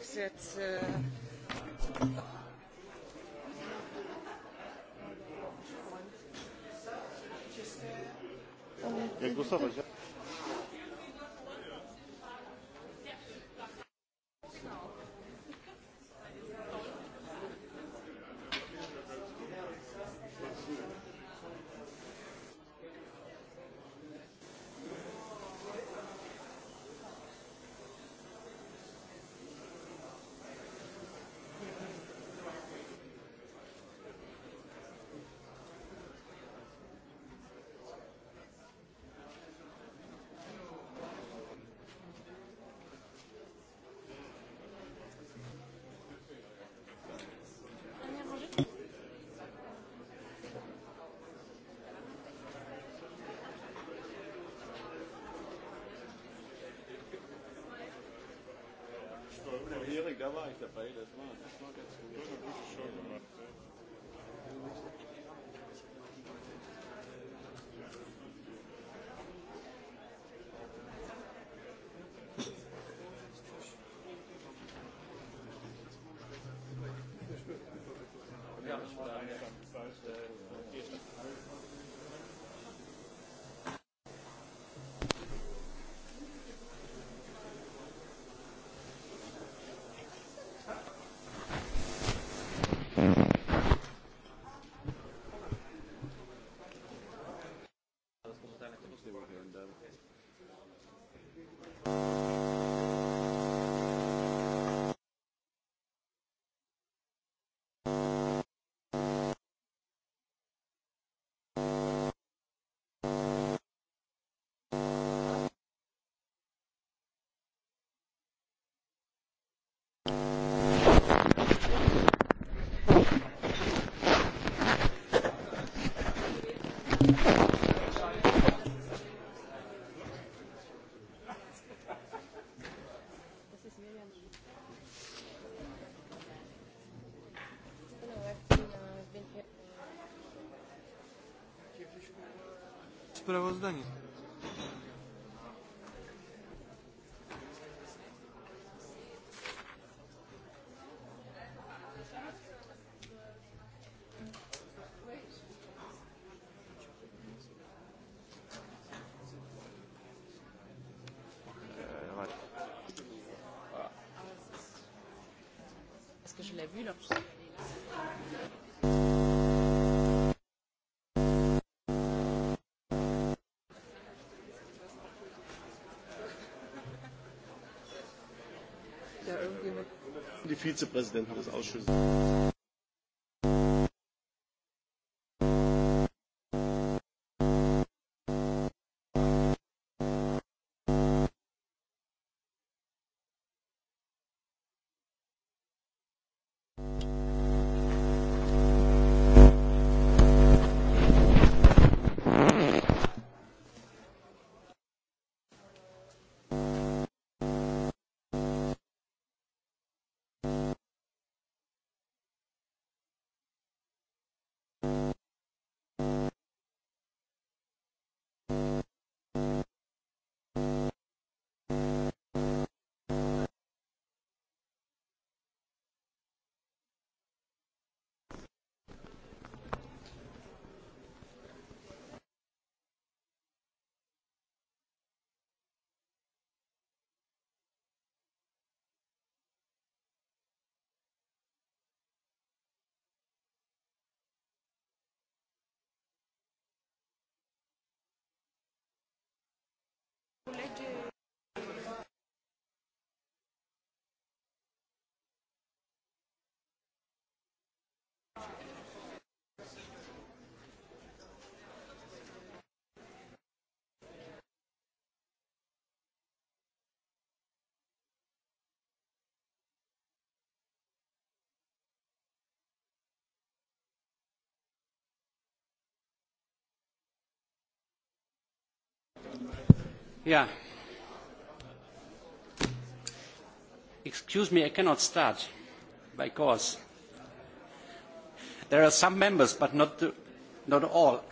So it's, uh, Jak deci, głosować? Erik, da war ich dabei. Das war, das war ganz gut. Du hast gemacht. Ja, ich war sprawozdanie. Parce que je l'ai vu, leur die Vizepräsidenten des Ausschusses. Excuse me, I cannot start because there are some members, but not, all.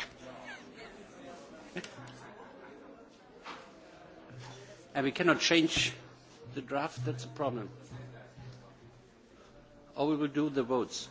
and we cannot change the draft, that is the problem. Or we will do the votes.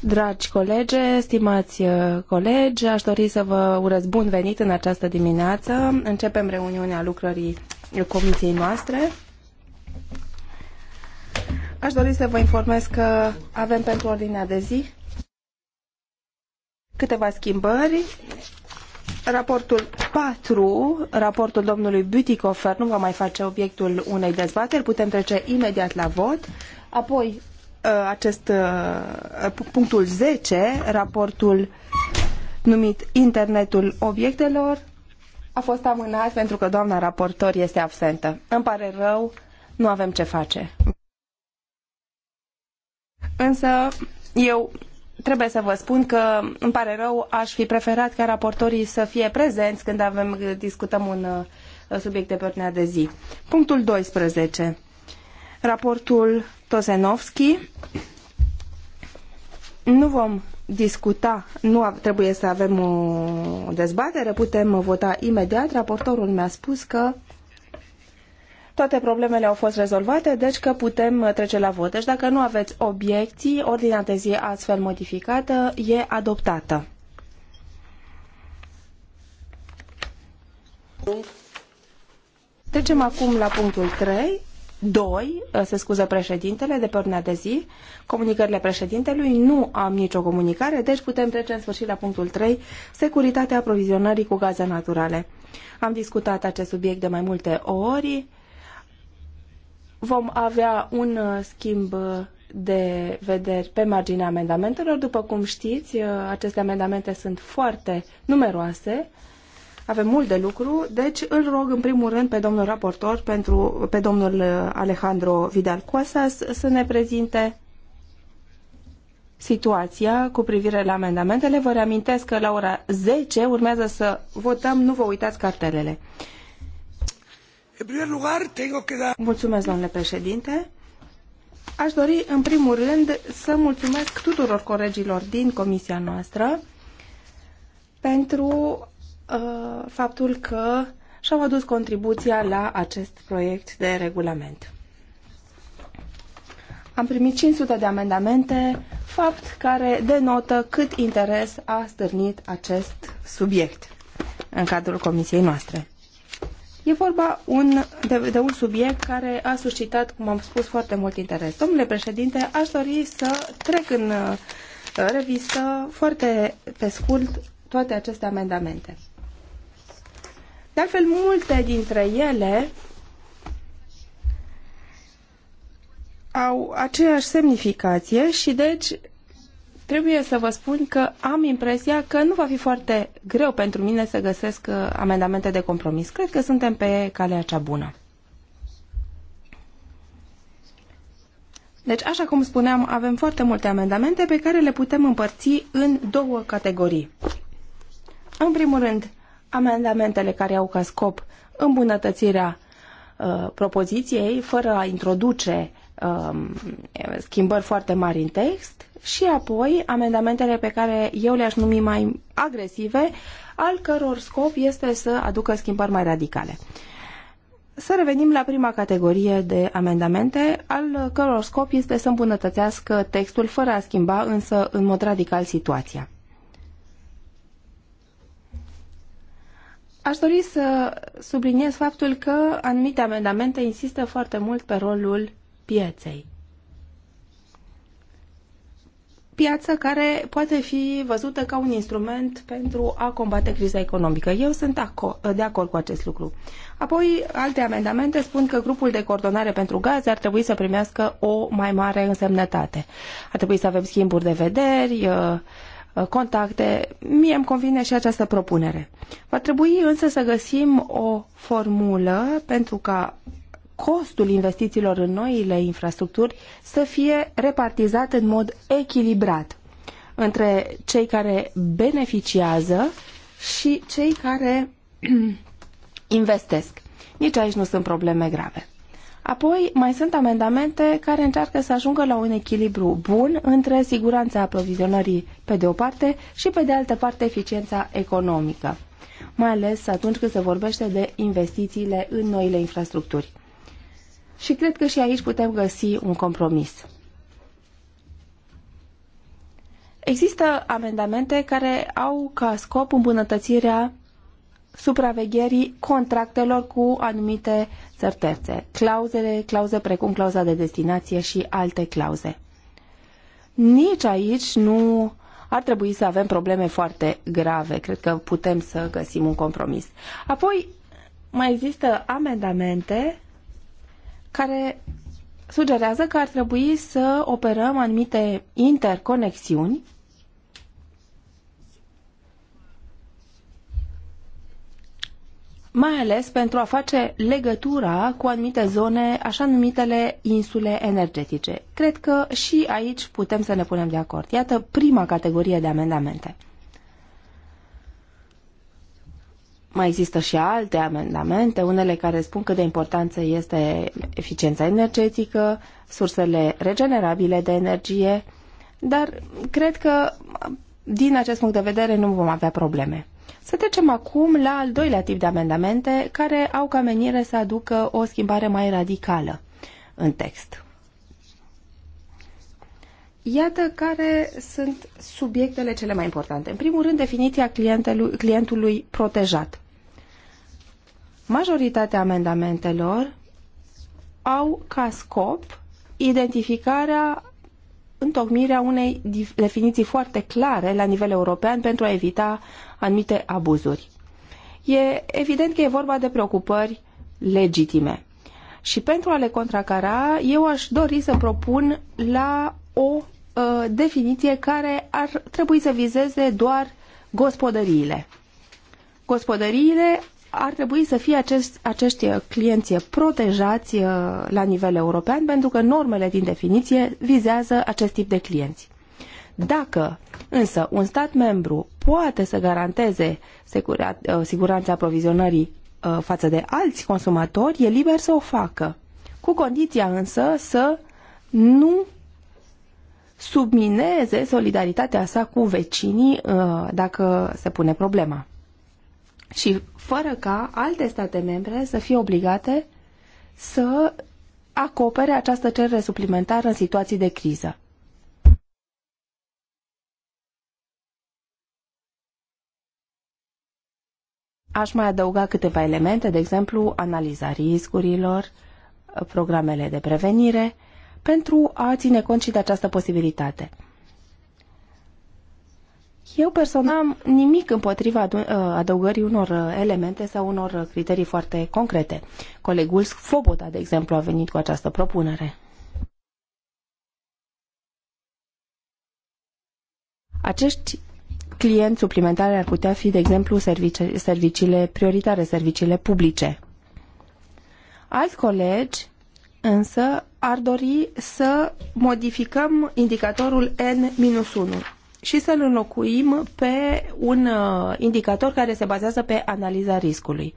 Dragi colege, stimați uh, colegi, aș dori să vă urez bun venit în această dimineață. Începem reuniunea lucrării comisiei noastre. Aș dori să vă informez că avem pentru ordinea de zi câteva schimbări. Raportul 4, raportul domnului Butikofer, nu va mai face obiectul unei dezbateri. Putem trece imediat la vot. Apoi, ă, acest ă, punctul 10, raportul numit Internetul obiectelor, a fost amânat pentru că doamna raportor este absentă. Îmi pare rău, nu avem ce face. Însă, eu trebuie să vă spun că îmi pare rău, aș fi preferat ca raportorii să fie prezenți când avem, discutăm un ă, subiect de pe ordinea de zi. Punctul 12. Raportul Tozenovski. Nu vom discuta, nu trebuie să avem o dezbatere, putem vota imediat. Raportorul mi-a spus că toate problemele au fost rezolvate, deci că putem trece la vot. Deci dacă nu aveți obiecții, ordinea de zi astfel modificată e adoptată. Trecem acum la punctul 3. 2, ă, se scuză președintele de pe ordinea de zi, comunicările președintelui, nu am nicio comunicare, deci putem trece în sfârșit la punctul 3, securitatea aprovizionării cu gaze naturale. Am discutat acest subiect de mai multe ori. Vom avea un ă, schimb de vederi pe marginea amendamentelor. După cum știți, ă, aceste amendamente sunt foarte numeroase avem mult de lucru, deci îl rog în primul rând pe domnul raportor, pentru, pe domnul uh, Alejandro Vidal Coasas să ne prezinte situația cu privire la amendamentele. Vă reamintesc că la ora 10 urmează să votăm, nu vă uitați cartelele. Da- mulțumesc, domnule președinte. Aș dori, în primul rând, să mulțumesc tuturor colegilor din comisia noastră pentru Uh, faptul că și-au adus contribuția la acest proiect de regulament. Am primit 500 de amendamente, fapt care denotă cât interes a stârnit acest subiect în cadrul comisiei noastre. E vorba un, de, de un subiect care a suscitat, cum am spus, foarte mult interes. Domnule președinte, aș dori să trec în uh, revistă foarte pe scurt toate aceste amendamente. De altfel, multe dintre ele au aceeași semnificație și deci trebuie să vă spun că am impresia că nu va fi foarte greu pentru mine să găsesc uh, amendamente de compromis. Cred că suntem pe calea cea bună. Deci, așa cum spuneam, avem foarte multe amendamente pe care le putem împărți în două categorii. În primul rând, amendamentele care au ca scop îmbunătățirea uh, propoziției fără a introduce uh, schimbări foarte mari în text și apoi amendamentele pe care eu le-aș numi mai agresive, al căror scop este să aducă schimbări mai radicale. Să revenim la prima categorie de amendamente, al căror scop este să îmbunătățească textul fără a schimba însă în mod radical situația. Aș dori să subliniez faptul că anumite amendamente insistă foarte mult pe rolul pieței. Piață care poate fi văzută ca un instrument pentru a combate criza economică. Eu sunt de acord cu acest lucru. Apoi, alte amendamente spun că grupul de coordonare pentru gaze ar trebui să primească o mai mare însemnătate. Ar trebui să avem schimburi de vederi, uh, Uh, contacte. Mie îmi convine și această propunere. Va trebui însă să găsim o formulă pentru ca costul investițiilor în noile infrastructuri să fie repartizat în mod echilibrat între cei care beneficiază și cei care investesc. Nici aici nu sunt probleme grave. Apoi mai sunt amendamente care încearcă să ajungă la un echilibru bun între siguranța aprovizionării pe de o parte și pe de altă parte eficiența economică, mai ales atunci când se vorbește de investițiile în noile infrastructuri. Și cred că și aici putem găsi un compromis. Există amendamente care au ca scop îmbunătățirea supravegherii contractelor cu anumite țări terțe, clauzele, clauze precum clauza de destinație și alte clauze. Nici aici nu ar trebui să avem probleme foarte grave. Cred că putem să găsim un compromis. Apoi, mai există amendamente care sugerează că ar trebui să operăm anumite interconexiuni mai ales pentru a face legătura cu anumite zone, așa numitele insule energetice. Cred că și aici putem să ne punem de acord. Iată prima categorie de amendamente. Mai există și alte amendamente, unele care spun cât de importanță este eficiența energetică, sursele regenerabile de energie, dar cred că din acest punct de vedere nu vom avea probleme. Să trecem acum la al doilea tip de amendamente care au ca menire să aducă o schimbare mai radicală în text. Iată care sunt subiectele cele mai importante. În primul rând, definiția clientelui, clientului protejat. Majoritatea amendamentelor au ca scop identificarea întocmirea unei definiții foarte clare la nivel european pentru a evita anumite abuzuri. E evident că e vorba de preocupări legitime. Și pentru a le contracara, eu aș dori să propun la o uh, definiție care ar trebui să vizeze doar gospodăriile. Gospodăriile ar trebui să fie acest, acești clienți protejați uh, la nivel european pentru că normele din definiție vizează acest tip de clienți. Dacă însă un stat membru poate să garanteze uh, siguranța aprovizionării uh, față de alți consumatori, e liber să o facă, cu condiția însă să nu submineze solidaritatea sa cu vecinii dacă se pune problema. Și fără ca alte state membre să fie obligate să acopere această cerere suplimentară în situații de criză. Aș mai adăuga câteva elemente, de exemplu, analiza riscurilor, programele de prevenire, pentru a ține cont și de această posibilitate. Eu personal am nimic împotriva ă, adăugării unor ă, elemente sau unor ă, criterii foarte concrete. Colegul Sfoboda, de exemplu, a venit cu această propunere. Acești clienți suplimentari ar putea fi, de exemplu, servici, serviciile prioritare, serviciile publice. Alți colegi, însă, ar dori să modificăm indicatorul N-1 și să-l înlocuim pe un uh, indicator care se bazează pe analiza riscului.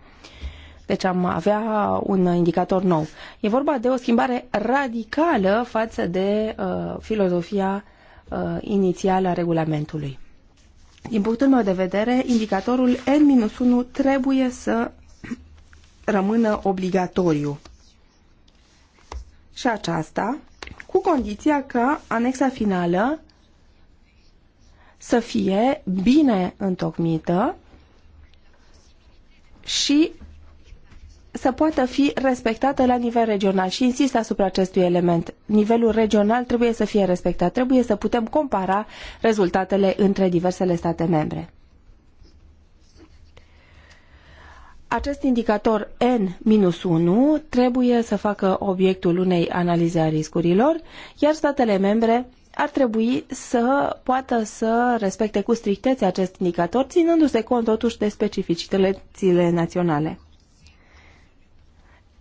Deci am avea un indicator nou. E vorba de o schimbare radicală față de uh, filozofia uh, inițială a regulamentului. Din punctul meu de vedere, indicatorul N-1 trebuie să rămână obligatoriu. Și aceasta cu condiția ca anexa finală să fie bine întocmită și să poată fi respectată la nivel regional și insist asupra acestui element. Nivelul regional trebuie să fie respectat, trebuie să putem compara rezultatele între diversele state membre. Acest indicator N-1 trebuie să facă obiectul unei analize a riscurilor, iar statele membre ar trebui să poată să respecte cu strictețe acest indicator, ținându-se cont totuși de specificitățile naționale.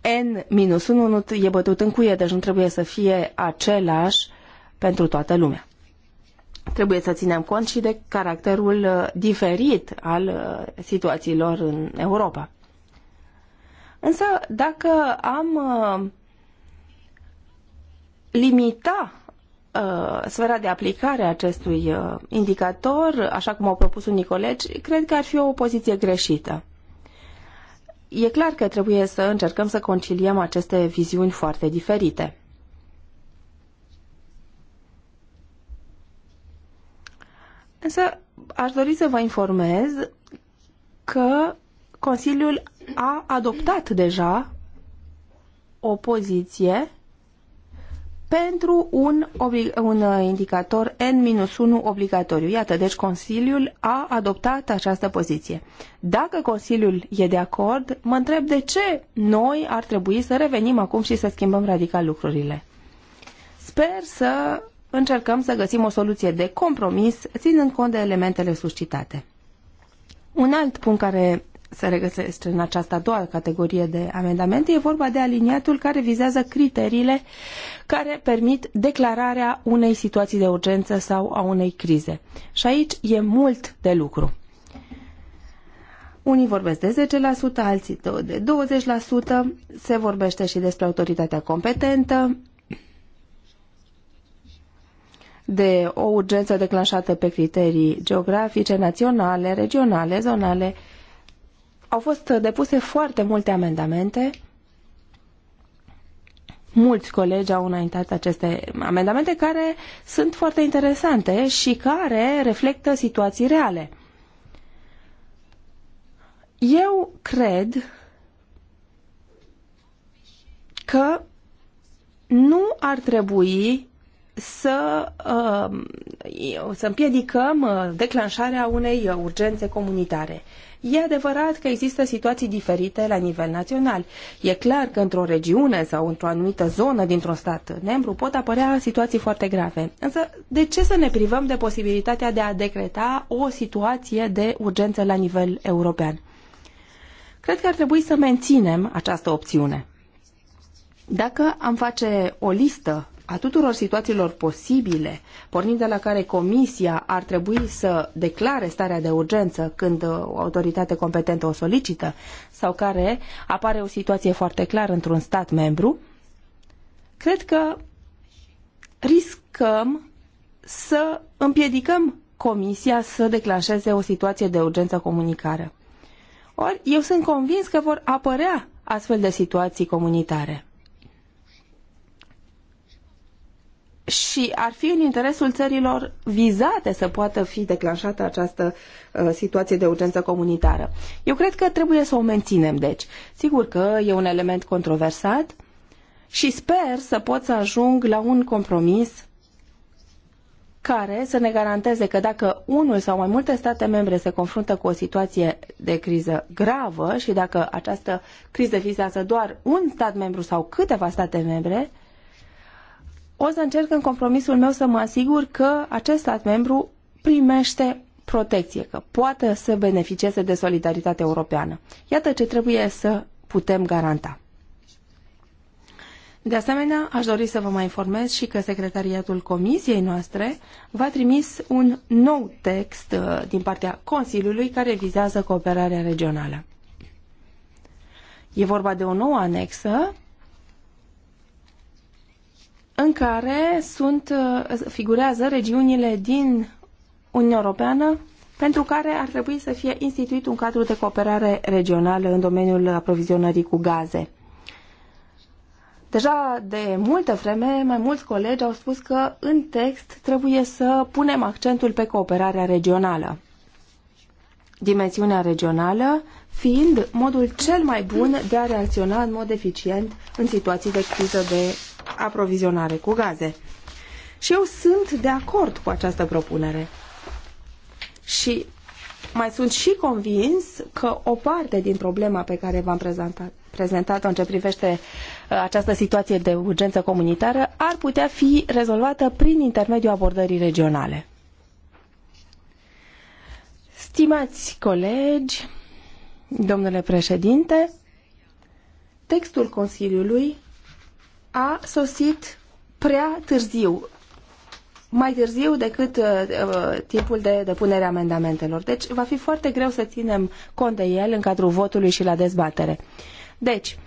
N-1 nu e bătut în cuie, deci nu trebuie să fie același pentru toată lumea. Trebuie să ținem cont și de caracterul uh, diferit al uh, situațiilor în Europa. Însă, dacă am uh, limita Uh, sfera de aplicare a acestui uh, indicator, așa cum au propus unii colegi, cred că ar fi o poziție greșită. E clar că trebuie să încercăm să conciliem aceste viziuni foarte diferite. Însă aș dori să vă informez că Consiliul a adoptat deja o poziție pentru un, un uh, indicator N-1 obligatoriu. Iată, deci Consiliul a adoptat această poziție. Dacă Consiliul e de acord, mă întreb de ce noi ar trebui să revenim acum și să schimbăm radical lucrurile. Sper să încercăm să găsim o soluție de compromis, ținând cont de elementele suscitate. Un alt punct care se regăsește în această a doua categorie de amendamente. E vorba de aliniatul care vizează criteriile care permit declararea unei situații de urgență sau a unei crize. Și aici e mult de lucru. Unii vorbesc de 10%, alții de 20%, se vorbește și despre autoritatea competentă, de o urgență declanșată pe criterii geografice, naționale, regionale, zonale au fost depuse foarte multe amendamente. Mulți colegi au înaintat aceste amendamente care sunt foarte interesante și care reflectă situații reale. Eu cred că nu ar trebui să, uh, să împiedicăm uh, declanșarea unei urgențe comunitare. E adevărat că există situații diferite la nivel național. E clar că într-o regiune sau într-o anumită zonă dintr-un stat membru pot apărea situații foarte grave. Însă, de ce să ne privăm de posibilitatea de a decreta o situație de urgență la nivel european? Cred că ar trebui să menținem această opțiune. Dacă am face o listă a tuturor situațiilor posibile, pornind de la care comisia ar trebui să declare starea de urgență când o autoritate competentă o solicită sau care apare o situație foarte clară într-un stat membru, cred că riscăm să împiedicăm comisia să declanșeze o situație de urgență comunicară. Ori eu sunt convins că vor apărea astfel de situații comunitare. și ar fi în interesul țărilor vizate să poată fi declanșată această uh, situație de urgență comunitară. Eu cred că trebuie să o menținem, deci. Sigur că e un element controversat și sper să pot să ajung la un compromis care să ne garanteze că dacă unul sau mai multe state membre se confruntă cu o situație de criză gravă și dacă această criză vizează doar un stat membru sau câteva state membre, uh, o să încerc în compromisul meu să mă asigur că acest stat membru primește protecție, că poate să beneficieze de solidaritate europeană. Iată ce trebuie să putem garanta. De asemenea, aș dori să vă mai informez și că secretariatul comisiei noastre va trimis un nou text uh, din partea Consiliului care vizează cooperarea regională. E vorba de o nouă anexă în care sunt, uh, figurează regiunile din Uniunea Europeană pentru care ar trebui să fie instituit un cadru de cooperare regională în domeniul aprovizionării cu gaze. Deja de multă vreme, mai mulți colegi au spus că în text trebuie să punem accentul pe cooperarea regională. Dimensiunea regională fiind modul cel mai bun de a reacționa în mod eficient în situații de criză de aprovizionare cu gaze. Și eu sunt de acord cu această propunere. Și mai sunt și convins că o parte din problema pe care v-am prezentat, prezentat-o în ce privește uh, această situație de urgență comunitară ar putea fi rezolvată prin intermediul abordării regionale. Stimați colegi, domnule președinte, textul Consiliului a sosit prea târziu, mai târziu decât uh, uh, timpul de depunere a amendamentelor. Deci va fi foarte greu să ținem cont de el în cadrul votului și la dezbatere. Deci,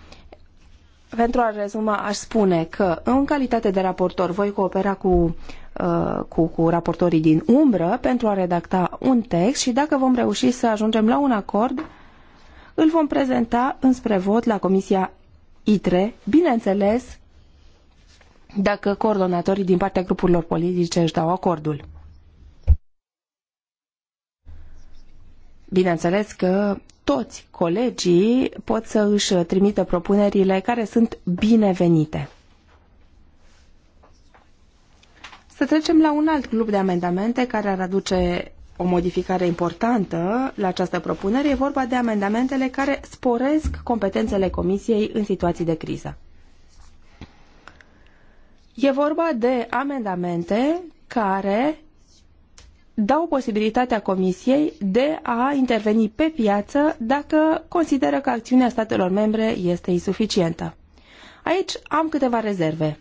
pentru a rezuma, aș spune că în calitate de raportor voi coopera cu, uh, cu, cu raportorii din umbră pentru a redacta un text și dacă vom reuși să ajungem la un acord, îl vom prezenta înspre vot la Comisia ITRE, bineînțeles, dacă coordonatorii din partea grupurilor politice își dau acordul. Bineînțeles că toți colegii pot să își trimită propunerile care sunt binevenite. Să trecem la un alt grup de amendamente care ar aduce o modificare importantă la această propunere. E vorba de amendamentele care sporesc competențele Comisiei în situații de criză. E vorba de amendamente care dau posibilitatea Comisiei de a interveni pe piață dacă consideră că acțiunea statelor membre este insuficientă. Aici am câteva rezerve.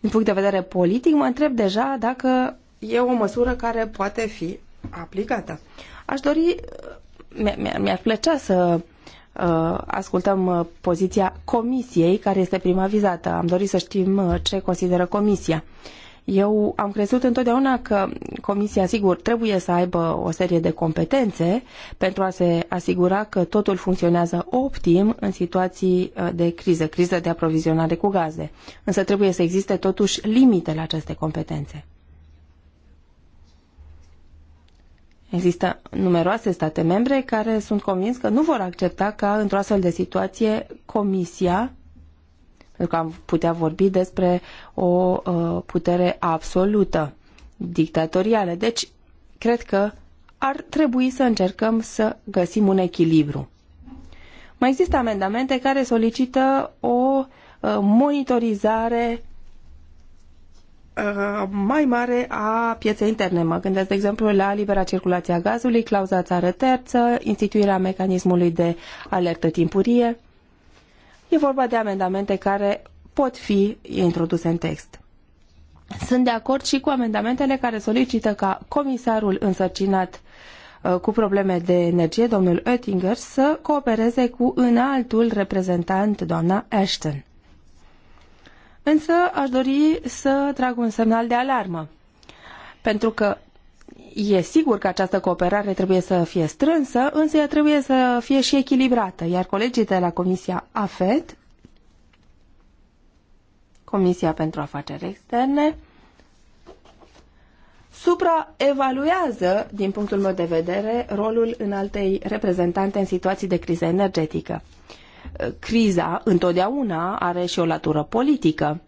Din punct de vedere politic, mă întreb deja dacă e o măsură care poate fi aplicată. Aș dori, mi-ar plăcea să Uh, ascultăm uh, poziția comisiei care este prima vizată. Am dorit să știm uh, ce consideră comisia. Eu am crezut întotdeauna că comisia, sigur, trebuie să aibă o serie de competențe pentru a se asigura că totul funcționează optim în situații de criză, criză de aprovizionare cu gaze. Însă trebuie să existe totuși limite la aceste competențe. Există numeroase state membre care sunt convins că nu vor accepta ca într-o astfel de situație Comisia, pentru că am putea vorbi despre o uh, putere absolută, dictatorială. Deci, cred că ar trebui să încercăm să găsim un echilibru. Mai există amendamente care solicită o uh, monitorizare Uh, mai mare a pieței interne. Mă gândesc, de exemplu, la libera circulație a gazului, clauza țară terță, instituirea mecanismului de alertă timpurie. E vorba de amendamente care pot fi introduse în text. Sunt de acord și cu amendamentele care solicită ca comisarul însărcinat uh, cu probleme de energie, domnul Oettinger, să coopereze cu înaltul reprezentant, doamna Ashton. Însă aș dori să trag un semnal de alarmă, pentru că e sigur că această cooperare trebuie să fie strânsă, însă ea trebuie să fie și echilibrată, iar colegii de la Comisia AFET, Comisia pentru Afaceri Externe, supraevaluează, din punctul meu de vedere, rolul înaltei reprezentante în situații de criză energetică criza întotdeauna are și o latură politică,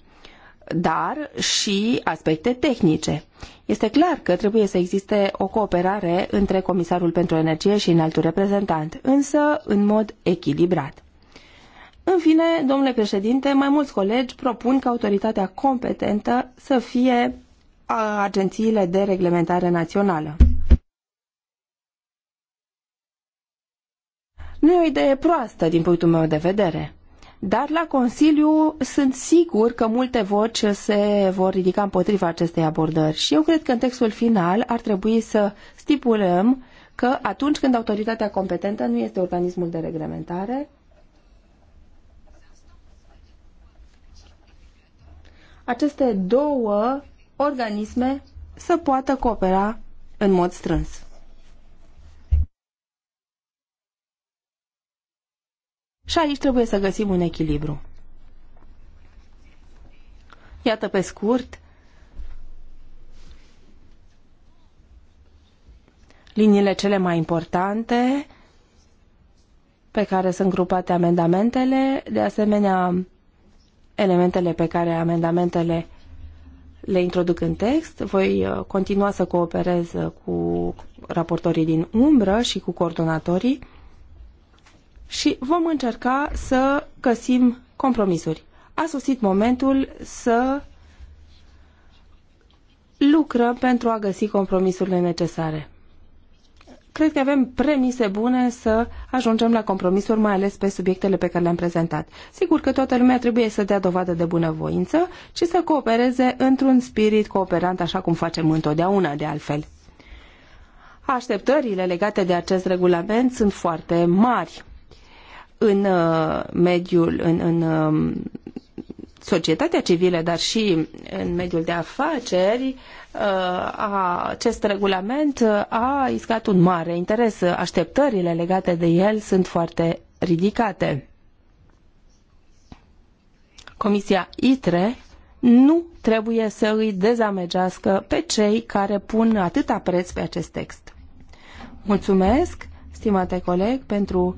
dar și aspecte tehnice. Este clar că trebuie să existe o cooperare între Comisarul pentru Energie și înaltul reprezentant, însă în mod echilibrat. În fine, domnule președinte, mai mulți colegi propun ca autoritatea competentă să fie agențiile de reglementare națională. Nu e o idee proastă din punctul meu de vedere. Dar la Consiliu sunt sigur că multe voci se vor ridica împotriva acestei abordări și eu cred că în textul final ar trebui să stipulăm că atunci când autoritatea competentă nu este organismul de reglementare, aceste două organisme să poată coopera în mod strâns. Și aici trebuie să găsim un echilibru. Iată pe scurt liniile cele mai importante pe care sunt grupate amendamentele, de asemenea elementele pe care amendamentele le introduc în text. Voi uh, continua să cooperez uh, cu raportorii din umbră și cu coordonatorii și vom încerca să găsim compromisuri. A sosit momentul să lucrăm pentru a găsi compromisurile necesare. Cred că avem premise bune să ajungem la compromisuri, mai ales pe subiectele pe care le-am prezentat. Sigur că toată lumea trebuie să dea dovadă de bunăvoință și să coopereze într-un spirit cooperant, așa cum facem întotdeauna, de altfel. Așteptările legate de acest regulament sunt foarte mari în uh, mediul, în, în um, societatea civilă, dar și în mediul de afaceri, uh, acest regulament uh, a iscat un mare interes. Așteptările legate de el sunt foarte ridicate. Comisia ITRE nu trebuie să îi dezamegească pe cei care pun atâta preț pe acest text. Mulțumesc, stimate coleg, pentru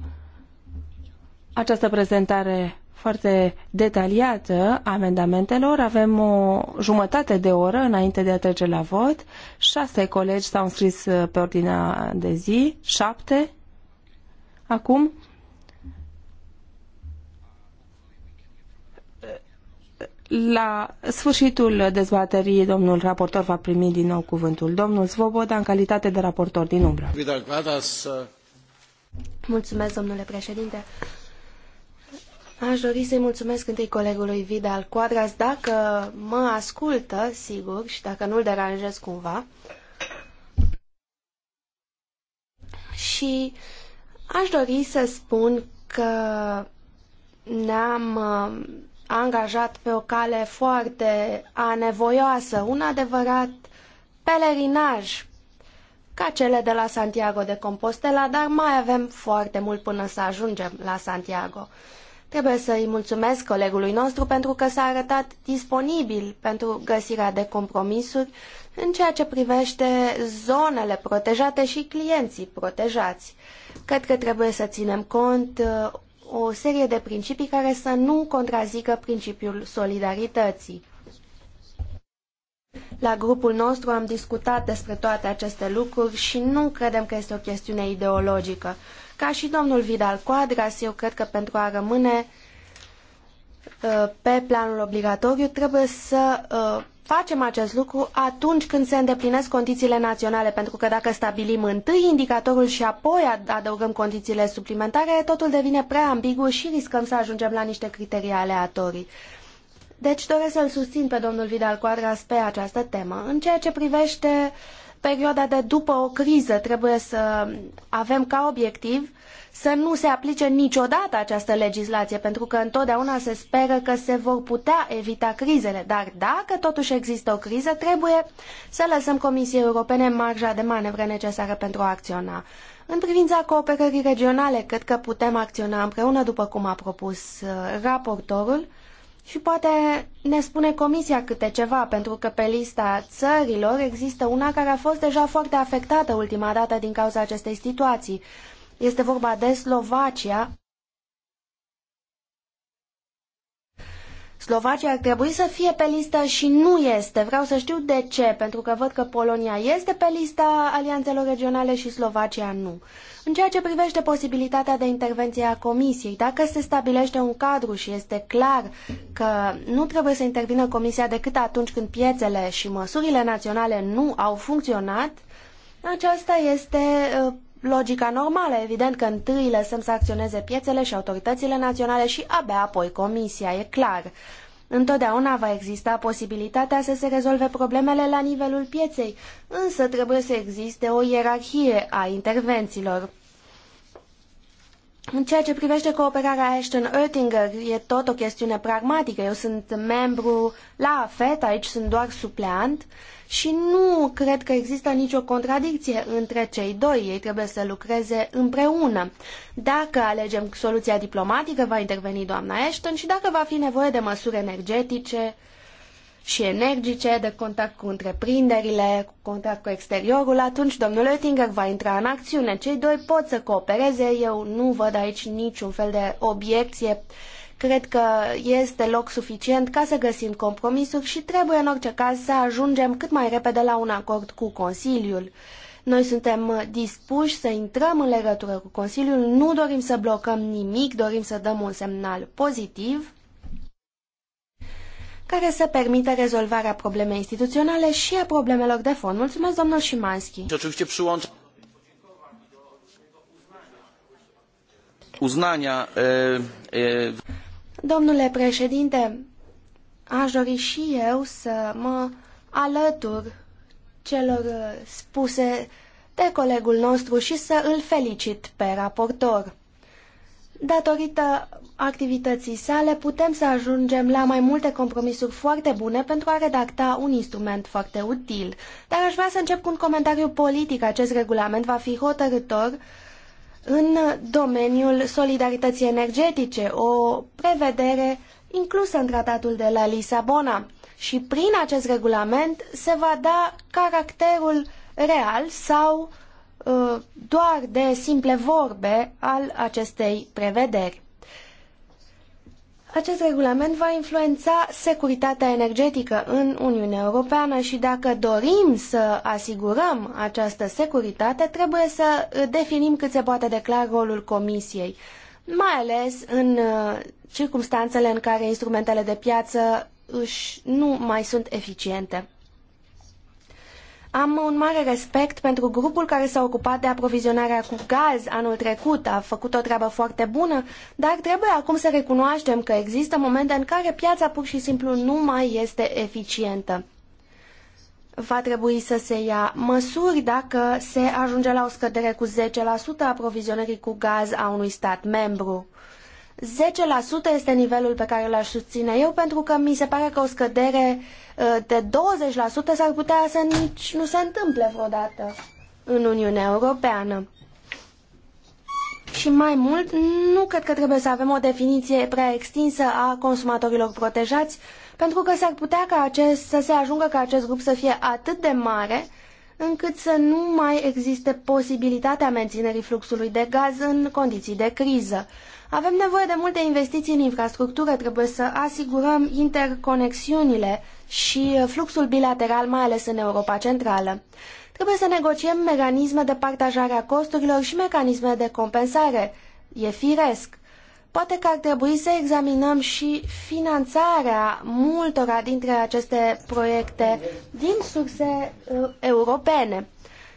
această prezentare foarte detaliată a amendamentelor. Avem o jumătate de oră înainte de a trece la vot. Șase colegi s-au înscris uh, pe ordinea de zi, șapte acum. La sfârșitul dezbaterii, domnul raportor va primi din nou cuvântul. Domnul Svoboda, în calitate de raportor din umbră. Uh, Mulțumesc, domnule președinte. Aș dori să-i mulțumesc întâi colegului Vidal Quadras dacă mă ascultă, sigur, și dacă nu-l deranjez cumva. Și aș dori să spun că ne-am uh, angajat pe o cale foarte anevoioasă, un adevărat pelerinaj ca cele de la Santiago de Compostela, dar mai avem foarte mult până să ajungem la Santiago. Trebuie să îi mulțumesc colegului nostru pentru că s-a arătat disponibil pentru găsirea de compromisuri în ceea ce privește zonele protejate și clienții protejați. Cred că trebuie să ținem cont uh, o serie de principii care să nu contrazică principiul solidarității. La grupul nostru am discutat despre toate aceste lucruri și nu credem că este o chestiune ideologică. Ca și domnul Vidal Quadras, eu cred că pentru a rămâne uh, pe planul obligatoriu trebuie să uh, facem acest lucru atunci când se îndeplinesc condițiile naționale, pentru că dacă stabilim întâi indicatorul și apoi adăugăm condițiile suplimentare, totul devine prea ambigu și riscăm să ajungem la niște criterii aleatorii. Deci doresc să-l susțin pe domnul Vidal Quadras pe această temă. În ceea ce privește uh, perioada de după o criză. Trebuie să avem ca obiectiv să nu se aplice niciodată această legislație, pentru că întotdeauna se speră că se vor putea evita crizele. Dar dacă totuși există o criză, trebuie să lăsăm Comisiei Europene marja de manevră necesară pentru a acționa. În privința cooperării regionale, cred că putem acționa împreună, după cum a propus uh, raportorul, și poate ne spune Comisia câte ceva, pentru că pe lista țărilor există una care a fost deja foarte afectată ultima dată din cauza acestei situații. Este vorba de Slovacia, Slovacia ar trebui să fie pe listă și nu este. Vreau să știu de ce, pentru că văd că Polonia este pe lista alianțelor regionale și Slovacia nu. În ceea ce privește posibilitatea de intervenție a Comisiei, dacă se stabilește un cadru și este clar că nu trebuie să intervină Comisia decât atunci când piețele și măsurile naționale nu au funcționat, aceasta este uh, logica normală, evident că întâi lăsăm să acționeze piețele și autoritățile naționale și abia apoi comisia, e clar. Întotdeauna va exista posibilitatea să se rezolve problemele la nivelul pieței, însă trebuie să existe o ierarhie a intervențiilor. În ceea ce privește cooperarea Ashton-Oettinger, e tot o chestiune pragmatică. Eu sunt membru la AFET, aici sunt doar supleant și nu cred că există nicio contradicție între cei doi. Ei trebuie să lucreze împreună. Dacă alegem soluția diplomatică, va interveni doamna Ashton și dacă va fi nevoie de măsuri energetice, și energice, de contact cu întreprinderile, cu contact cu exteriorul, atunci domnul Oettinger va intra în acțiune. Cei doi pot să coopereze, eu nu văd aici niciun fel de obiecție. Cred că este loc suficient ca să găsim compromisuri și trebuie în orice caz să ajungem cât mai repede la un acord cu Consiliul. Noi suntem dispuși să intrăm în legătură cu Consiliul, nu dorim să blocăm nimic, dorim să dăm un semnal pozitiv care să permită rezolvarea problemei instituționale și a problemelor de fond. Mulțumesc, domnul Șimanski. Deci, Uznania, Domnule președinte, aș dori și eu să mă alătur celor spuse de colegul nostru și să îl felicit pe raportor. Datorită activității sale putem să ajungem la mai multe compromisuri foarte bune pentru a redacta un instrument foarte util. Dar aș vrea să încep cu un comentariu politic. Acest regulament va fi hotărător în domeniul solidarității energetice, o prevedere inclusă în tratatul de la Lisabona. Și prin acest regulament se va da caracterul real sau uh, doar de simple vorbe al acestei prevederi. Acest regulament va influența securitatea energetică în Uniunea Europeană și dacă dorim să asigurăm această securitate, trebuie să definim cât se poate de clar rolul Comisiei, mai ales în uh, circumstanțele în care instrumentele de piață își nu mai sunt eficiente. Am un mare respect pentru grupul care s-a ocupat de aprovizionarea cu gaz anul trecut. A făcut o treabă foarte bună, dar trebuie acum să recunoaștem că există momente în care piața pur și simplu nu mai este eficientă. Va trebui să se ia măsuri dacă se ajunge la o scădere cu 10% a aprovizionării cu gaz a unui stat membru. 10% este nivelul pe care l-aș susține eu, pentru că mi se pare că o scădere uh, de 20% s-ar putea să nici nu se întâmple vreodată în Uniunea Europeană. Și mai mult, nu cred că trebuie să avem o definiție prea extinsă a consumatorilor protejați, pentru că s-ar putea ca acest, să se ajungă ca acest grup să fie atât de mare încât să nu mai existe posibilitatea menținerii fluxului de gaz în condiții de criză. Avem nevoie de multe investiții în infrastructură, trebuie să asigurăm interconexiunile și uh, fluxul bilateral, mai ales în Europa Centrală. Trebuie să negociem mecanisme de partajare a costurilor și mecanisme de compensare. E firesc. Poate că ar trebui să examinăm și finanțarea multora dintre aceste proiecte din surse uh, europene.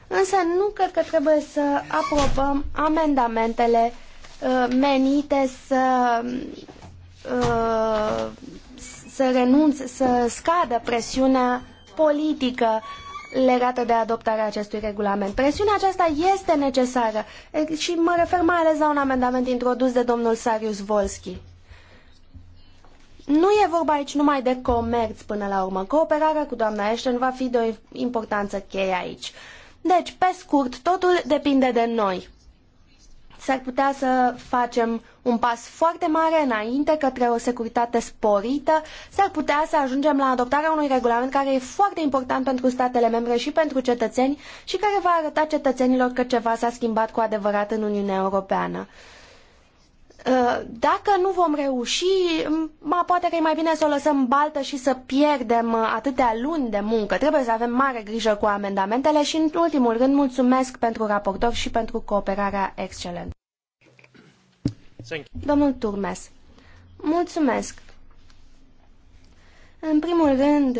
Însă nu cred că trebuie să aprobăm amendamentele Uh, menite să uh, să renunțe, să scadă presiunea politică legată de adoptarea acestui regulament. Presiunea aceasta este necesară și mă refer mai ales la un amendament introdus de domnul Sarius Volski. Nu e vorba aici numai de comerț până la urmă. Cooperarea cu doamna Ashton va fi de o importanță cheie aici. Deci, pe scurt, totul depinde de noi s-ar putea să facem un pas foarte mare înainte către o securitate sporită, s-ar putea să ajungem la adoptarea unui regulament care e foarte important pentru statele membre și pentru cetățeni și care va arăta cetățenilor că ceva s-a schimbat cu adevărat în Uniunea Europeană. Uh, dacă nu vom reuși, ma, poate că e mai bine să o lăsăm baltă și să pierdem uh, atâtea luni de muncă. Trebuie să avem mare grijă cu amendamentele și, în ultimul rând, mulțumesc pentru raportor și pentru cooperarea excelentă. Domnul Turmes, mulțumesc. În primul rând,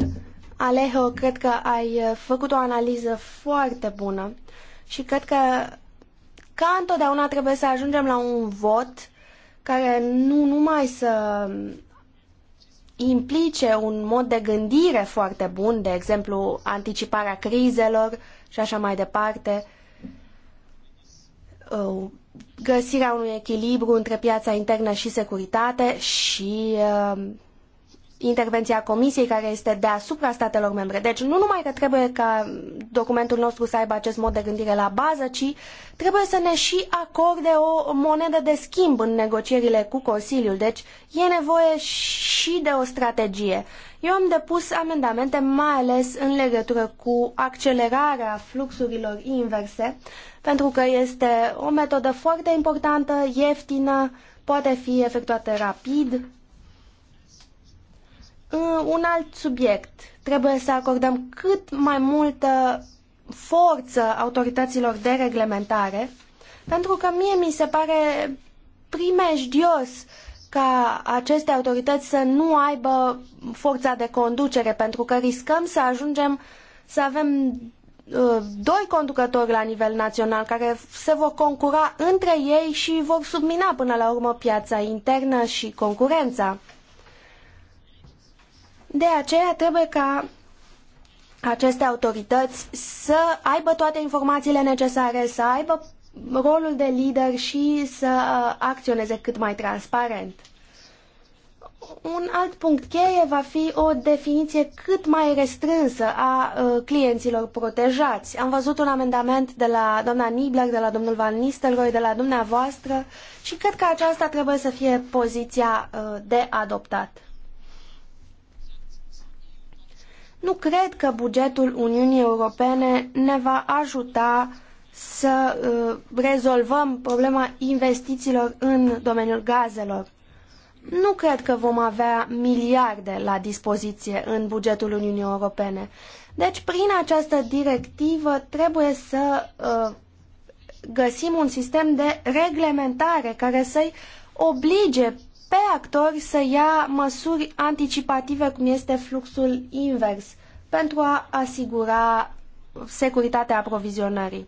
Alejo, cred că ai uh, făcut o analiză foarte bună și cred că ca întotdeauna trebuie să ajungem la un vot care nu numai să implice un mod de gândire foarte bun, de exemplu anticiparea crizelor și așa mai departe, uh, găsirea unui echilibru între piața internă și securitate și uh, intervenția Comisiei care este deasupra statelor membre. Deci nu numai că trebuie ca documentul nostru să aibă acest mod de gândire la bază, ci trebuie să ne și acorde o monedă de schimb în negocierile cu Consiliul. Deci e nevoie și de o strategie. Eu am depus amendamente mai ales în legătură cu accelerarea fluxurilor inverse, pentru că este o metodă foarte importantă, ieftină, poate fi efectuată rapid Uh, un alt subiect. Trebuie să acordăm cât mai multă forță autorităților de reglementare, pentru că mie mi se pare primejdios ca aceste autorități să nu aibă forța de conducere, pentru că riscăm să ajungem să avem uh, doi conducători la nivel național care se vor concura între ei și vor submina până la urmă piața internă și concurența. De aceea trebuie ca aceste autorități să aibă toate informațiile necesare, să aibă rolul de lider și să uh, acționeze cât mai transparent. Un alt punct cheie va fi o definiție cât mai restrânsă a uh, clienților protejați. Am văzut un amendament de la doamna Nibler, de la domnul Van Nistelrooy, de la dumneavoastră și cred că aceasta trebuie să fie poziția uh, de adoptat. Nu cred că bugetul Uniunii Europene ne va ajuta să uh, rezolvăm problema investițiilor în domeniul gazelor. Nu cred că vom avea miliarde la dispoziție în bugetul Uniunii Europene. Deci, prin această directivă trebuie să uh, găsim un sistem de reglementare care să-i oblige pe actori să ia măsuri anticipative, cum este fluxul invers, pentru a asigura securitatea aprovizionării.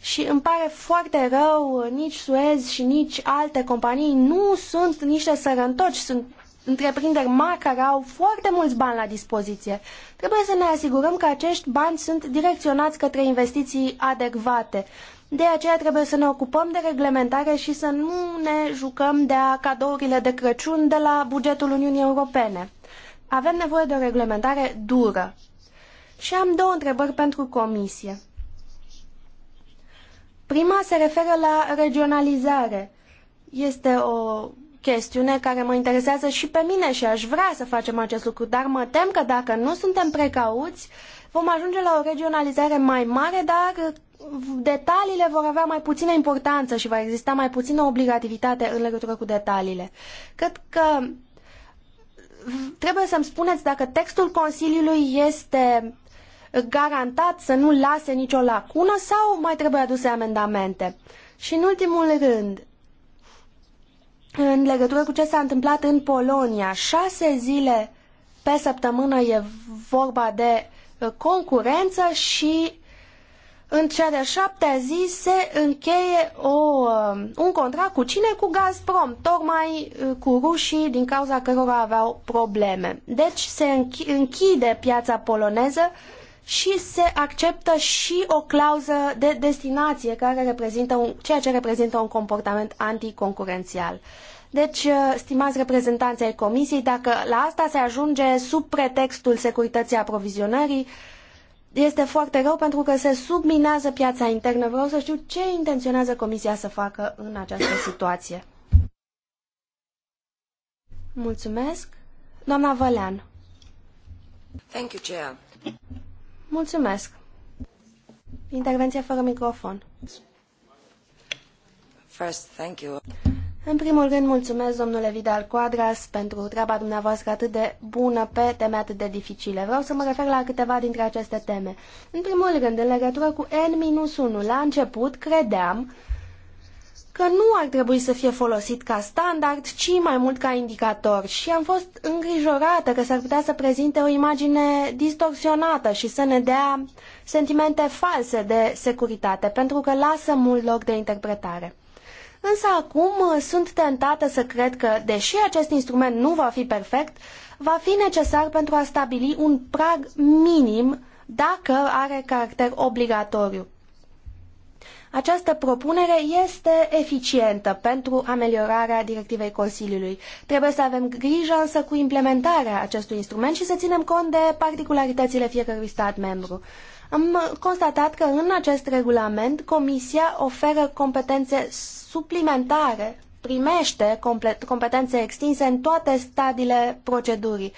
Și îmi pare foarte rău, nici Suez și nici alte companii nu sunt niște sărăntoci, sunt întreprinderi mari care au foarte mulți bani la dispoziție. Trebuie să ne asigurăm că acești bani sunt direcționați către investiții adecvate. De aceea trebuie să ne ocupăm de reglementare și să nu ne jucăm de -a cadourile de Crăciun de la bugetul Uniunii Europene. Avem nevoie de o reglementare dură. Și am două întrebări pentru Comisie. Prima se referă la regionalizare. Este o chestiune care mă interesează și pe mine și aș vrea să facem acest lucru, dar mă tem că dacă nu suntem precauți, vom ajunge la o regionalizare mai mare, dar detaliile vor avea mai puțină importanță și va exista mai puțină obligativitate în legătură cu detaliile. Cred că trebuie să-mi spuneți dacă textul Consiliului este garantat să nu lase nicio lacună sau mai trebuie aduse amendamente. Și în ultimul rând, în legătură cu ce s-a întâmplat în Polonia, șase zile pe săptămână e vorba de uh, concurență și în cea de-a șaptea zi se încheie o, um, un contract cu cine? Cu Gazprom, tocmai uh, cu rușii din cauza cărora aveau probleme. Deci se închide piața poloneză și se acceptă și o clauză de destinație care reprezintă un, ceea ce reprezintă un comportament anticoncurențial. Deci, uh, stimați reprezentanții ai Comisiei, dacă la asta se ajunge sub pretextul securității aprovizionării, este foarte rău pentru că se subminează piața internă. Vreau să știu ce intenționează Comisia să facă în această situație. Mulțumesc. Doamna Vălean. Thank you, Chair. Mulțumesc. Intervenție fără microfon. First, thank you. În primul rând, mulțumesc, domnule Vidal Quadras, pentru treaba dumneavoastră atât de bună pe teme atât de dificile. Vreau să mă refer la câteva dintre aceste teme. În primul rând, în legătură cu N-1, la început credeam că nu ar trebui să fie folosit ca standard, ci mai mult ca indicator. Și am fost îngrijorată că s-ar putea să prezinte o imagine distorsionată și să ne dea sentimente false de securitate, pentru că lasă mult loc de interpretare. Însă acum uh, sunt tentată să cred că, deși acest instrument nu va fi perfect, va fi necesar pentru a stabili un prag minim dacă are caracter obligatoriu. Această propunere este eficientă pentru ameliorarea directivei Consiliului. Trebuie să avem grijă însă cu implementarea acestui instrument și să ținem cont de particularitățile fiecărui stat membru am constatat că în acest regulament Comisia oferă competențe suplimentare, primește competențe extinse în toate stadiile procedurii.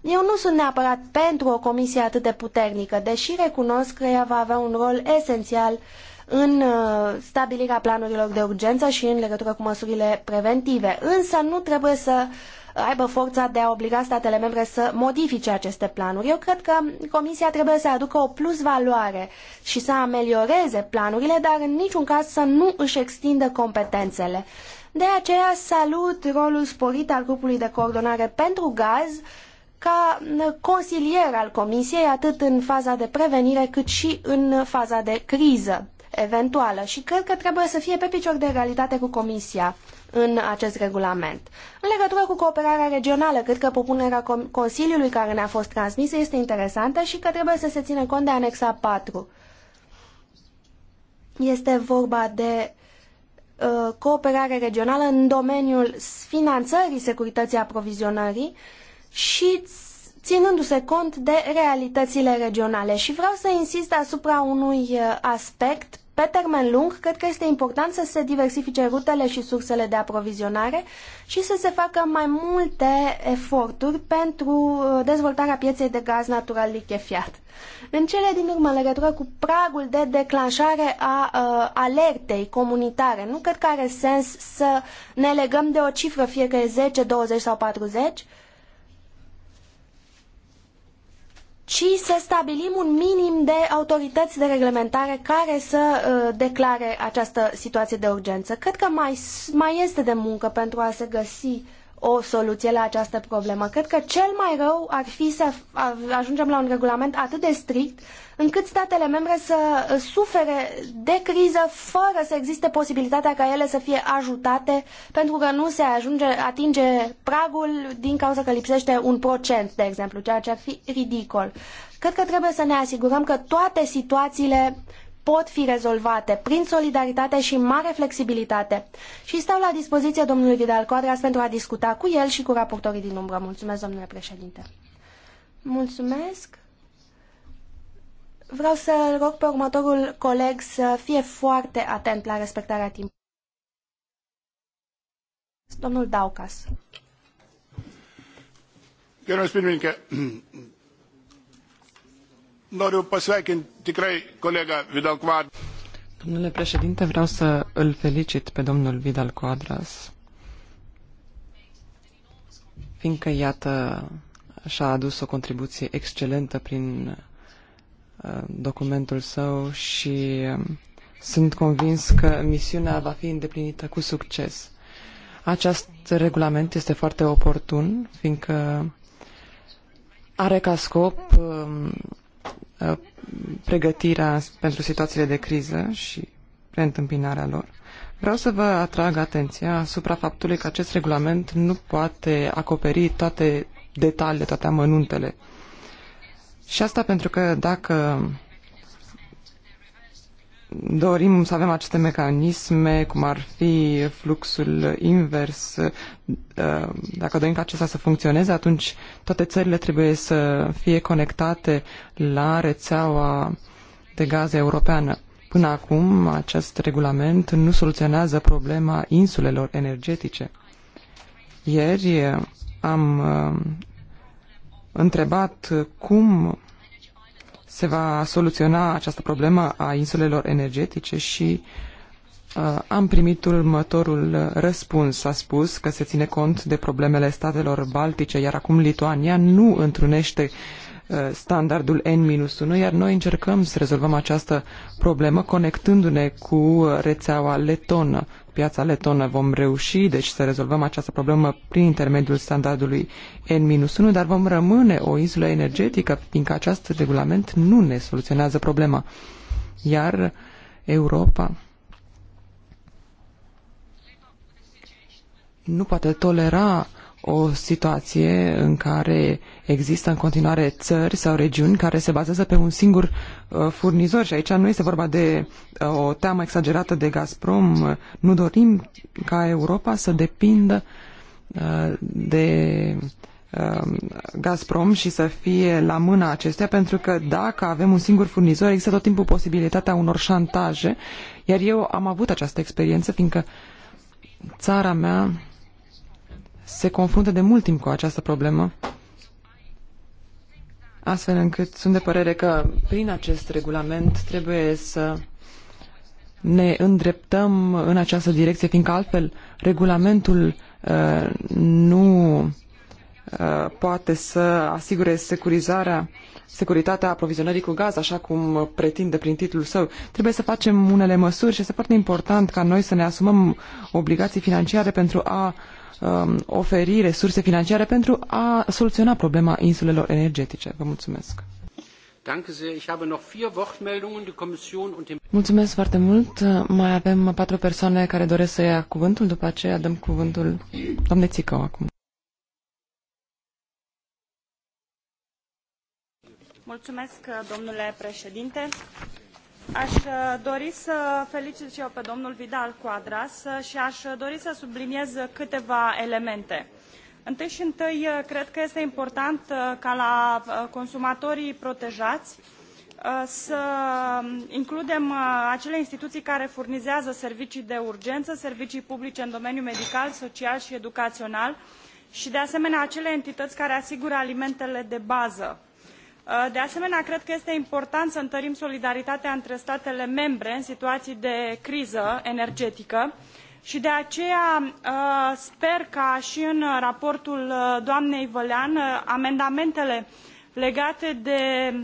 Eu nu sunt neapărat pentru o comisie atât de puternică, deși recunosc că ea va avea un rol esențial în uh, stabilirea planurilor de urgență și în legătură cu măsurile preventive. Însă nu trebuie să uh, aibă forța de a obliga statele membre să modifice aceste planuri. Eu cred că Comisia trebuie să aducă o plusvaloare și să amelioreze planurile, dar în niciun caz să nu își extindă competențele. De aceea salut rolul sporit al grupului de coordonare pentru gaz ca consilier al Comisiei atât în faza de prevenire cât și în faza de criză eventuală și cred că trebuie să fie pe picior de egalitate cu Comisia în acest regulament. În legătură cu cooperarea regională, cred că propunerea Consiliului care ne-a fost transmisă este interesantă și că trebuie să se țină cont de anexa 4. Este vorba de uh, cooperare regională în domeniul finanțării securității aprovizionării și ținându-se cont de realitățile regionale. Și vreau să insist asupra unui uh, aspect pe termen lung, cred că este important să se diversifice rutele și sursele de aprovizionare și să se facă mai multe eforturi pentru uh, dezvoltarea pieței de gaz natural lichefiat. În cele din urmă, în legătură cu pragul de declanșare a uh, alertei comunitare, nu cred că are sens să ne legăm de o cifră, fie că e 10, 20 sau 40, ci să stabilim un minim de autorități de reglementare care să uh, declare această situație de urgență. Cred că mai, mai este de muncă pentru a se găsi o soluție la această problemă. Cred că cel mai rău ar fi să ajungem la un regulament atât de strict încât statele membre să uh, sufere de criză fără să existe posibilitatea ca ele să fie ajutate pentru că nu se ajunge, atinge pragul din cauza că lipsește un procent, de exemplu, ceea ce ar fi ridicol. Cred că trebuie să ne asigurăm că toate situațiile uh, pot fi rezolvate prin solidaritate și mare flexibilitate. Și stau la dispoziție domnului Vidal Quadras pentru a discuta cu el și cu raportorii din umbră. Mulțumesc, domnule președinte. Mulțumesc. Vreau să rog pe următorul coleg să fie foarte atent la respectarea timpului. Domnul Daucas. Gerbiamas pirmininke, noriu tikrai Vidal Quadras. Domnule președinte, vreau să îl felicit pe domnul Vidal Quadras, fiindcă, iată, și-a adus o contribuție excelentă prin uh, documentul său și um, sunt convins că misiunea va fi îndeplinită cu succes. Acest regulament este foarte oportun, fiindcă are ca scop um, Uh, pregătirea pentru situațiile de criză și reîntâmpinarea lor, vreau să vă atrag atenția asupra faptului că acest regulament nu poate acoperi toate detaliile, toate amănuntele. Și asta pentru că dacă dorim să avem aceste mecanisme, cum ar fi fluxul invers, uh, dacă dorim ca acesta să funcționeze, atunci toate țările trebuie să fie conectate la rețeaua de gaze europeană. Până acum, acest regulament nu soluționează problema insulelor energetice. Ieri am uh, întrebat cum se va soluționa această problemă a insulelor energetice și uh, am primit următorul răspuns. A spus că se ține cont de problemele statelor baltice, iar acum Lituania nu întrunește uh, Uh, standardul N-1, iar noi încercăm să rezolvăm această problemă conectându-ne cu rețeaua letonă, piața letonă. Vom reuși, deci, să rezolvăm această problemă prin intermediul standardului N-1, dar vom rămâne o insulă energetică, fiindcă acest regulament nu ne soluționează problema. Iar Europa nu poate tolera o situație în care există în continuare țări sau regiuni care se bazează pe un singur uh, furnizor și aici nu este vorba de uh, o teamă exagerată de Gazprom. Nu dorim ca Europa să depindă uh, de um, Gazprom și să fie la mâna acestea, pentru că dacă avem un singur furnizor, există tot timpul posibilitatea unor șantaje, iar eu am avut această experiență, fiindcă țara mea se confruntă de mult timp cu această problemă, astfel încât sunt de părere că prin acest regulament trebuie să ne îndreptăm în această direcție, fiindcă altfel regulamentul uh, nu uh, poate să asigure securizarea securitatea aprovizionării cu gaz, așa cum pretinde prin titlul său. Trebuie să facem unele măsuri și este foarte important ca noi să ne asumăm obligații financiare pentru a uh, Um, oferi resurse financiare pentru a soluționa problema insulelor energetice. Vă mulțumesc! Mulțumesc foarte mult. Mai avem patru persoane care doresc să ia cuvântul. După aceea dăm cuvântul doamnei Țicău acum. Mulțumesc, domnule președinte. Aș uh, dori să felicit și eu pe domnul Vidal Quadras uh, și aș uh, dori să subliniez câteva elemente. Întâi și întâi, cred că este important ca la consumatorii protejați să um, includem acele instituții care furnizează servicii de urgență, servicii publice în domeniul medical, social și educațional și, de asemenea, acele entități care asigură alimentele de bază Uh, de asemenea, cred că este important să întărim solidaritatea între statele membre în situații de criză energetică și de aceea uh, sper ca și în raportul uh, doamnei Vălean amendamentele legate de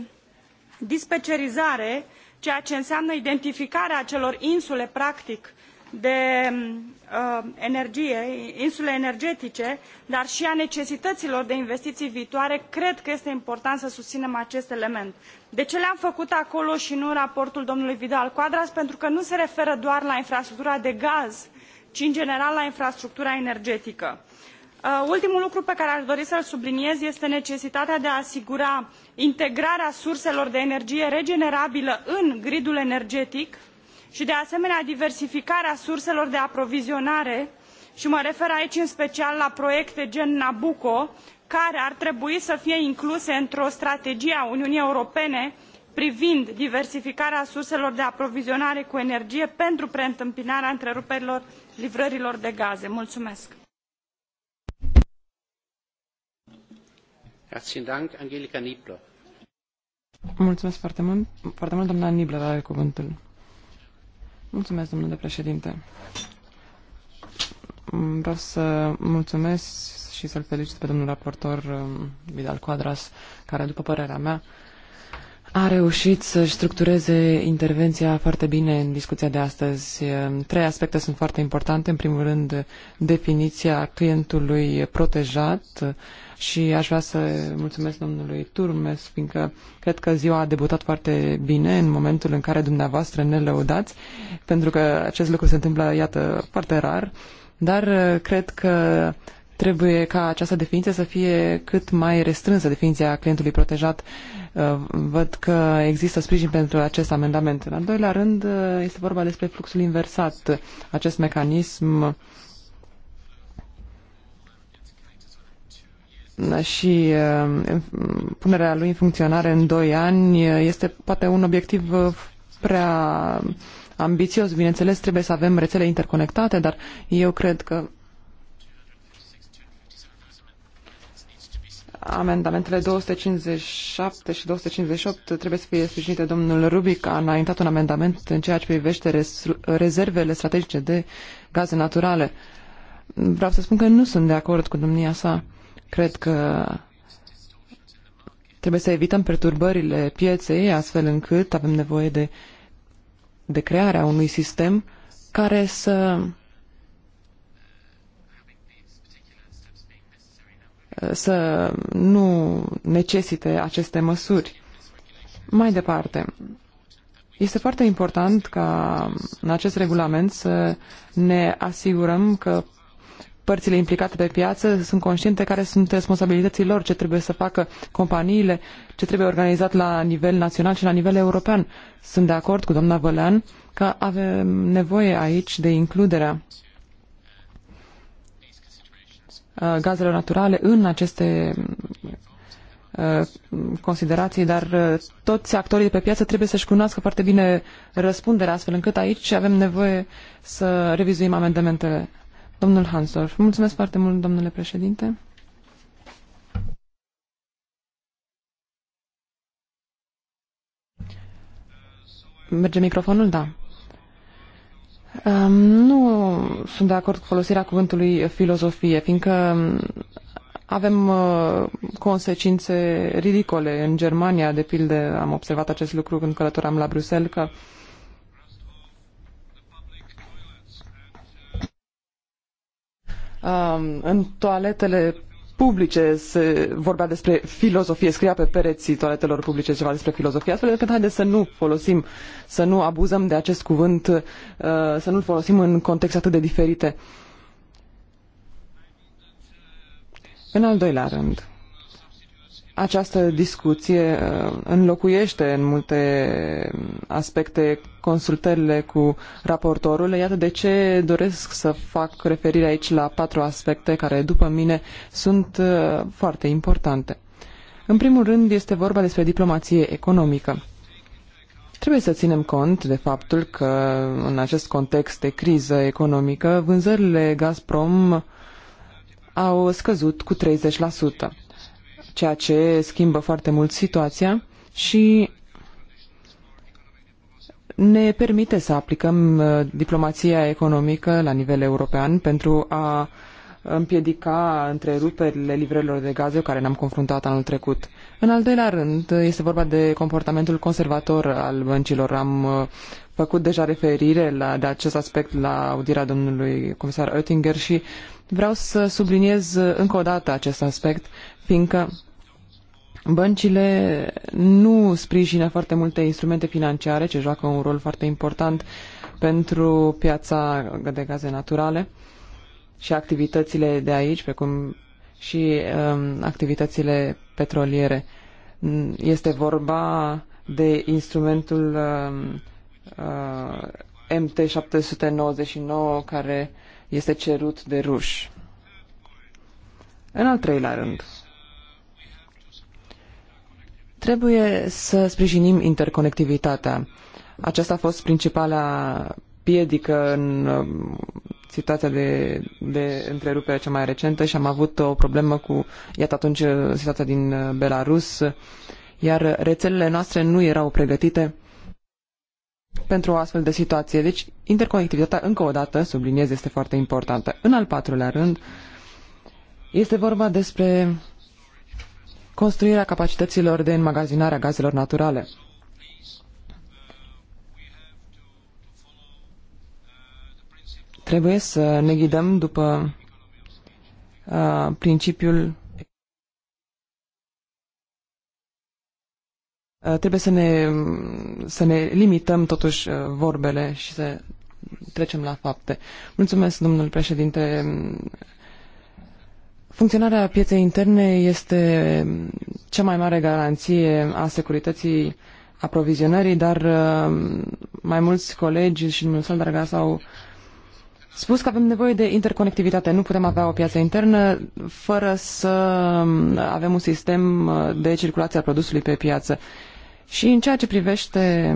dispecerizare, ceea ce înseamnă identificarea acelor insule practic de uh, energie, insule energetice, dar și a necesităților de investiții viitoare, cred că este important să susținem acest element. De ce le-am făcut acolo și nu în raportul domnului Vidal Quadras? Pentru că nu se referă doar la infrastructura de gaz, ci în general la infrastructura energetică. Uh, ultimul lucru pe care aș dori să-l subliniez este necesitatea de a asigura integrarea surselor de energie regenerabilă în gridul energetic, i de asemenea diversificarea surselor de aprovizionare i mă refer aici în special la proiecte gen nabucco care ar trebui să fie incluse într o strategie a uniunii europene privind diversificarea surselor de aprovizionare cu energie pentru preîntâmpinarea întreruperilor livrărilor de gaze. Mulțumesc. Mulțumesc Mulțumesc, domnule președinte. Vreau să mulțumesc și să-l felicit pe domnul raportor um, Vidal Quadras, care, după părerea mea, a reușit să-și structureze intervenția foarte bine în discuția de astăzi. Ehm, trei aspecte sunt foarte importante. În primul rând, definiția clientului protejat și aș vrea să mulțumesc domnului Turmes, fiindcă cred că ziua a debutat foarte bine în momentul în care dumneavoastră ne lăudați, pentru că acest lucru se întâmplă, iată, foarte rar, dar eh, cred că Trebuie ca această definiție să fie cât mai restrânsă, definiția clientului protejat. Uh, văd că există sprijin pentru acest amendament. În al doilea rând, uh, este vorba despre fluxul inversat. Acest mecanism uh, și punerea lui în funcționare în 2 ani este poate un obiectiv prea ambițios. Bineînțeles, trebuie să avem rețele interconectate, dar eu cred că Amendamentele 257 și 258 trebuie să fie sprijinite. Domnul Rubic a înaintat un amendament în ceea ce privește rezervele strategice de gaze naturale. Vreau să spun că nu sunt de acord cu domnia sa. Cred că trebuie să evităm perturbările pieței, astfel încât avem nevoie de, de crearea unui sistem care să să nu necesite aceste măsuri. Mai departe, este foarte important ca în acest regulament să ne asigurăm că părțile implicate pe piață sunt conștiente care sunt responsabilitățile lor, ce trebuie să facă companiile, ce trebuie organizat la nivel național și la nivel european. Sunt de acord cu doamna Vălean că avem nevoie aici de includerea Uh, gazelor naturale în aceste uh, considerații, dar uh, toți actorii de pe piață trebuie să-și cunoască foarte bine răspunderea, astfel încât aici avem nevoie să revizuim amendamentele. Domnul Hansdorf, mulțumesc foarte mult, domnule președinte. Merge microfonul? Da nu sunt de acord cu folosirea cuvântului filozofie, fiindcă avem uh, consecințe ridicole. În Germania, de pildă, am observat acest lucru când călătoram la Bruxelles, că în toaletele publice, se vorbea despre filozofie, scria pe pereții toaletelor publice ceva despre filozofie, astfel încât haideți să nu folosim, să nu abuzăm de acest cuvânt, uh, să nu-l folosim în contexte atât de diferite. În al doilea rând, această discuție uh, înlocuiește în multe aspecte consultările cu raportorul. Iată de ce doresc să fac referire aici la patru aspecte care, după mine, sunt uh, foarte importante. În primul rând, este vorba despre diplomație economică. Trebuie să ținem cont de faptul că, în acest context de criză economică, vânzările Gazprom au scăzut cu 30% ceea ce schimbă foarte mult situația și ne permite să aplicăm uh, diplomația economică la nivel european pentru a împiedica întreruperile livrărilor de gaze cu care ne-am confruntat anul trecut. În al doilea rând, este vorba de comportamentul conservator al băncilor. Am uh, făcut deja referire la, de acest aspect la audirea domnului comisar Oettinger și vreau să subliniez uh, încă o dată acest aspect, fiindcă băncile nu sprijină foarte multe instrumente financiare, ce joacă un rol foarte important pentru piața de gaze naturale și activitățile de aici, precum și um, activitățile petroliere. Este vorba de instrumentul um, uh, MT-799 care este cerut de ruși. În al treilea rând, Trebuie să sprijinim interconectivitatea. Aceasta a fost principala piedică în um, situația de, de întrerupere cea mai recentă și am avut o problemă cu, iată atunci, uh, situația din uh, Belarus, iar rețelele noastre nu erau pregătite pentru o astfel de situație. Deci, interconectivitatea, încă o dată, subliniez, este foarte importantă. În al patrulea rând, este vorba despre construirea capacităților de înmagazinare a gazelor naturale. Trebuie să ne ghidăm după uh, principiul uh, trebuie să ne, să ne limităm totuși uh, vorbele și să trecem la fapte. Mulțumesc, domnul președinte. Funcționarea pieței interne este cea mai mare garanție a securității aprovizionării, dar uh, mai mulți colegi și domnul Saldarga s-au spus că avem nevoie de interconectivitate. Nu putem avea o piață internă fără să um, avem un sistem uh, de circulație a produsului pe piață. Și în ceea ce privește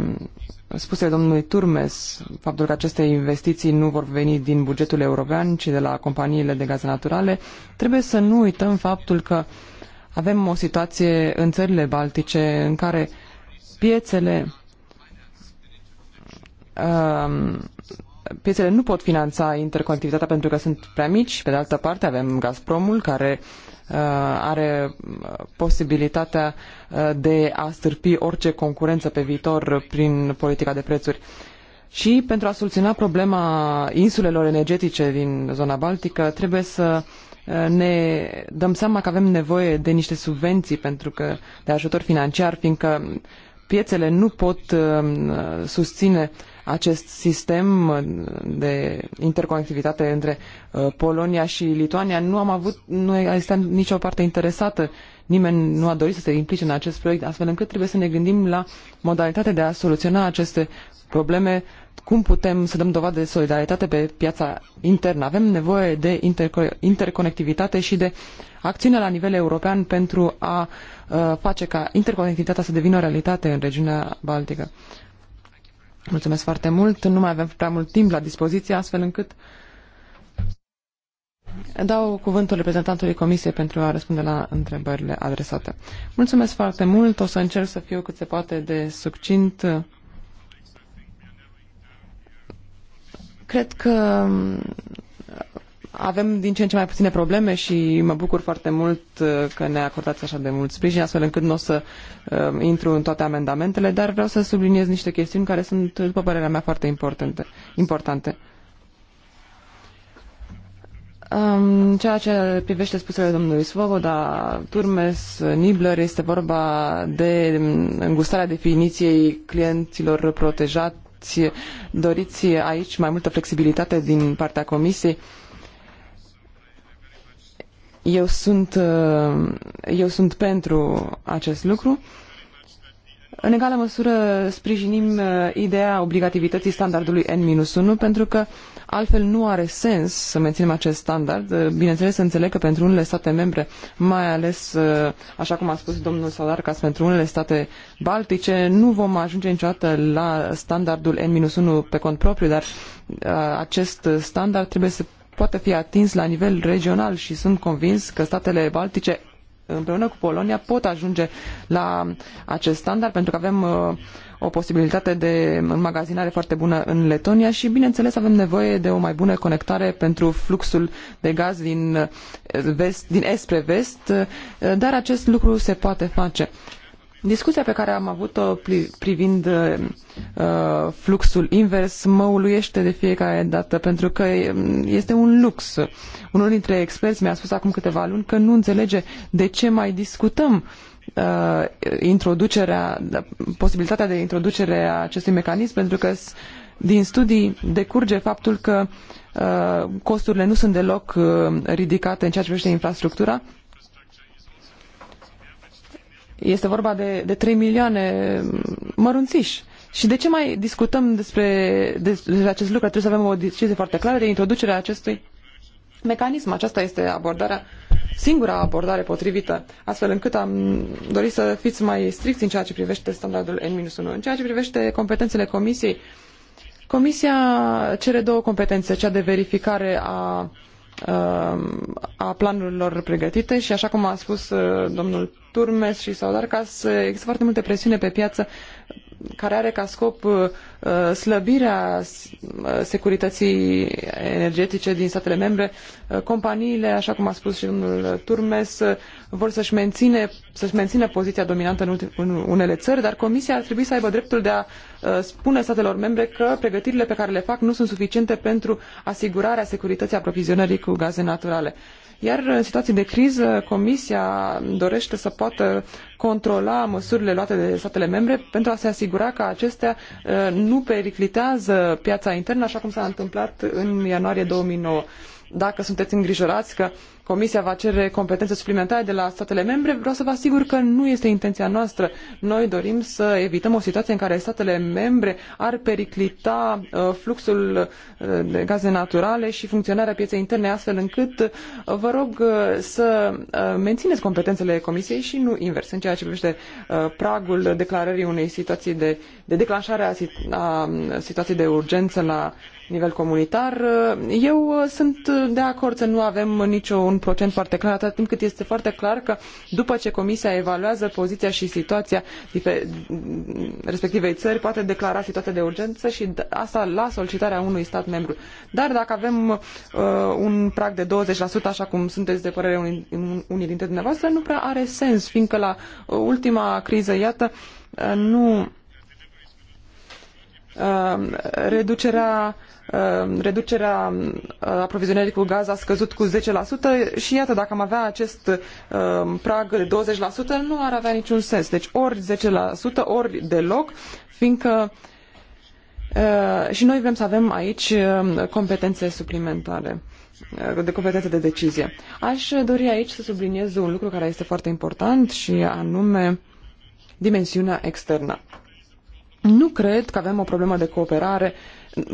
spusele domnului Turmes, faptul că aceste investiții nu vor veni din bugetul european, ci de la companiile de gaze naturale, trebuie să nu uităm faptul că avem o situație în țările baltice în care piețele um, piețele nu pot finanța interconectivitatea pentru că sunt prea mici. Pe de altă parte avem Gazpromul care uh, are uh, posibilitatea uh, de a stârpi orice concurență pe viitor prin politica de prețuri. Și pentru a soluționa problema insulelor energetice din zona baltică, trebuie să ne dăm seama că avem nevoie de niște subvenții pentru că de ajutor financiar, fiindcă piețele nu pot susține uh, acest sistem de interconectivitate între uh, Polonia și Lituania. Nu am avut, nu există nicio parte interesată, nimeni nu a dorit să se implice în acest proiect, astfel încât trebuie să ne gândim la modalitatea de a soluționa aceste probleme, cum putem să dăm dovadă de solidaritate pe piața internă. Avem nevoie de interconectivitate și de acțiune la nivel european pentru a uh, face ca interconectivitatea să devină o realitate în regiunea Baltică. Mulțumesc foarte mult. Nu mai avem prea mult timp la dispoziție, astfel încât Dau cuvântul reprezentantului Comisiei pentru a răspunde la întrebările adresate. Mulțumesc foarte mult, o să încerc să fiu cât se poate de succint. Cred că avem din ce în ce mai puține probleme și mă bucur foarte mult uh, că ne acordați așa de mult sprijin, astfel încât nu o să uh, intru în toate amendamentele, dar vreau să subliniez niște chestiuni care sunt, după părerea mea, foarte importante. importante. Um, ceea ce privește spusele domnului Svoboda, Turmes, Nibler, este vorba de um, îngustarea definiției clienților protejați. Doriți aici mai multă flexibilitate din partea comisiei. Uh, eu sunt, uh, eu sunt pentru acest lucru. În egală măsură sprijinim uh, ideea obligativității standardului N-1 pentru că altfel nu are sens să menținem acest standard. Uh, bineînțeles, înțeleg că pentru unele state membre, mai ales, așa cum a spus domnul Saudarcas, pentru unele state baltice, nu vom ajunge niciodată la standardul N-1 pe cont propriu, dar acest standard trebuie să poate fi atins la nivel regional și sunt convins că statele baltice împreună cu Polonia pot ajunge la acest standard pentru că avem uh, o posibilitate de înmagazinare foarte bună în Letonia și, bineînțeles, avem nevoie de o mai bună conectare pentru fluxul de gaz din, uh, vest, din est spre vest, uh, dar acest lucru se poate face. Discuția pe care am avut-o privind uh, uh, fluxul invers mă uluiește de fiecare dată pentru că um, este un lux. Unul dintre experți mi-a spus acum câteva luni că nu înțelege de ce mai discutăm uh, introducerea, da, posibilitatea de introducere a acestui mecanism pentru că din studii decurge faptul că uh, costurile nu sunt deloc uh, ridicate în ceea ce privește infrastructura, este vorba de, de 3 milioane mărunțiși. Și de ce mai discutăm despre, despre acest lucru? Trebuie să avem o decizie foarte clară de introducerea acestui mecanism. Aceasta este abordarea, singura abordare potrivită, astfel încât am dorit să fiți mai stricți în ceea ce privește standardul N-1. În ceea ce privește competențele comisiei, comisia cere două competențe, cea de verificare a a planurilor pregătite și așa cum a spus uh, domnul Turmes și Saudar, ca să există foarte multe presiune pe piață care are ca scop uh, uh, slăbirea uh, securității energetice din statele membre, companiile, așa cum a spus și domnul Turmes, vor să-și menține, să mențină poziția dominantă în, ultim, în unele țări, dar Comisia ar trebui să aibă dreptul de a spune statelor membre că pregătirile pe care le fac nu sunt suficiente pentru asigurarea securității aprovizionării cu gaze naturale. Iar în situații de criză, Comisia dorește să poată controla măsurile luate de statele membre pentru a se asigura că acestea uh, nu periclitează piața internă, așa cum s-a întâmplat în ianuarie 2009 dacă sunteți îngrijorați că Comisia va cere competențe suplimentare de la statele membre, vreau să vă asigur că nu este intenția noastră. Noi dorim să evităm o situație în care statele membre ar periclita uh, fluxul uh, de gaze naturale și funcționarea pieței interne, astfel încât uh, vă rog să mențineți competențele Comisiei și nu invers, în ceea ce privește pragul declarării unei situații de, de declanșare a, a situației de urgență la nivel comunitar. Eh, eu eh, sunt de acord să nu avem niciun procent foarte clar, atât timp cât este foarte clar că după ce Comisia evaluează poziția și situația respectivei țări, poate declara situația de urgență și asta la solicitarea unui stat membru. Dar dacă avem uh, un prag de 20%, așa cum sunteți de părere unii, unii dintre dumneavoastră, nu prea are sens, fiindcă la ultima criză, iată, nu reducerea Uh, reducerea uh, aprovizionării cu gaz a scăzut cu 10% și iată, dacă am avea acest uh, prag de 20%, nu ar avea niciun sens. Deci ori 10%, ori deloc, fiindcă și noi vrem să avem aici competențe suplimentare de competențe de decizie. Aș dori aici să subliniez un lucru care este foarte important și anume dimensiunea externă. Nu cred că avem o problemă de cooperare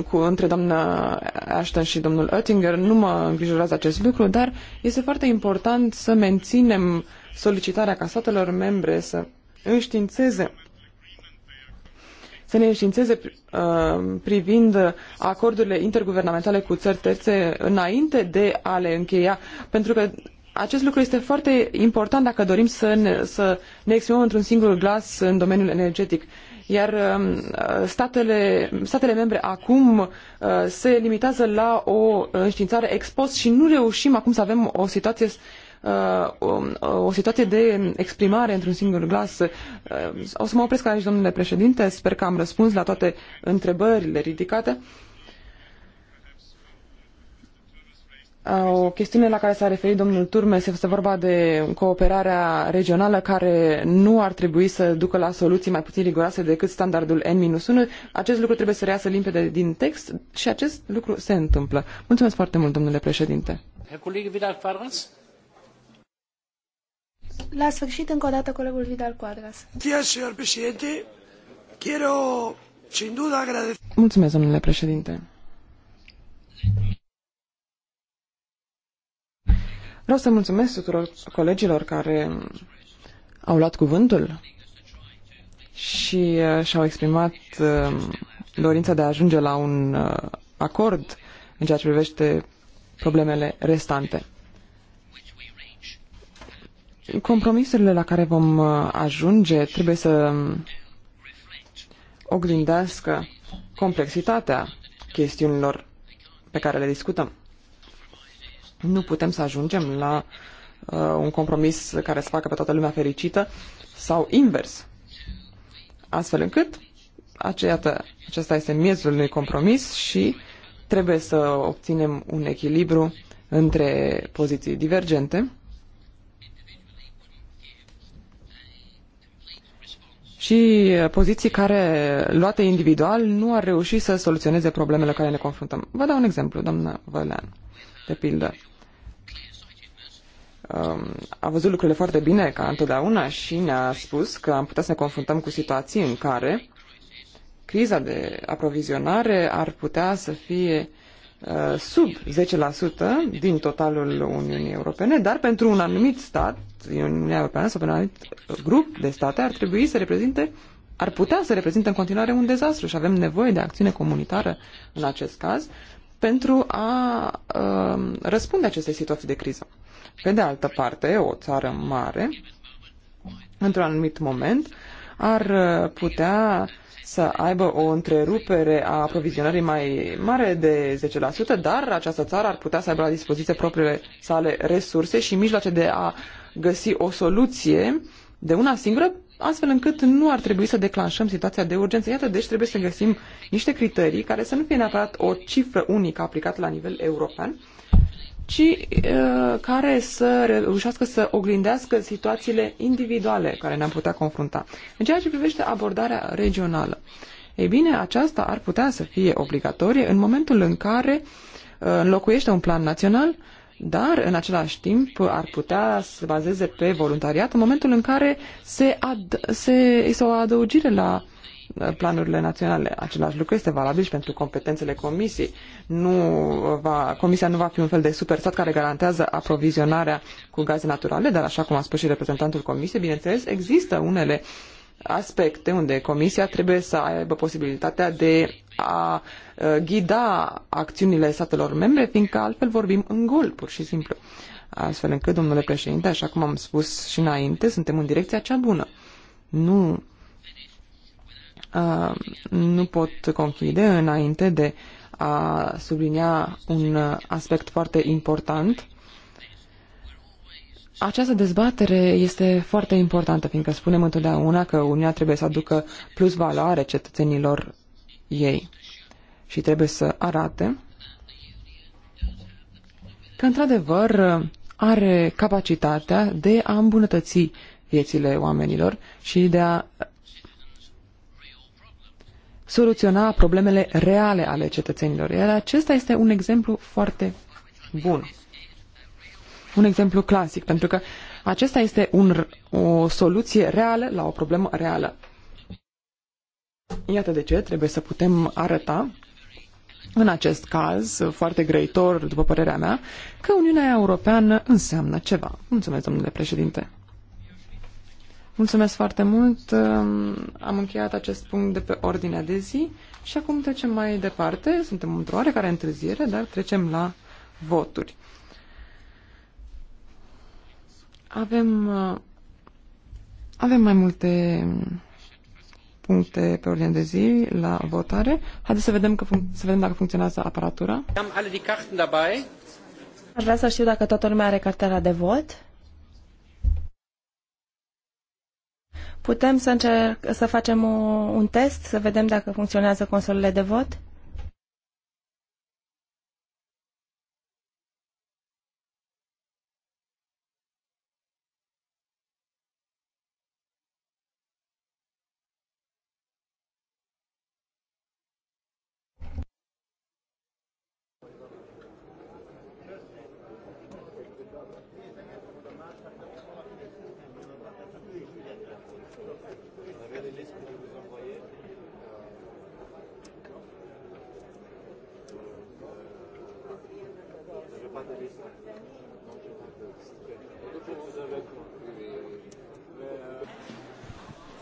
cu, între doamna Ashton și domnul Oettinger. Nu mă îngrijorează acest lucru, dar este foarte important să menținem solicitarea ca statelor membre să înștiințeze să ne înștiințeze uh, privind acordurile interguvernamentale cu țări terțe înainte de a le încheia, pentru că acest lucru este foarte important dacă dorim să ne, să ne exprimăm într-un singur glas în domeniul energetic. Uh, iar um, statele, statele membre acum uh, se limitează la o înștiințare ex post și nu reușim acum să avem o situație uh, um, o situație de exprimare într-un singur glas. Uh, o să mă opresc aici, domnule președinte. Sper că am răspuns la toate întrebările ridicate. o chestiune la care s-a referit domnul Turme, Turmes este vorba de cooperarea regională care nu ar trebui să ducă la soluții mai puțin riguroase decât standardul N-1. Acest lucru trebuie să reiasă limpede din text și acest lucru se întâmplă. Mulțumesc foarte mult, domnule președinte. La sfârșit, încă o dată, colegul Vidal Quadras. Mulțumesc, domnule președinte. Vreau să mulțumesc tuturor colegilor care au luat cuvântul și uh, și-au exprimat uh, dorința de a ajunge la un uh, acord în ceea ce privește problemele restante. Compromisurile la care vom ajunge trebuie să um, oglindească complexitatea chestiunilor pe care le discutăm. Nu putem să ajungem la uh, un compromis care să facă pe toată lumea fericită sau invers. Astfel încât, aceată, acesta este miezul unui compromis și trebuie să obținem un echilibru între poziții divergente și poziții care, luate individual, nu ar reuși să soluționeze problemele care ne confruntăm. Vă dau un exemplu, doamnă Vălean, de pildă. Um, a văzut lucrurile foarte bine, ca întotdeauna, și ne-a spus că am putea să ne confruntăm cu situații în care criza de aprovizionare ar putea să fie uh, sub 10% din totalul Uniunii Europene, dar pentru un anumit stat Uniunea Europeană sau pentru un anumit grup de state ar trebui să reprezinte ar putea să reprezinte în continuare un dezastru și avem nevoie de acțiune comunitară în acest caz pentru a uh, răspunde acestei situații de criză. Pe de altă parte, o țară mare, într-un anumit moment, ar putea să aibă o întrerupere a aprovizionării mai mare de 10%, dar această țară ar putea să aibă la dispoziție propriile sale resurse și mijloace de a găsi o soluție de una singură, astfel încât nu ar trebui să declanșăm situația de urgență. Iată, deci trebuie să găsim niște criterii care să nu fie neapărat o cifră unică aplicată la nivel european, ci uh, care să reușească să oglindească situațiile individuale care ne-am putea confrunta. În ceea ce privește abordarea regională, ei bine, aceasta ar putea să fie obligatorie în momentul în care uh, înlocuiește un plan național, dar în același timp ar putea să se bazeze pe voluntariat în momentul în care se, ad- se, este o adăugire la uh, planurile naționale. Același lucru este valabil și pentru competențele comisiei. Nu va, comisia nu va fi un fel de superstat care garantează aprovizionarea cu gaze naturale, dar așa cum a spus și reprezentantul comisiei, bineînțeles, există unele aspecte unde comisia trebuie să aibă posibilitatea de a ghida acțiunile statelor membre, fiindcă altfel vorbim în gol, pur și simplu. Astfel încât, domnule președinte, așa cum am spus și înainte, suntem în direcția cea bună. Nu Uh, nu pot conchide înainte de a sublinia un aspect foarte important. Această dezbatere este foarte importantă, fiindcă spunem întotdeauna că Uniunea trebuie să aducă plus valoare cetățenilor ei și trebuie să arate că, într-adevăr, are capacitatea de a îmbunătăți viețile oamenilor și de a soluționa problemele reale ale cetățenilor. Iar acesta este un exemplu foarte bun. Un exemplu clasic, pentru că acesta este un, o soluție reală la o problemă reală. Iată de ce trebuie să putem arăta în acest caz, foarte greitor după părerea mea, că Uniunea Europeană înseamnă ceva. Mulțumesc, domnule președinte. Mulțumesc foarte mult. Am încheiat acest punct de pe ordinea de zi și acum trecem mai departe. Suntem într-o oarecare întârziere, dar trecem la voturi. Avem, uh, avem mai multe puncte pe ordine de zi la votare. Haideți să vedem, că să vedem dacă funcționează aparatura. Am Aș vrea să știu dacă toată lumea are cartela de vot. Putem să, încerc, să facem o, un test, să vedem dacă funcționează consolele de vot?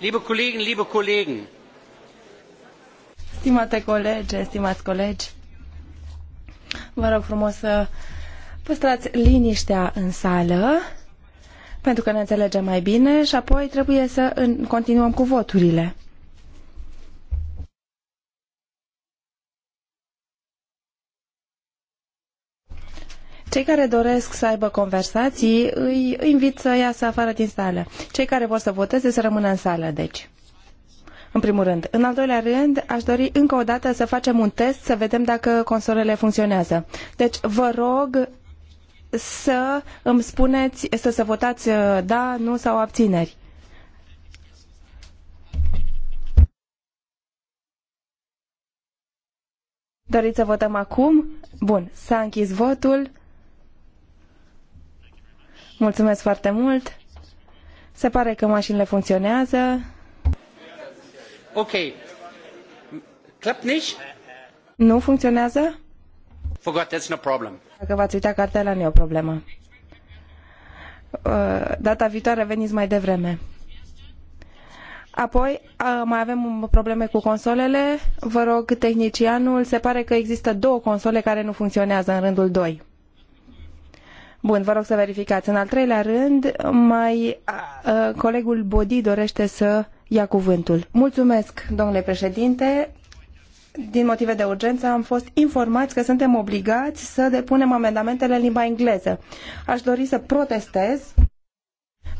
Liebe Kollegen, liebe Kollegen. Stimate colege, stimați colegi, vă rog frumos să păstrați liniștea în sală pentru că ne înțelegem mai bine și apoi trebuie să continuăm cu voturile. Cei care doresc să aibă conversații îi invit să iasă afară din sală. Cei care vor să voteze să rămână în sală, deci. În primul rând. În al doilea rând, aș dori încă o dată să facem un test să vedem dacă consolele funcționează. Deci, vă rog să îmi spuneți, să, să votați uh, da, nu sau abțineri. Doriți să votăm acum? Bun, s-a închis votul. Mulțumesc foarte mult. Se pare că mașinile funcționează. Ok. Klappt nicht? Nu funcționează? Forgot, that's no problem. Dacă v-ați uitat cartela, nu e o problemă. Uh, data viitoare veniți mai devreme. Apoi uh, mai avem probleme cu consolele. Vă rog, tehnicianul, se pare că există două console care nu funcționează în rândul 2. Bun, vă rog să verificați. În al treilea rând, mai uh, colegul Bodi dorește să ia cuvântul. Mulțumesc, domnule președinte. Din motive de urgență am fost informați că suntem obligați să depunem amendamentele în limba engleză. Aș dori să protestez.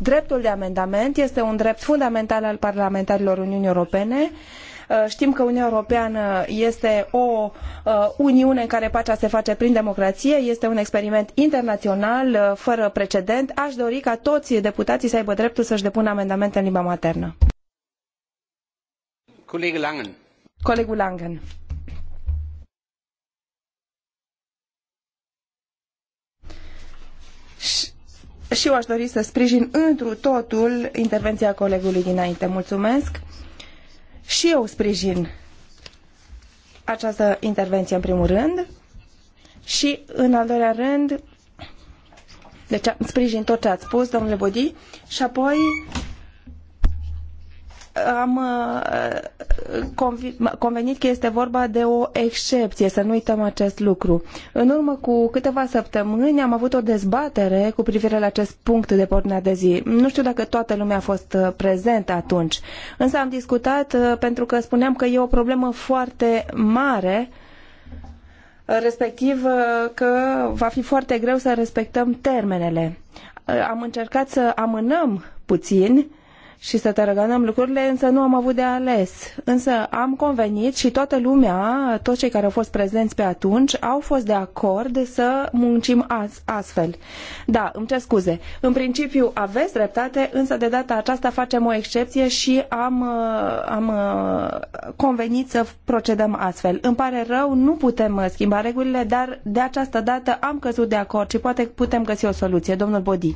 Dreptul de amendament este un drept fundamental al parlamentarilor Uniunii Europene. Uh, Uh, știm că Uniunea Europeană este o uh, uniune în care pacea se face prin democrație, este un experiment internațional uh, fără precedent. Aș dori ca toți deputații să aibă dreptul să-și depună amendamente în limba maternă. Colegul Langen. Colegul Langen. Și eu aș dori să sprijin întru totul intervenția colegului dinainte. Mulțumesc. Și eu sprijin această intervenție în primul rând și în al doilea rând deci sprijin tot ce ați spus, domnule Bodi, și apoi am uh, convenit că este vorba de o excepție, să nu uităm acest lucru. În urmă cu câteva săptămâni am avut o dezbatere cu privire la acest punct de pornea de zi. Nu știu dacă toată lumea a fost uh, prezentă atunci, însă am discutat uh, pentru că spuneam că e o problemă foarte mare respectiv că va fi foarte greu să respectăm termenele. Am încercat să amânăm puțin uh, și să tărăgănăm lucrurile, însă nu am avut de ales. Însă am convenit și toată lumea, toți cei care au fost prezenți pe atunci, au fost de acord să muncim astfel. Da, îmi cer scuze. În principiu aveți dreptate, însă de data aceasta facem o excepție și am, uh, am uh, convenit să procedăm astfel. Îmi pare rău, nu putem uh, schimba regulile, dar de această dată am căzut de acord și poate putem găsi o soluție. Domnul Bodi.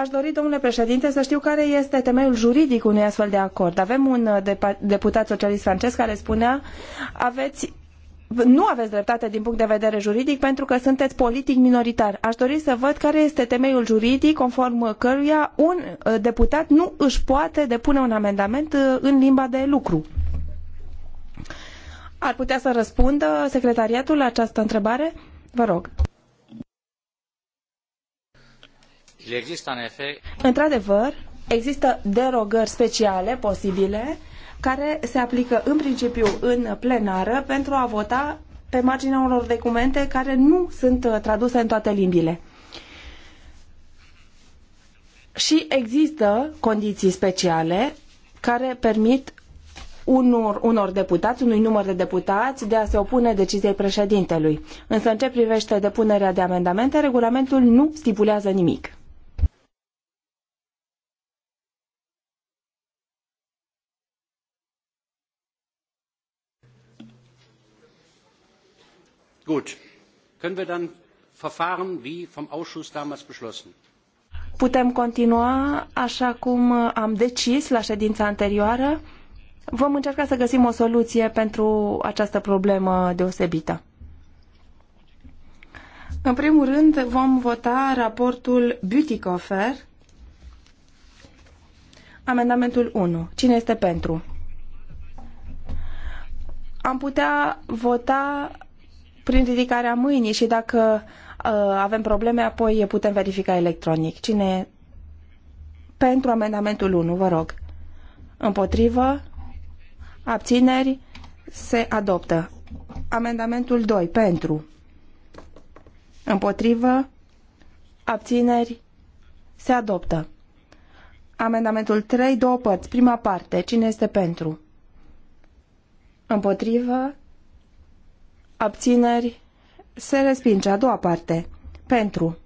Aș dori, domnule președinte, să știu care este temeiul juridic unui astfel de acord. Avem un uh, deputat socialist francez care spunea aveți nu aveți dreptate din punct de vedere juridic pentru că sunteți politic minoritar. Aș dori să văd care este temeiul juridic conform căruia un uh, deputat nu își poate depune un amendament uh, în limba de lucru. Ar putea să răspundă secretariatul la această întrebare? Vă rog. Deci Într-adevăr, există derogări speciale posibile care se aplică în principiu în plenară pentru a vota pe marginea unor documente care nu sunt uh, traduse în toate limbile. Și există condiții speciale care permit unor, unor deputați, unui număr de deputați, de a se opune deciziei președintelui. Însă, în ce privește depunerea de amendamente, regulamentul nu stipulează nimic. Können wir dann verfahren wie vom Ausschuss damals beschlossen? Putem continua așa cum uh, am decis la ședința anterioară. Vom încerca să găsim o soluție pentru această problemă deosebită. În primul rând vom vota raportul Butikofer, amendamentul 1. Cine este pentru? Am putea vota prin ridicarea mâinii și dacă uh, avem probleme, apoi putem verifica electronic. Cine pentru amendamentul 1, vă rog. Împotrivă, abțineri, se adoptă. Amendamentul 2, pentru. Împotrivă, abțineri, se adoptă. Amendamentul 3, două părți, prima parte, cine este pentru? Împotrivă, abțineri, se respinge a doua parte. Pentru.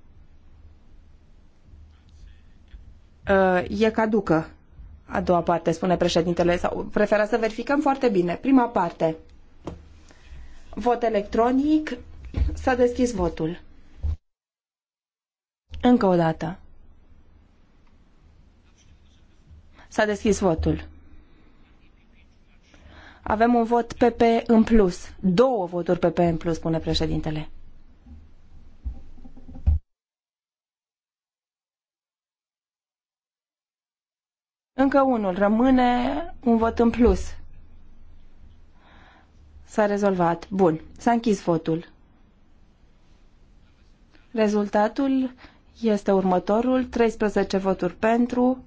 E caducă. A doua parte, spune președintele, sau prefera să verificăm foarte bine. Prima parte. Vot electronic. S-a deschis votul. Încă o dată. S-a deschis votul. Avem un vot PP în plus. Două voturi PP în plus, spune președintele. Încă unul. Rămâne un vot în plus. S-a rezolvat. Bun. S-a închis votul. Rezultatul este următorul. 13 voturi pentru,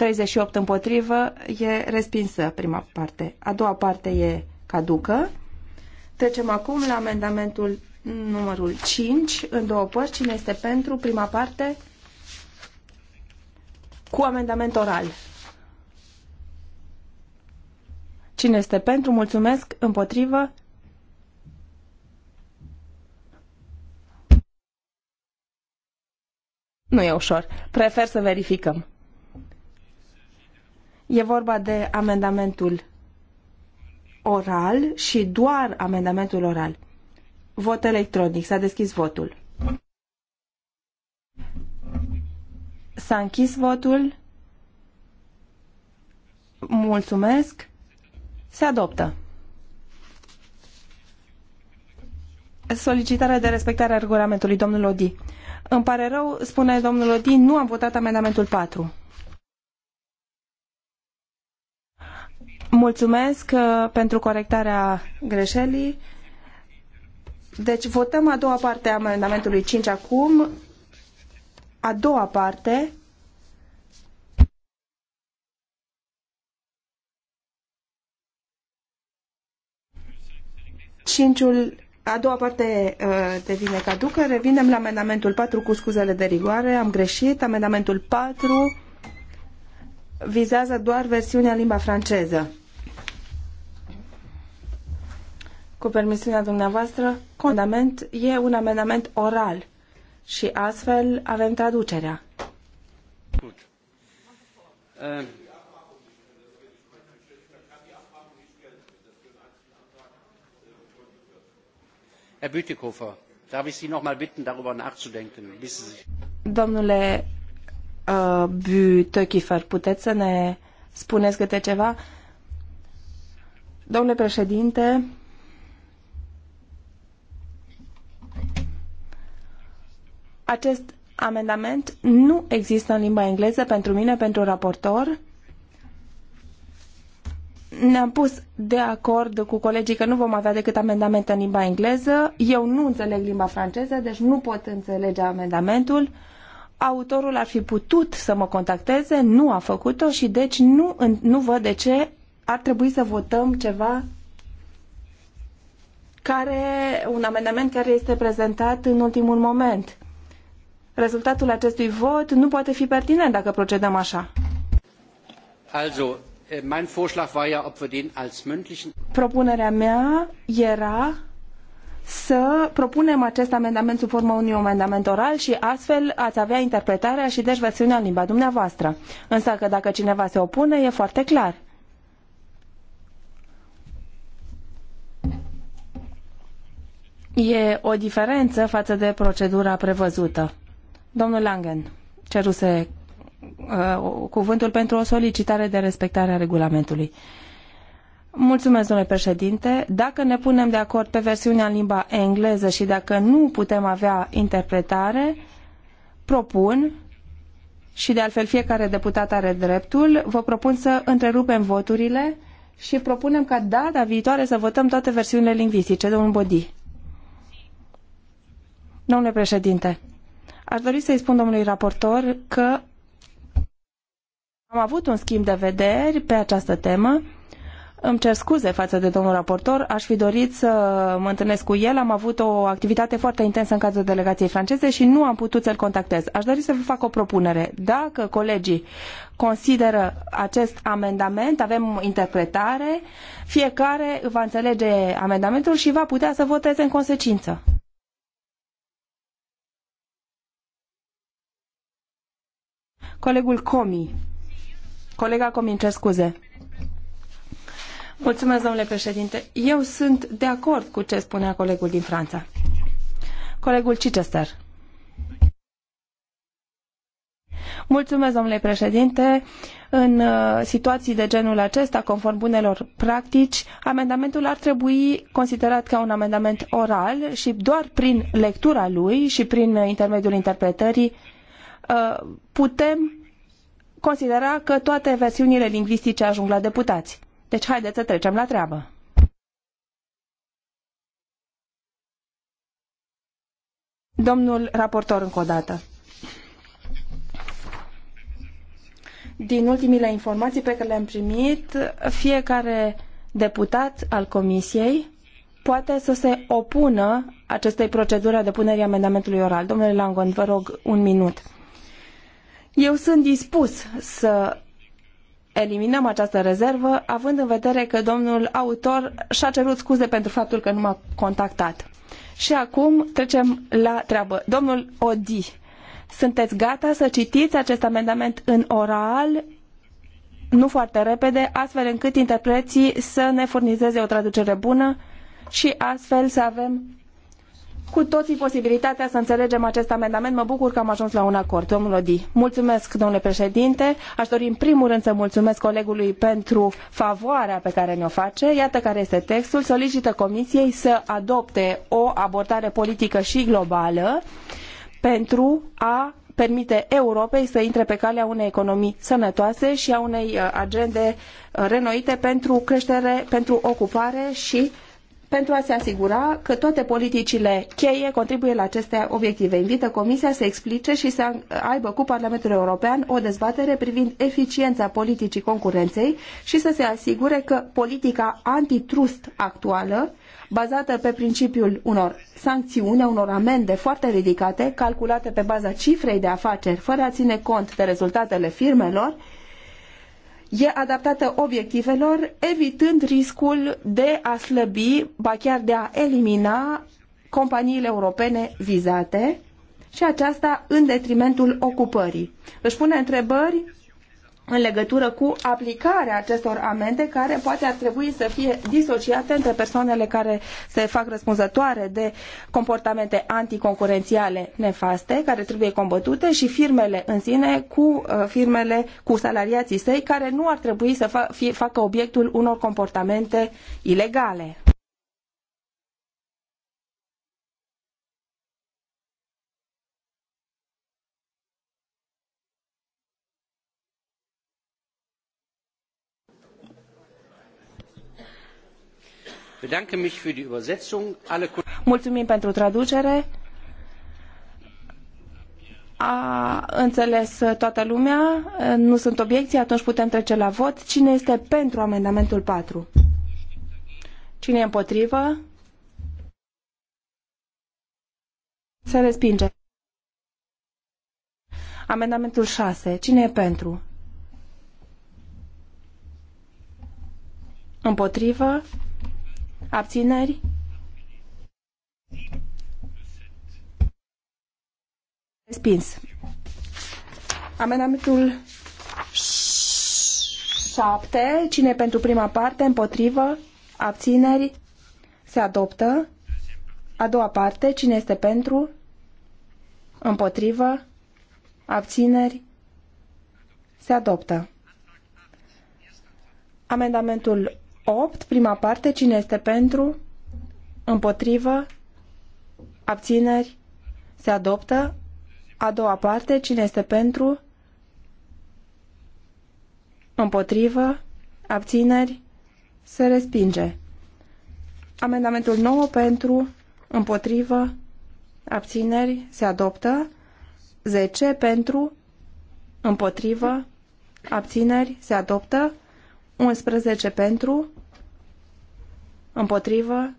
38 împotrivă, e respinsă prima parte. A doua parte e caducă. Trecem acum la amendamentul numărul 5, în două părți. Cine este pentru prima parte? Cu amendament oral. Cine este pentru? Mulțumesc. Împotrivă? Nu e ușor. Prefer să verificăm. E vorba de amendamentul oral și doar amendamentul oral. Vot electronic. S-a deschis votul. S-a închis votul. Mulțumesc. Se adoptă. Solicitarea de respectare a regulamentului, domnul Odi. Îmi pare rău, spune domnul Odi, nu am votat amendamentul 4. Mulțumesc uh, pentru corectarea greșelii. Deci votăm a doua parte a amendamentului 5 acum. A doua parte. Cinciul, a doua parte uh, devine caducă. Revinem la amendamentul 4 cu scuzele de rigoare. Am greșit. Amendamentul 4 vizează doar versiunea limba franceză. Cu permisiunea dumneavoastră, condament e un amendament oral și astfel avem traducerea. Gut. Uh. Um, Herr Bütikofer, darf ich Sie noch mal bitten, darüber nachzudenken, bis Sie sich... Domnule uh, Bütikofer, puteți să ne spuneți câte ceva? Domnule președinte, acest amendament nu există în limba engleză pentru mine, pentru raportor. Ne-am pus de acord cu colegii că nu vom avea decât amendamente în limba engleză. Eu nu înțeleg limba franceză, deci nu pot înțelege amendamentul. Autorul ar fi putut să mă contacteze, nu a făcut-o și deci nu, nu văd de ce ar trebui să votăm ceva care, un amendament care este prezentat în ultimul moment rezultatul acestui vot nu poate fi pertinent dacă procedăm așa. Also, äh, mein Vorschlag war ja, ob wir den als mündlichen... Propunerea mea era să propunem acest amendament sub forma unui amendament oral și astfel ați avea interpretarea și deci versiunea în limba dumneavoastră. Însă că dacă cineva se opune, e foarte clar. E o diferență față de procedura prevăzută. Domnul Langen, ceruse uh, cuvântul pentru o solicitare de respectare a regulamentului. Mulțumesc, domnule președinte. Dacă ne punem de acord pe versiunea în limba engleză și dacă nu putem avea interpretare, propun și de altfel fiecare deputat are dreptul, vă propun să întrerupem voturile și propunem ca data viitoare să votăm toate versiunile lingvistice. Domnul Bodi. Domnule președinte, Aș dori să-i spun domnului raportor că am avut un schimb de vederi pe această temă. Îmi cer scuze față de domnul raportor, aș fi dorit să mă întâlnesc cu el. Am avut o activitate foarte intensă în cadrul delegației franceze și nu am putut să-l contactez. Aș dori să vă fac o propunere. Dacă colegii consideră acest amendament, avem interpretare, fiecare va înțelege amendamentul și va putea să voteze în consecință. Colegul Comi. Colega Comi, cer scuze. Mulțumesc, domnule președinte. Eu sunt de acord cu ce spunea colegul din Franța. Colegul Chichester. Mulțumesc, domnule președinte. În uh, situații de genul acesta, conform bunelor practici, amendamentul ar trebui considerat ca un amendament oral și doar prin lectura lui și prin intermediul interpretării Uh, putem considera că toate versiunile lingvistice ajung la deputați. Deci haideți să trecem la treabă. Domnul raportor, încă o dată. Din ultimile informații pe care le-am primit, fiecare deputat al Comisiei poate să se opună acestei proceduri a depunerii amendamentului oral. Domnule Langon, vă rog un minut. Eu sunt dispus să eliminăm această rezervă, având în vedere că domnul autor și-a cerut scuze pentru faptul că nu m-a contactat. Și acum trecem la treabă. Domnul Odi, sunteți gata să citiți acest amendament în oral, nu foarte repede, astfel încât interpreții să ne furnizeze o traducere bună și astfel să avem cu toții posibilitatea să înțelegem acest amendament. Mă bucur că am ajuns la un acord. Domnul Odi, mulțumesc, domnule președinte. Aș dori în primul rând să mulțumesc colegului pentru favoarea pe care ne-o face. Iată care este textul. Solicită Comisiei să adopte o abordare politică și globală pentru a permite Europei să intre pe calea unei economii sănătoase și a unei uh, agende uh, renoite pentru creștere, pentru ocupare și pentru a se asigura că toate politicile cheie contribuie la aceste obiective. Invită Comisia să explice și să aibă cu Parlamentul European o dezbatere privind eficiența politicii concurenței și să se asigure că politica antitrust actuală bazată pe principiul unor sancțiuni, unor amende foarte ridicate, calculate pe baza cifrei de afaceri, fără a ține cont de rezultatele firmelor, e adaptată obiectivelor, evitând riscul de a slăbi, ba chiar de a elimina companiile europene vizate și aceasta în detrimentul ocupării. Își pune întrebări în legătură cu aplicarea acestor amende care poate ar trebui să fie disociate între persoanele care se fac răspunzătoare de comportamente anticoncurențiale nefaste, care trebuie combătute și firmele în sine cu uh, firmele cu salariații săi care nu ar trebui să facă obiectul unor comportamente ilegale. Mulțumim pentru traducere. A înțeles toată lumea, nu sunt obiecții, atunci putem trece la vot. Cine este pentru amendamentul 4? Cine e împotrivă? Se respinge. Amendamentul 6. Cine e pentru? Împotrivă? Abțineri? Respins. Amendamentul 7. Cine pentru prima parte? Împotrivă? Abțineri? Se adoptă. A doua parte. Cine este pentru? Împotrivă? Abțineri? Se adoptă. Amendamentul 8, prima parte, cine este pentru, împotrivă, abțineri, se adoptă. A doua parte, cine este pentru, împotrivă, abțineri, se respinge. Amendamentul 9 pentru, împotrivă, abțineri, se adoptă. 10 pentru, împotrivă, abțineri, se adoptă. 11 pentru, Împotrivă.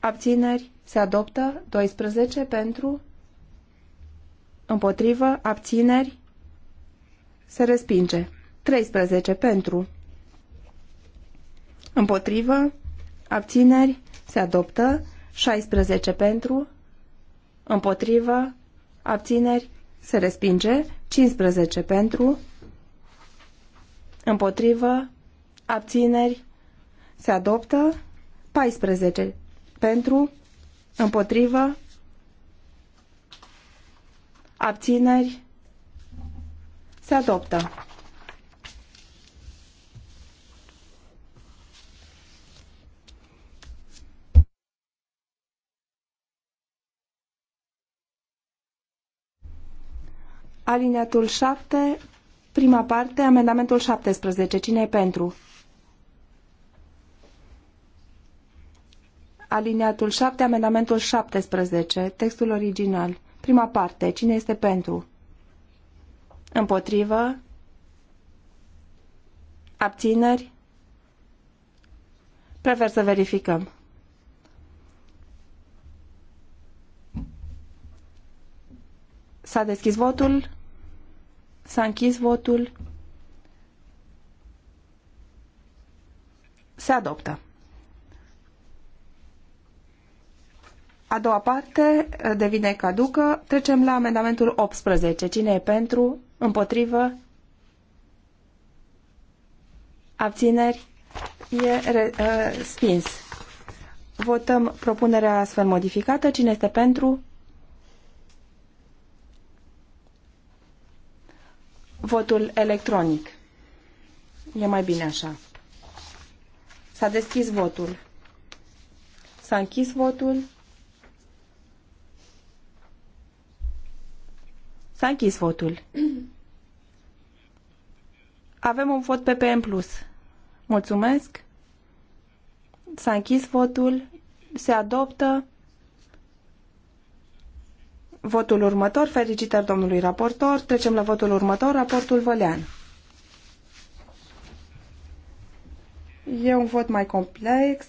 Abțineri. Se adoptă. 12 pentru. Împotrivă. Abțineri. Se respinge. 13 pentru. Împotrivă. Abțineri. Se adoptă. 16 pentru. Împotrivă. Abțineri. Se respinge. 15 pentru. Împotrivă. Abțineri. Se adoptă. 14. Pentru, împotrivă, abțineri, se adoptă. Alineatul 7, prima parte, amendamentul 17. Cine e pentru? aliniatul 7, amendamentul 17, textul original. Prima parte. Cine este pentru? Împotrivă? Abțineri? Prefer să verificăm. S-a deschis votul. S-a închis votul. Se adoptă. A doua parte eh, devine caducă. Trecem la amendamentul 18. Cine e pentru? Împotrivă? Abțineri? E eh, respins. Votăm propunerea astfel modificată. Cine este pentru? Votul electronic. E mai bine așa. S-a deschis votul. S-a închis votul. S-a închis votul. Avem un vot PPM+. Plus. Mulțumesc. S-a închis votul. Se adoptă. Votul următor. Felicitări domnului raportor. Trecem la votul următor. Raportul Vălean. E un vot mai complex.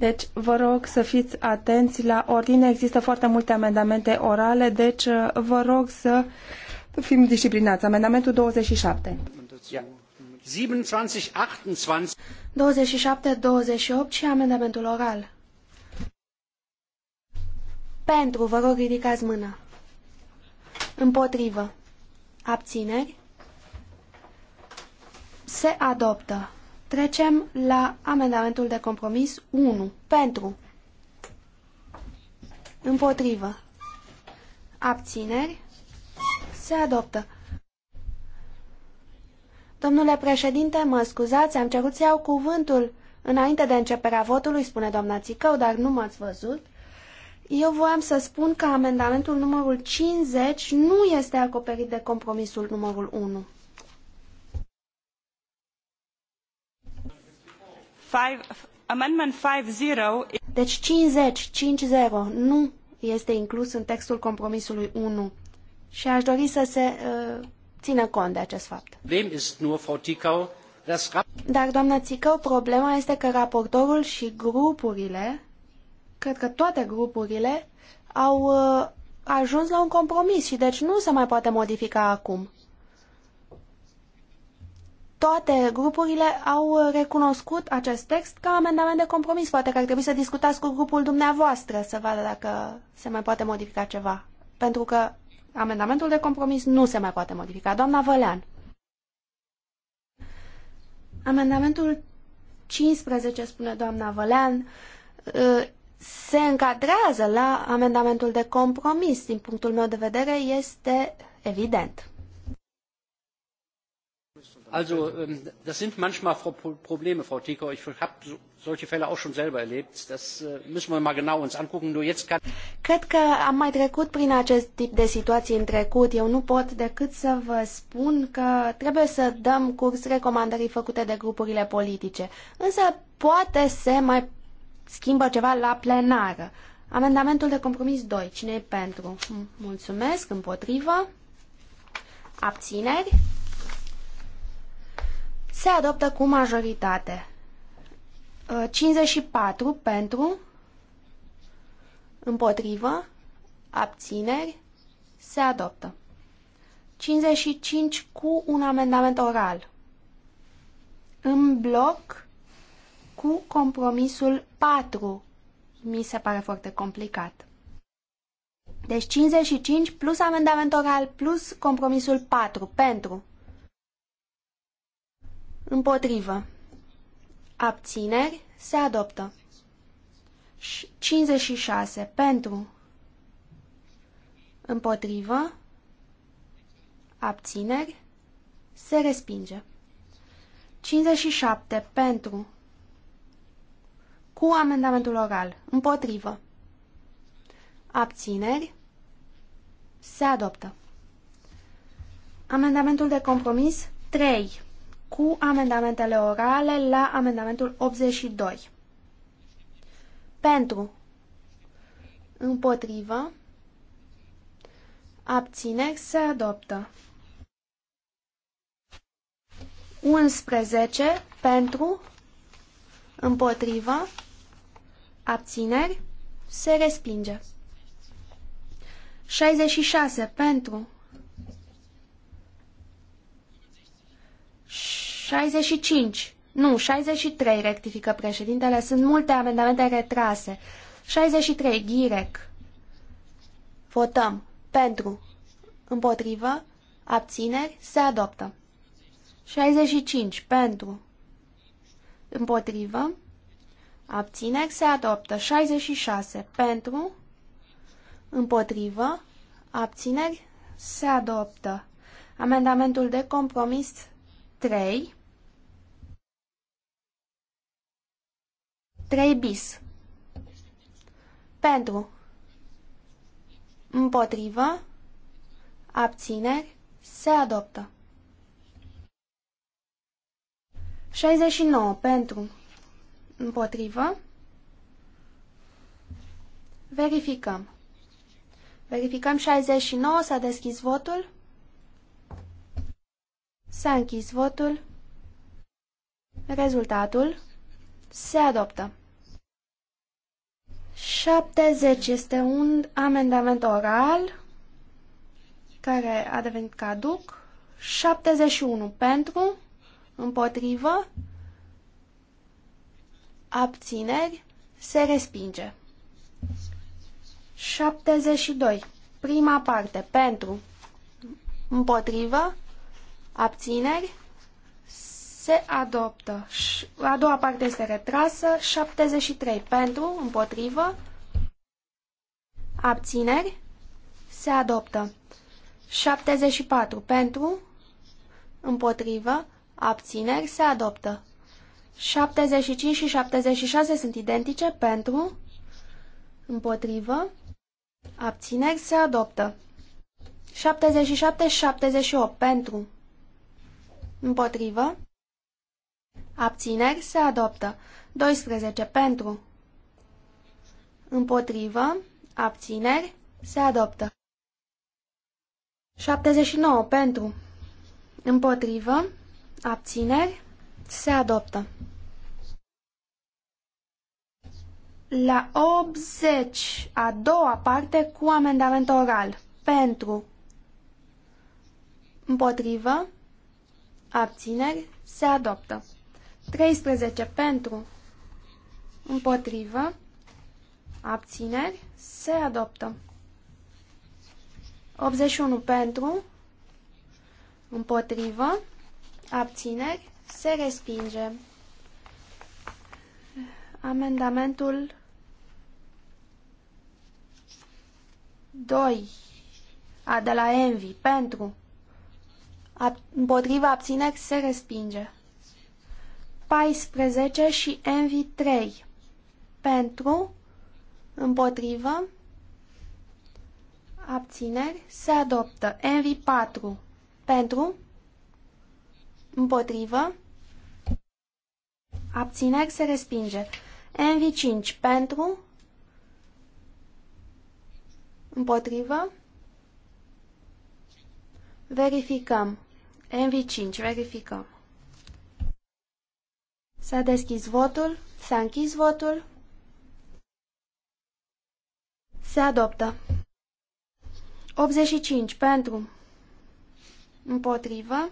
Deci, vă rog să fiți atenți la ordine. Există foarte multe amendamente orale, deci uh, vă rog să fim disciplinați. Amendamentul 27. 27, 28. 27, 28 și amendamentul oral. Pentru, vă rog, ridicați mâna. Împotrivă. Abțineri. Se adoptă. Trecem la amendamentul de compromis 1. Pentru. Împotrivă. Abțineri. Se adoptă. Domnule președinte, mă scuzați, am cerut să iau cuvântul înainte de începerea votului, spune doamna Țicău, dar nu m-ați văzut. Eu voiam să spun că amendamentul numărul 50 nu este acoperit de compromisul numărul 1. Deci 50, 50 nu este inclus în textul compromisului 1 și aș dori să se uh, țină cont de acest fapt. Dar, doamna Țicău, problema este că raportorul și grupurile, cred că toate grupurile, au uh, ajuns la un compromis și deci nu se mai poate modifica acum toate grupurile au recunoscut acest text ca amendament de compromis. Poate că ar trebui să discutați cu grupul dumneavoastră să vadă dacă se mai poate modifica ceva. Pentru că amendamentul de compromis nu se mai poate modifica. Doamna Vălean. Amendamentul 15, spune doamna Vălean, ă, se încadrează la amendamentul de compromis. Din punctul meu de vedere, este evident. Also ähm, das sind manchmal Probleme, Frau Tico. Ich habe solche Fälle auch schon selber erlebt. Das äh, müssen wir mal genau uns angucken. Nur jetzt kann... Cred că am mai trecut prin acest tip de situații în trecut. Eu nu pot decât să vă spun că trebuie să dăm curs recomandării făcute de grupurile politice. Însă poate se mai schimbă ceva la plenară. Amendamentul de compromis 2. Cine e pentru? Mulțumesc. Împotrivă? Abțineri? Se adoptă cu majoritate. 54 uh, pentru, împotrivă, abțineri, se adoptă. 55 cu un amendament oral. În bloc cu compromisul 4. Mi se pare foarte complicat. Deci 55 plus amendament oral plus compromisul 4 pentru Împotrivă. Abțineri. Se adoptă. 56. Pentru. Împotrivă. Abțineri. Se respinge. 57. Pentru. Cu amendamentul oral. Împotrivă. Abțineri. Se adoptă. Amendamentul de compromis 3 cu amendamentele orale la amendamentul 82. Pentru, împotrivă, abțineri se adoptă. 11 pentru, împotrivă, abțineri, se respinge. 66 pentru, 65. Nu, 63, rectifică președintele. Sunt multe amendamente retrase. 63, Ghirec. Votăm. Pentru. Împotrivă. Abțineri. Se adoptă. 65. Pentru. Împotrivă. Abțineri. Se adoptă. 66. Pentru. Împotrivă. Abțineri. Se adoptă. Amendamentul de compromis 3 3 bis. Pentru. Împotrivă. Abțineri. Se adoptă. 69. Pentru. Împotrivă. Verificăm. Verificăm 69. S-a deschis votul. S-a închis votul. Rezultatul. Se adoptă. 70 este un amendament oral care a devenit caduc. 71 pentru, împotrivă, abțineri, se respinge. 72. Prima parte, pentru, împotrivă, abțineri, se adoptă. A doua parte este retrasă. 73 pentru, împotrivă, abțineri, se adoptă. 74 pentru, împotrivă, abțineri, se adoptă. 75 și 76 sunt identice pentru, împotrivă, abțineri, se adoptă. 77 și 78 pentru, împotrivă, Abțineri se adoptă. 12 pentru. Împotrivă. Abțineri se adoptă. 79 pentru. Împotrivă. Abțineri se adoptă. La 80, a doua parte cu amendament oral. Pentru. Împotrivă. Abțineri se adoptă. 13 pentru, împotrivă, abțineri, se adoptă. 81 pentru, împotrivă, abțineri, se respinge. Amendamentul 2 a de la Envi pentru, împotriva abțineri, se respinge. 14 și Envy 3. Pentru, împotrivă, abțineri, se adoptă. Envy 4. Pentru, împotrivă, abțineri, se respinge. Envy 5. Pentru, împotrivă, verificăm. Envy 5, verificăm. S-a deschis votul, s-a închis votul. Se adoptă. 85 pentru. Împotrivă.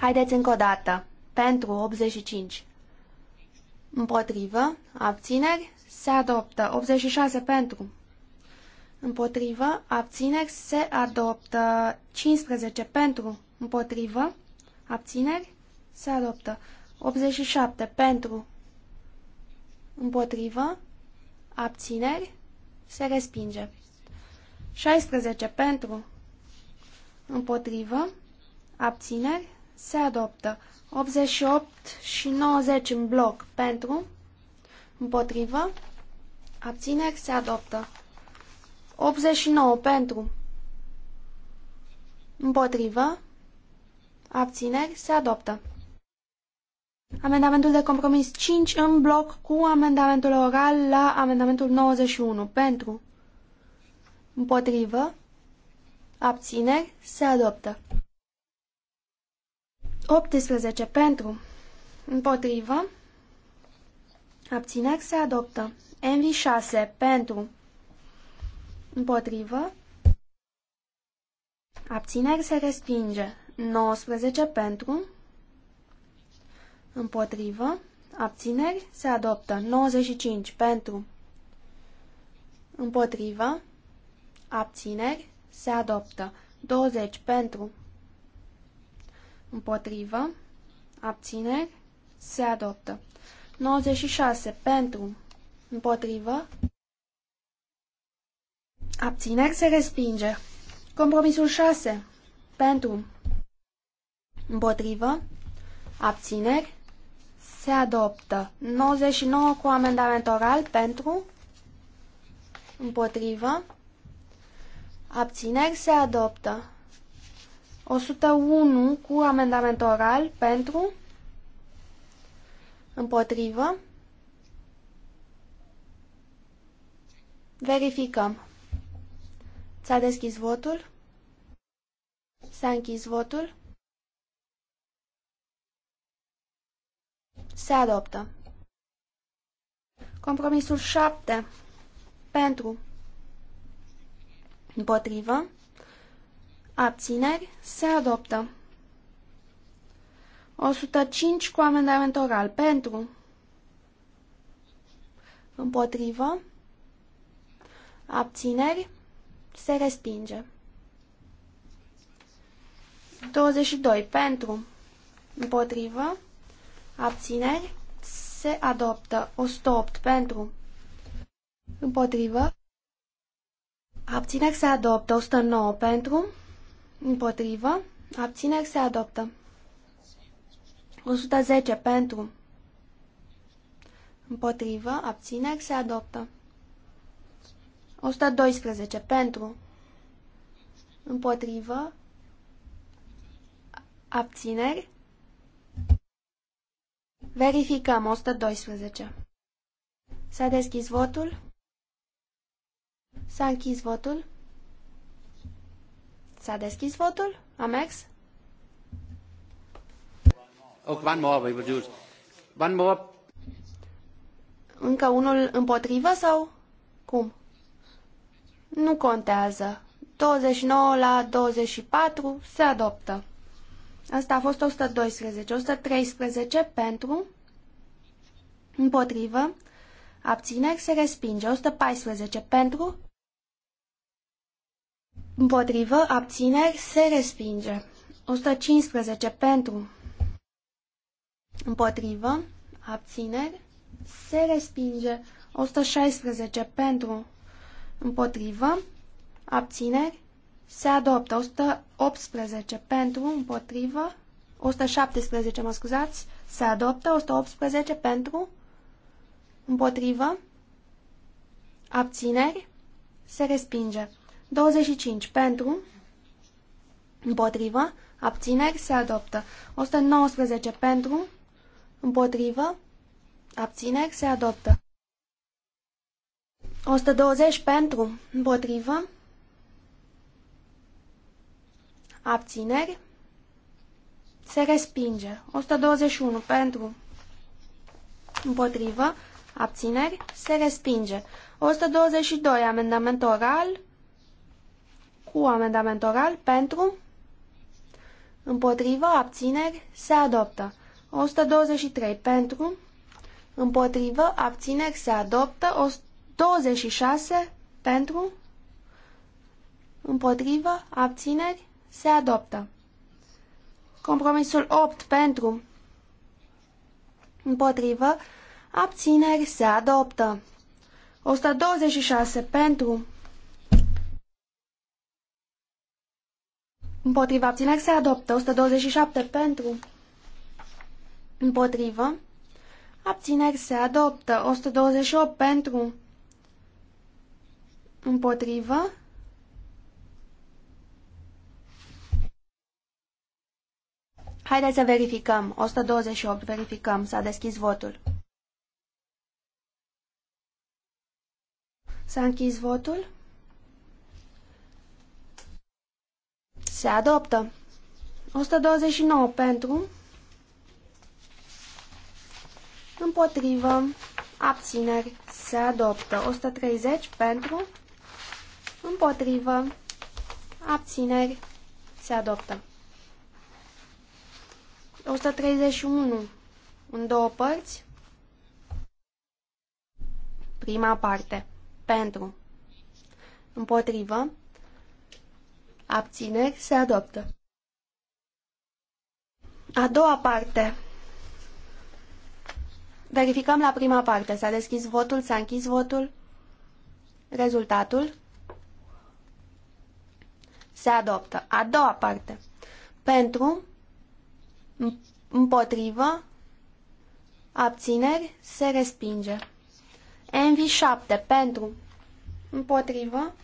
Haideți încă o dată. Pentru 85. Împotrivă. Abțineri. Se adoptă. 86 pentru. Împotrivă. Abțineri. Se adoptă. 15 pentru. Împotrivă. Abțineri. Se adoptă. 87. Pentru. Împotrivă. Abțineri. Se respinge. 16. Pentru. Împotrivă. Abțineri. Se adoptă. 88 și 90 în bloc. Pentru. Împotrivă. Abțineri. Se adoptă. 89. Pentru. Împotrivă. Abțineri. Se adoptă. Amendamentul de compromis 5 în bloc cu amendamentul oral la amendamentul 91. Pentru. Împotrivă. Abțineri. Se adoptă. 18. Pentru. Împotrivă. Abțineri. Se adoptă. Envi 6. Pentru. Împotrivă. Abțineri. Se respinge. 19. Pentru. Împotrivă. Abțineri. Se adoptă. 95 pentru. Împotrivă. Abțineri. Se adoptă. 20 pentru. Împotrivă. Abțineri. Se adoptă. 96 pentru. Împotrivă. Abțineri se respinge. Compromisul 6. Pentru. Împotrivă. Abțineri se adoptă. 99 cu amendament oral pentru. Împotrivă. Abțineri se adoptă. 101 cu amendament oral pentru. Împotrivă. Verificăm. S-a deschis votul. S-a închis votul. Se adoptă. Compromisul 7. Pentru. Împotrivă. Abțineri. Se adoptă. 105 cu amendament oral. Pentru. Împotrivă. Abțineri. Se respinge. 22. Pentru. Împotrivă. Abțineri. Se adoptă. 108 pentru. Împotrivă. Abțineri se adoptă. 109 pentru. Împotrivă. Abțineri se adoptă. 110 pentru. Împotrivă. Abțineri se adoptă. 112 pentru. Împotrivă. Abțineri Verificăm 112. S-a deschis votul. S-a închis votul. S-a deschis votul. Amex? mers. one more, One more. Încă unul împotrivă sau cum? Nu contează. 29 la 24 se adoptă. Asta a fost 112. 113 pentru, împotrivă, abțineri se respinge. 114 pentru, împotrivă, abțineri se respinge. 115 pentru, împotrivă, abțineri se respinge. 116 pentru, împotrivă, abțineri se adoptă 118 pentru, împotrivă, 117, mă scuzați, se adoptă 118 pentru, împotrivă, abțineri, se respinge. 25 pentru, împotrivă, abțineri, se adoptă. 119 pentru, împotrivă, abțineri, se adoptă. 120 pentru, împotrivă, Abțineri. Se respinge. 121 pentru. Împotrivă. Abțineri. Se respinge. 122. Amendament oral. Cu amendament oral. Pentru. Împotrivă. Abțineri. Se adoptă. 123. Pentru. Împotrivă. Abțineri. Se adoptă. 26. Pentru. Împotrivă. Abțineri se adoptă. Compromisul 8 pentru, împotrivă, abțineri, se adoptă. 126 pentru, împotrivă, abțineri, se adoptă. 127 pentru, împotrivă, abțineri, se adoptă. 128 pentru, împotrivă, Haideți să verificăm. 128. Verificăm. S-a deschis votul. S-a închis votul. Se adoptă. 129 pentru. Împotrivă. Abțineri. Se adoptă. 130 pentru. Împotrivă. Abțineri. Se adoptă. 131 în două părți. Prima parte. Pentru. Împotrivă. Abțineri se adoptă. A doua parte. Verificăm la prima parte. S-a deschis votul, s-a închis votul. Rezultatul. Se adoptă. A doua parte. Pentru. Împotrivă. Abțineri. Se respinge. NV7. Pentru. Împotrivă.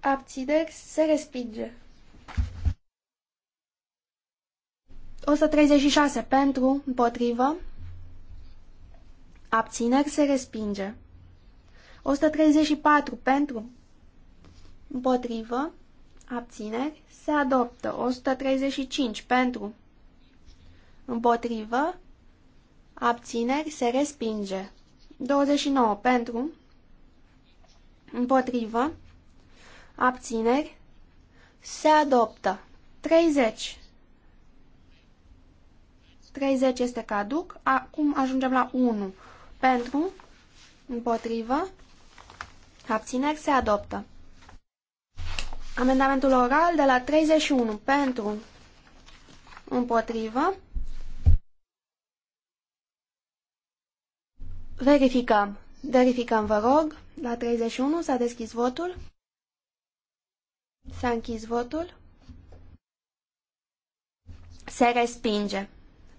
Abțineri. Se respinge. 136. Pentru. Împotrivă. Abțineri. Se respinge. 134. Pentru. Împotrivă. Abțineri. Se adoptă. 135 pentru. Împotrivă. Abțineri. Se respinge. 29 pentru. Împotrivă. Abțineri. Se adoptă. 30. 30 este caduc. Acum ajungem la 1. Pentru. Împotrivă. Abțineri. Se adoptă. Amendamentul oral de la 31 pentru împotrivă. Verificăm. Verificăm, vă rog. La 31 s-a deschis votul. S-a închis votul. Se respinge.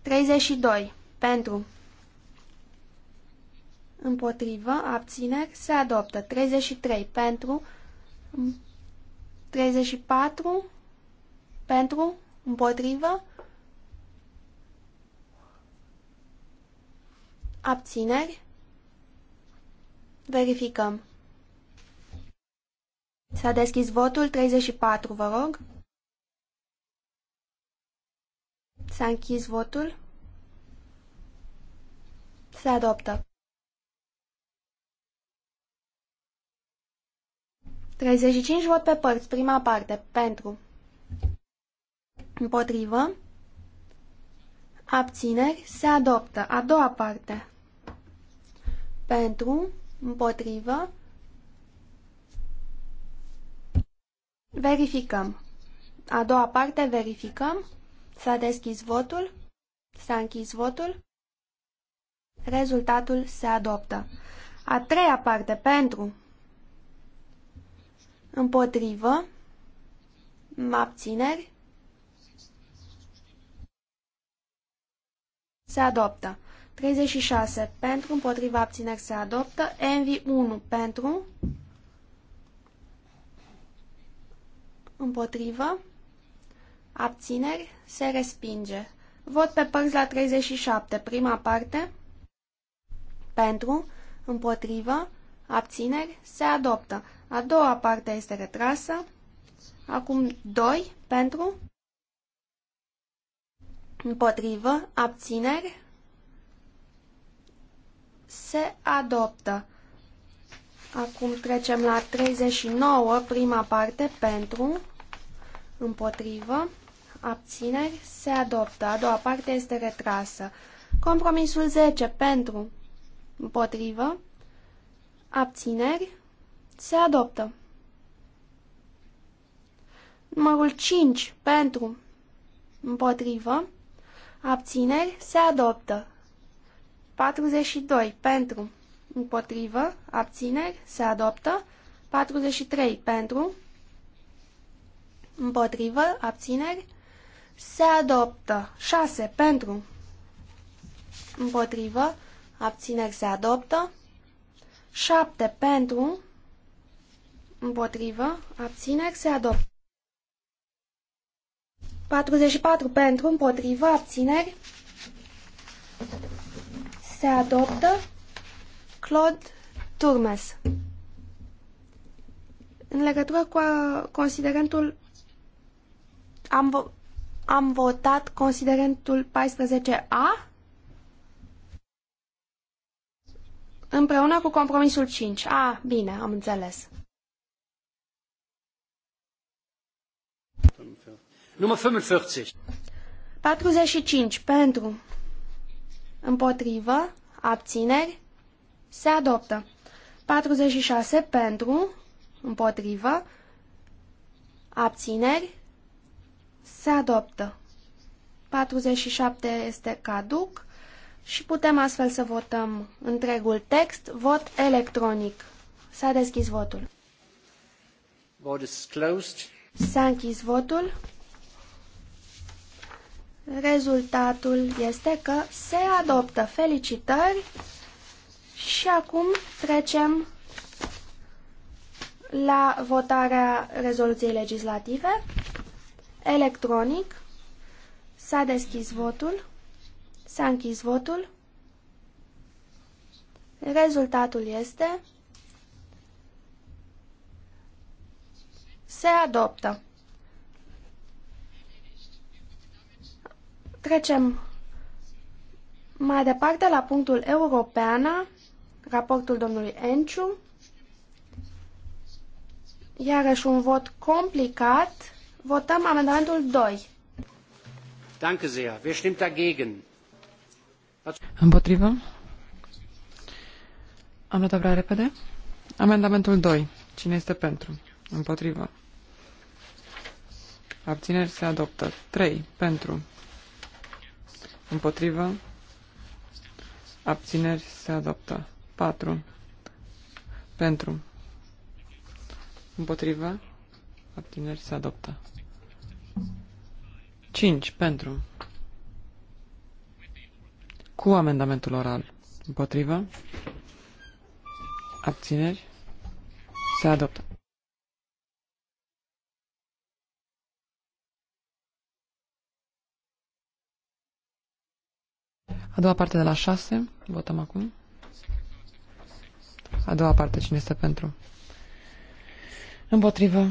32. Pentru. Împotrivă, abțineri, se adoptă. 33. Pentru. 34 pentru, împotrivă, abțineri, verificăm. S-a deschis votul 34, vă rog. S-a închis votul. Se adoptă. 35 vot pe părți, prima parte, pentru. Împotrivă. Abțineri se adoptă. A doua parte. Pentru, împotrivă. Verificăm. A doua parte verificăm. S-a deschis votul. S-a închis votul. Rezultatul se adoptă. A treia parte pentru, Împotrivă. Abțineri. Se adoptă. 36 pentru, împotriva abțineri se adoptă. Envi 1 pentru, împotrivă, abțineri se respinge. Vot pe părți la 37, prima parte, pentru, împotrivă, abțineri se adoptă. A doua parte este retrasă. Acum 2 pentru, împotrivă, abțineri, se adoptă. Acum trecem la 39, prima parte, pentru, împotrivă, abțineri, se adoptă. A doua parte este retrasă. Compromisul 10, pentru, împotrivă, abțineri, se adoptă. Numărul 5. Pentru. Împotrivă. Abțineri. Se adoptă. 42. Pentru. Împotrivă. Abțineri. Se adoptă. 43. Pentru. Împotrivă. Abțineri. Se adoptă. 6. Pentru. Împotrivă. Abțineri. Se adoptă. 7. Pentru. Împotrivă. Abțineri se adoptă. 44 pentru, împotrivă, abțineri. Se adoptă Claude Turmes. În legătură cu uh, considerentul am, vo am votat considerentul 14A împreună cu compromisul 5. A, bine, am înțeles. Număr 45. 45 pentru. Împotrivă. Abțineri. Se adoptă. 46 pentru. Împotrivă. Abțineri. Se adoptă. 47 este caduc și putem astfel să votăm întregul text, vot electronic. S-a deschis votul. S-a închis votul. Rezultatul este că se adoptă. Felicitări! Și acum trecem la votarea rezoluției legislative. Electronic. S-a deschis votul. S-a închis votul. Rezultatul este... Se adoptă. Trecem mai departe la punctul europeana, raportul domnului Enciu. Iarăși un vot complicat. Votăm amendamentul 2. Danke sehr. Wer stimmt dagegen? Împotrivă? Am luat prea repede? Amendamentul 2. Cine este pentru? Împotrivă. Abțineri se adoptă. 3. Pentru. Împotrivă. Abțineri se adoptă. 4. Pentru. Împotrivă. Abțineri se adoptă. 5. Pentru. Cu amendamentul oral. Împotrivă. Abțineri se adoptă. A doua parte de la 6. Votăm acum. A doua parte, cine este pentru? Împotrivă.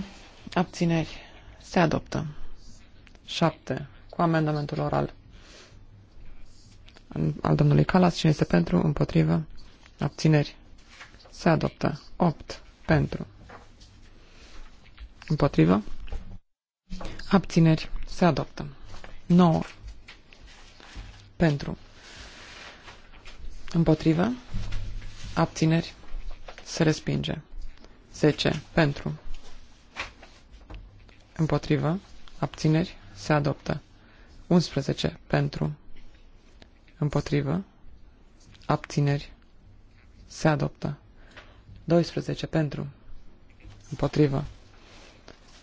Abțineri. Se adoptă. 7. Cu amendamentul oral al domnului Calas. Cine este pentru? Împotrivă. Abțineri. Se adoptă. 8. Pentru. Împotrivă. Abțineri. Se adoptă. 9. Pentru. Împotrivă. Abțineri. Se respinge. 10. Pentru. Împotrivă. Abțineri. Se adoptă. 11. Pentru. Împotrivă. Abțineri. Se adoptă. 12. Pentru. Împotrivă.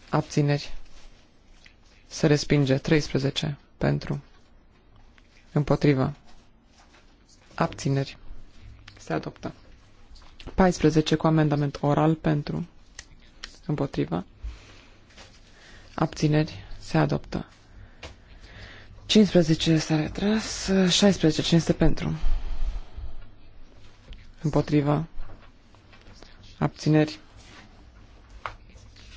Abțineri. Se respinge. 13. Pentru. Împotrivă. Abțineri. Se adoptă. 14 cu amendament oral pentru. Împotrivă. Abțineri. Se adoptă. 15 s-a retras. 16. Cine este pentru? împotriva. Abțineri.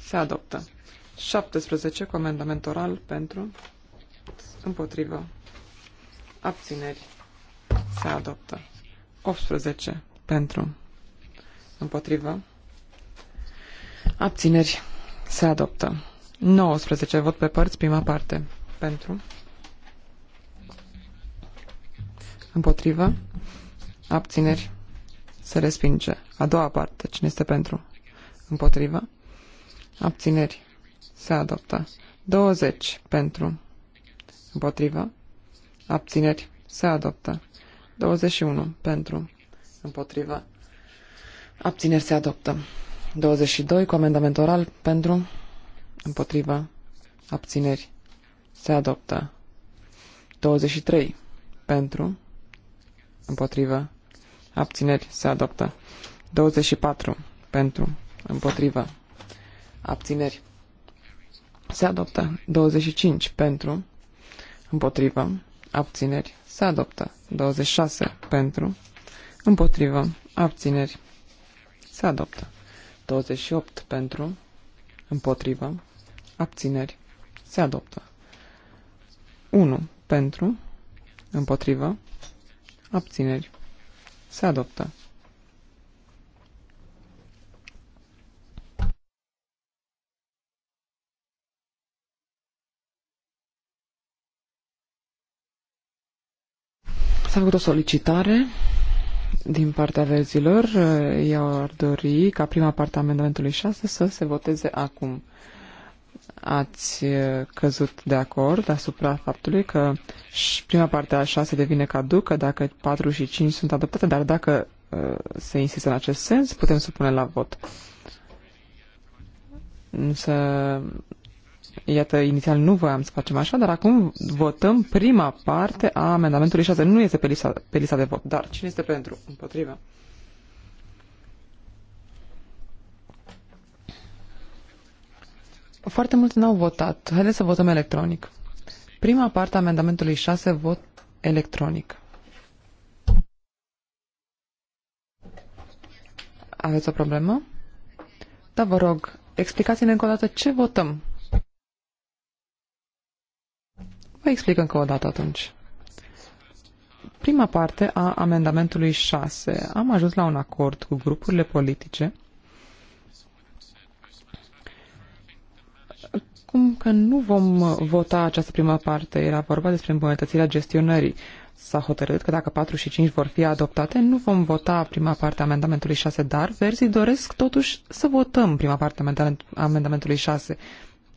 Se adoptă. 17 cu amendament oral pentru. împotriva. Abțineri. Se adoptă. 18 pentru. Împotrivă. Abțineri. Se adoptă. 19. Vot pe părți, prima parte. Pentru. Împotrivă. Abțineri. Se respinge. A doua parte. Cine este pentru? Împotrivă. Abțineri. Se adoptă. 20. Pentru. Împotrivă. Abțineri. Se adoptă. 21 pentru, împotrivă, abțineri se adoptă. 22 cu amendament oral pentru, împotrivă, abțineri se adoptă. 23 pentru, împotrivă, abțineri se adoptă. 24 pentru, împotrivă, abțineri se adoptă. 25 pentru, împotrivă, abțineri, se adoptă. 26 pentru, împotrivă, abțineri, se adoptă. 28 pentru, împotrivă, abțineri, se adoptă. 1 pentru, împotrivă, abțineri, se adoptă. S-a făcut o solicitare din partea verzilor. Eu ar dori ca prima parte a amendamentului 6 să se voteze acum. Ați uh, căzut de acord asupra faptului că prima parte a 6 devine caducă dacă 4 și 5 sunt adoptate, dar dacă uh, se insistă în acest sens, putem supune la vot. Însă Iată, inițial nu voiam să facem așa, dar acum votăm prima parte a amendamentului 6. Nu este pe lista, pe lista de vot, dar cine este pentru? Împotriva. Foarte mulți n-au votat. Haideți să votăm electronic. Prima parte a amendamentului 6, vot electronic. Aveți o problemă? Da, vă rog, explicați-ne încă o dată ce votăm. Vă explic încă o dată atunci. Prima parte a amendamentului 6. Am ajuns la un acord cu grupurile politice cum că nu vom vota această prima parte. Era vorba despre îmbunătățirea gestionării. S-a hotărât că dacă 4 și 5 vor fi adoptate, nu vom vota prima parte a amendamentului 6, dar verzii doresc totuși să votăm prima parte a amendamentului 6.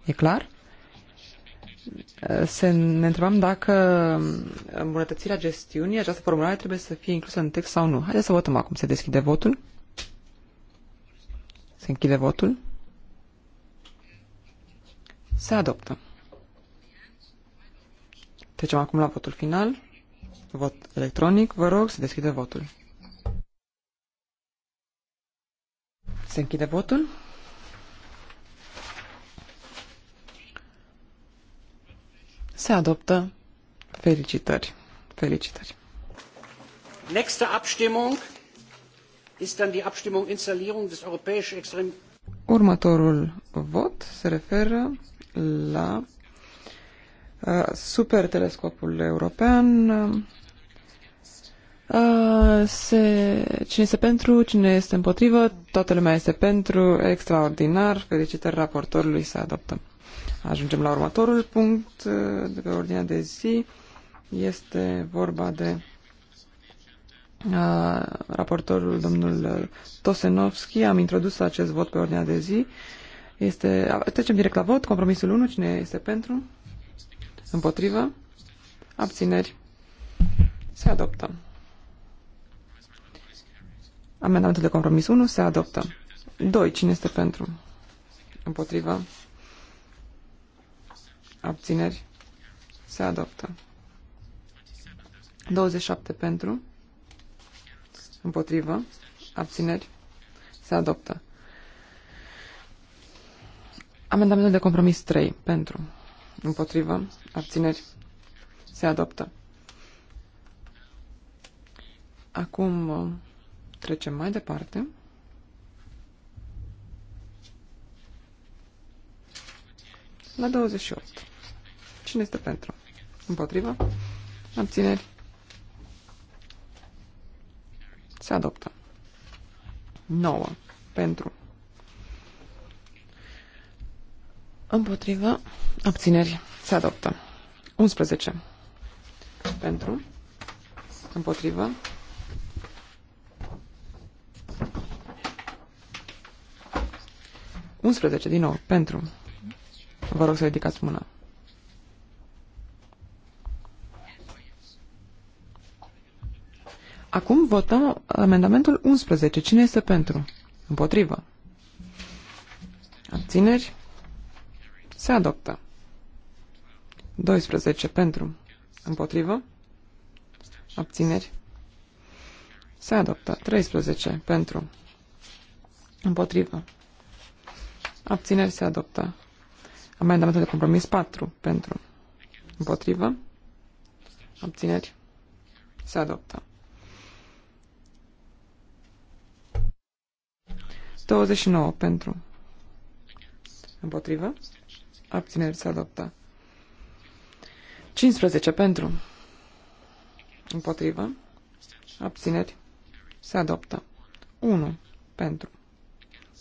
E clar? se, ne întrebam dacă îmbunătățirea gestiunii, această formulare trebuie să fie inclusă în text sau nu. Haideți să votăm acum. Se deschide votul. Se închide votul. Se adoptă. Trecem acum la votul final. Vot electronic. Vă rog să deschide votul. Se închide votul. Se adoptă. Felicitări. Felicitări. Nächste Abstimmung ist dann die Abstimmung Installierung des europäischen Extrem Următorul vot se referă la uh, supertelescopul european. Uh, se, cine este pentru, cine este împotrivă, toată lumea este pentru, extraordinar, felicitări raportorului, să adoptăm. Ajungem la următorul punct uh, de pe ordinea de zi. Este vorba de uh, raportorul domnul Tosenovski. Am introdus acest vot pe ordinea de zi. Este, trecem direct la vot. Compromisul 1. Cine este pentru? Împotrivă? Abțineri? Se adoptă. Amendamentul de compromis 1 se adoptă. 2. Cine este pentru? Împotrivă? Abțineri. Se adoptă. 27 pentru. Împotrivă. Abțineri. Se adoptă. Amendamentul de compromis 3 pentru. Împotrivă. Abțineri. Se adoptă. Acum uh, trecem mai departe. La 28. Cine este pentru? Împotrivă? Abțineri? Se adoptă. 9. Pentru. Împotrivă. Abțineri. Se adoptă. 11. Pentru. Împotrivă. Unsprezece, din nou, pentru. Vă rog să ridicați mâna. Acum votăm amendamentul 11. Cine este pentru? Împotrivă. Abțineri. Se adoptă. 12 pentru. Împotrivă. Abțineri. Se adoptă. 13 pentru. Împotrivă. Abțineri se adoptă. Amendamentul de compromis 4 pentru. Împotrivă. Abțineri. Se adoptă. 29 pentru. Împotrivă. Abțineri se adoptă. 15 pentru. Împotrivă. Abțineri se adoptă. 1 pentru.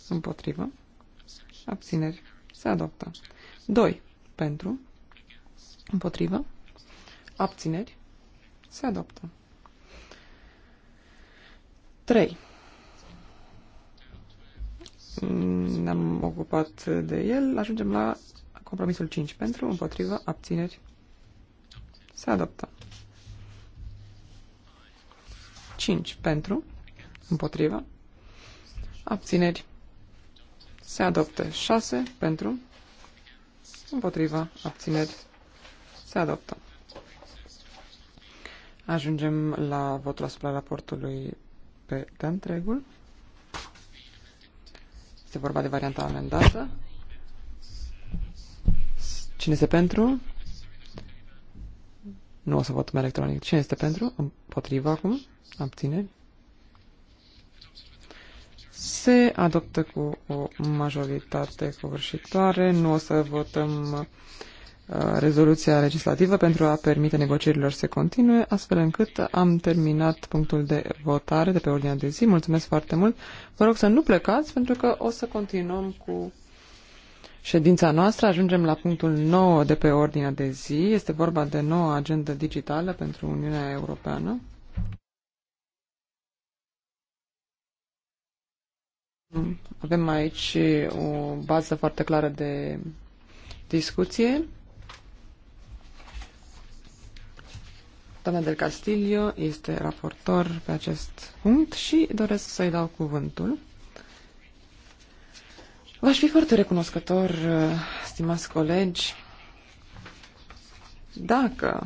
Împotrivă. Abțineri se adoptă. 2 pentru. Împotrivă. Abțineri se adoptă. 3 ne-am ocupat de el, ajungem la compromisul 5 pentru, împotrivă, abțineri. Se adoptă. 5 pentru, împotrivă, abțineri. Se adoptă 6 pentru, împotriva, abțineri. Se adoptă. Ajungem la votul asupra raportului pe de întregul. Este vorba de varianta amendată. Cine este pentru? Nu o să votăm electronic. Cine este pentru? Împotriva acum? Abține. Se adoptă cu o majoritate covârșitoare. Nu o să votăm Uh, rezoluția legislativă pentru a permite negocierilor să continue, astfel încât am terminat punctul de votare de pe ordinea de zi. Mulțumesc foarte mult. Vă rog să nu plecați pentru că o să continuăm cu ședința noastră. Ajungem la punctul 9 de pe ordinea de zi. Este vorba de noua agendă digitală pentru Uniunea Europeană. Avem aici o bază foarte clară de discuție. Fontana del Castillo este raportor pe acest punct și doresc să-i dau cuvântul. V-aș fi foarte recunoscător, stimați colegi, dacă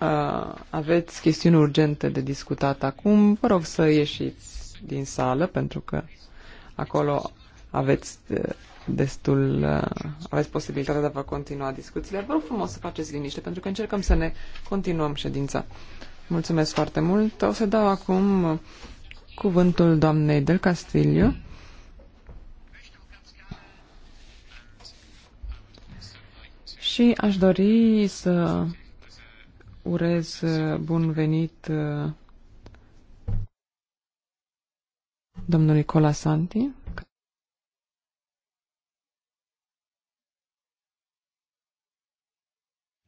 uh, aveți chestiuni urgente de discutat acum, vă rog să ieșiți din sală, pentru că acolo aveți destul... Uh, aveți posibilitatea de a vă continua discuțiile. Vă rog frumos să faceți liniște, pentru că încercăm să ne continuăm ședința. Mulțumesc foarte mult. O să dau acum cuvântul doamnei Del Castillo. Și aș dori să urez uh, bun venit uh, domnului Colasanti.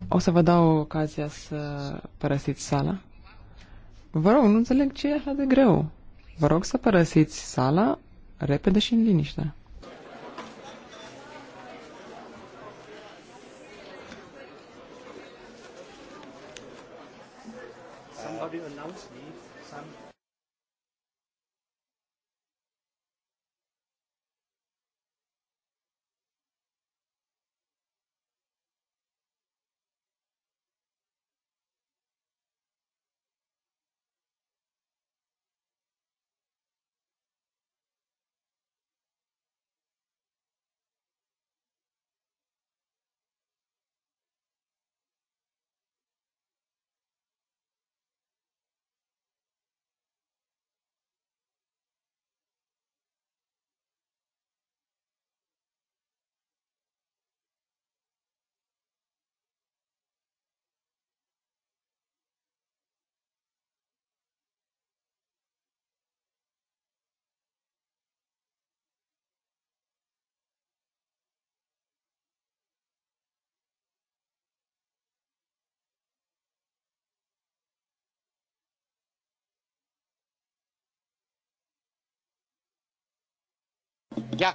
O să vă dau ocazia să părăsiți sala. Vă rog, nu înțeleg ce e așa de greu. Vă rog să părăsiți sala repede și în liniște.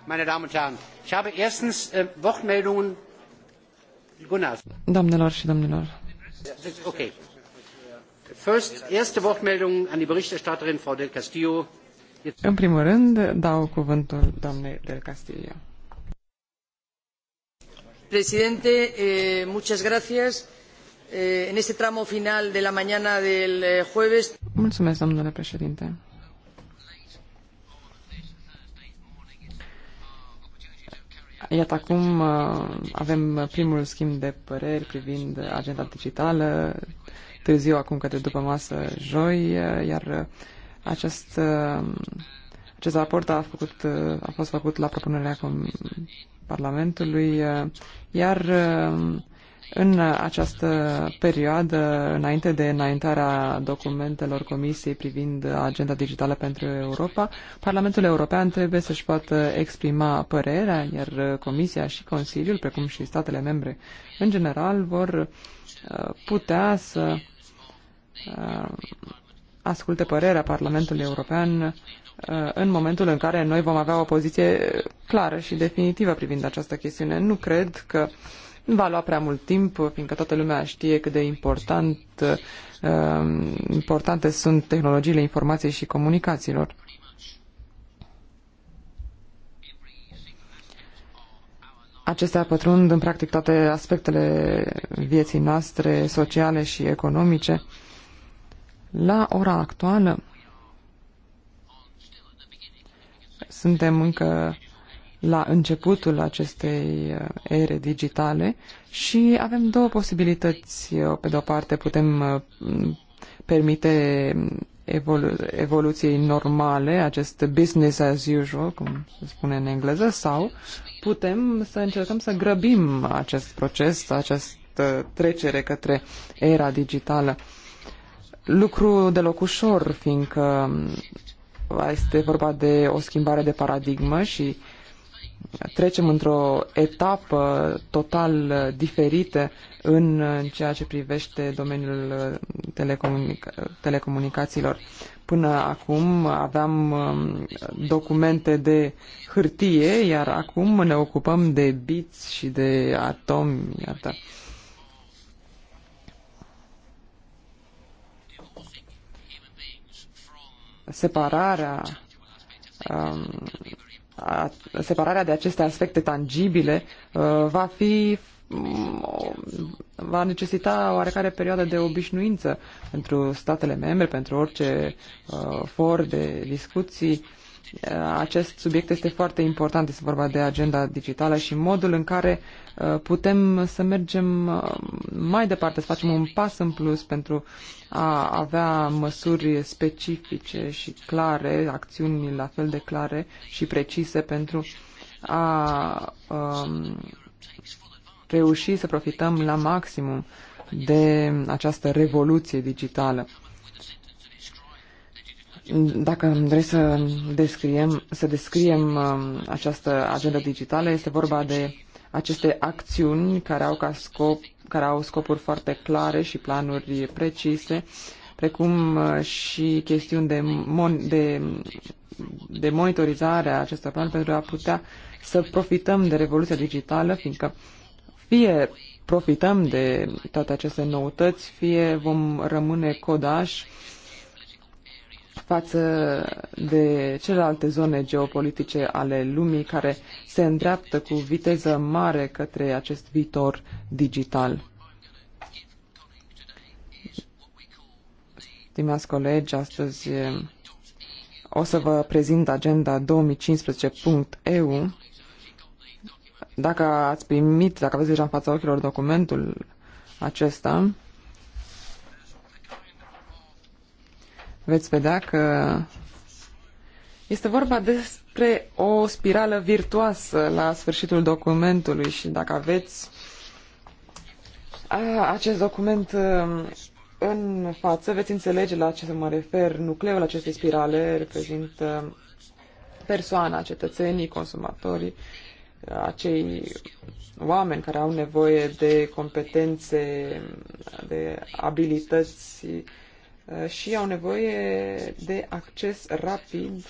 meine Damen und Herren, ich habe erstens äh, Wortmeldungen. erste Wortmeldung an die Berichterstatterin Frau del Castillo. În primul rând, dau cuvântul doamnei del Castillo. Presidente, eh, muchas gracias. Eh, en este tramo final de la mañana del eh, jueves. Mulțumesc, domnule președinte. Iată acum uh, avem primul schimb de păreri privind agenda digitală, târziu acum către după masă joi, uh, iar uh, acest, acest raport a, făcut, a fost făcut la propunerea Parlamentului, iar în această perioadă, înainte de înaintarea documentelor Comisiei privind agenda digitală pentru Europa, Parlamentul European trebuie să-și poată exprima părerea, iar Comisia și Consiliul, precum și statele membre în general, vor uh, putea să uh, asculte părerea Parlamentului European uh, în momentul în care noi vom avea o poziție clară și definitivă privind această chestiune. Nu cred că uh, nu va lua prea mult timp, fiindcă toată lumea știe cât de important, uh, importante sunt tehnologiile informației și comunicațiilor. Acestea pătrund în practic toate aspectele vieții noastre, sociale și economice. La ora actuală suntem încă la începutul acestei uh, ere digitale și avem două posibilități. Uh, pe de-o parte putem uh, permite um, evolu- evoluției normale, acest business as usual, cum se spune în engleză, sau putem să încercăm să grăbim acest proces, această trecere către era digitală. Lucru deloc ușor, fiindcă um, este vorba de o schimbare de paradigmă și uh, trecem într-o etapă total uh, diferită uh, în ceea ce privește domeniul uh, telecomunica telecomunicațiilor. Până acum aveam um, documente de hârtie, iar acum ne ocupăm de biți și de atomi. Iată. Separarea um, separarea de aceste aspecte tangibile uh, va fi mm, va necesita oarecare perioadă de obișnuință pentru statele membre, pentru orice uh, for de discuții Eh, acest subiect este foarte important, este vorba de agenda digitală și modul în care eh, putem să mergem eh, mai departe, să facem un pas în plus pentru a avea măsuri specifice și clare, acțiuni la fel de clare și precise pentru a um, reuși să profităm la maximum de această revoluție digitală. Dacă îmi vrei să descriem, să descriem um, această agendă digitală, este vorba de aceste acțiuni care au, ca scop, care au scopuri foarte clare și planuri precise, precum uh, și chestiuni de, mon, de, de monitorizare a acestor planuri pentru a putea să profităm de revoluția digitală, fiindcă fie profităm de toate aceste noutăți, fie vom rămâne codași față de celelalte zone geopolitice ale lumii care se îndreaptă cu viteză mare către acest viitor digital. Stimați colegi, astăzi eh, o să vă prezint agenda 2015.eu. Dacă ați primit, dacă aveți deja în fața ochilor documentul acesta, veți vedea că este vorba despre o spirală virtuoasă la sfârșitul documentului și dacă aveți acest document um, în față, veți înțelege la ce mă refer. Nucleul acestei spirale reprezintă persoana, cetățenii, consumatorii, acei oameni care au nevoie de competențe, de abilități Uh, și au nevoie de acces rapid,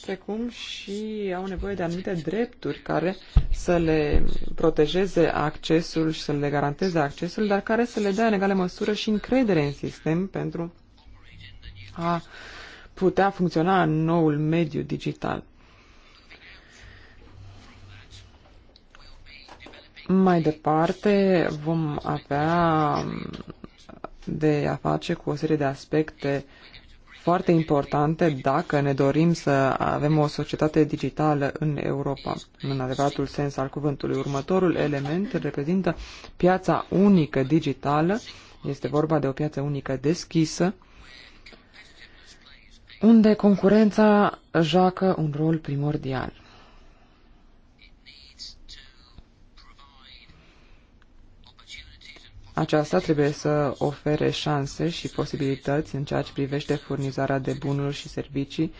precum și au nevoie de anumite drepturi care să le protejeze accesul și să le garanteze accesul, dar care să le dea în egală măsură și încredere în sistem pentru a putea funcționa în noul mediu digital. Mai departe vom avea de a face cu o serie de aspecte foarte importante dacă ne dorim să avem o societate digitală în Europa, în adevăratul sens al cuvântului. Următorul element reprezintă piața unică digitală, este vorba de o piață unică deschisă, unde concurența joacă un rol primordial. Aceasta trebuie să ofere șanse și posibilități în ceea ce privește furnizarea de bunuri și servicii,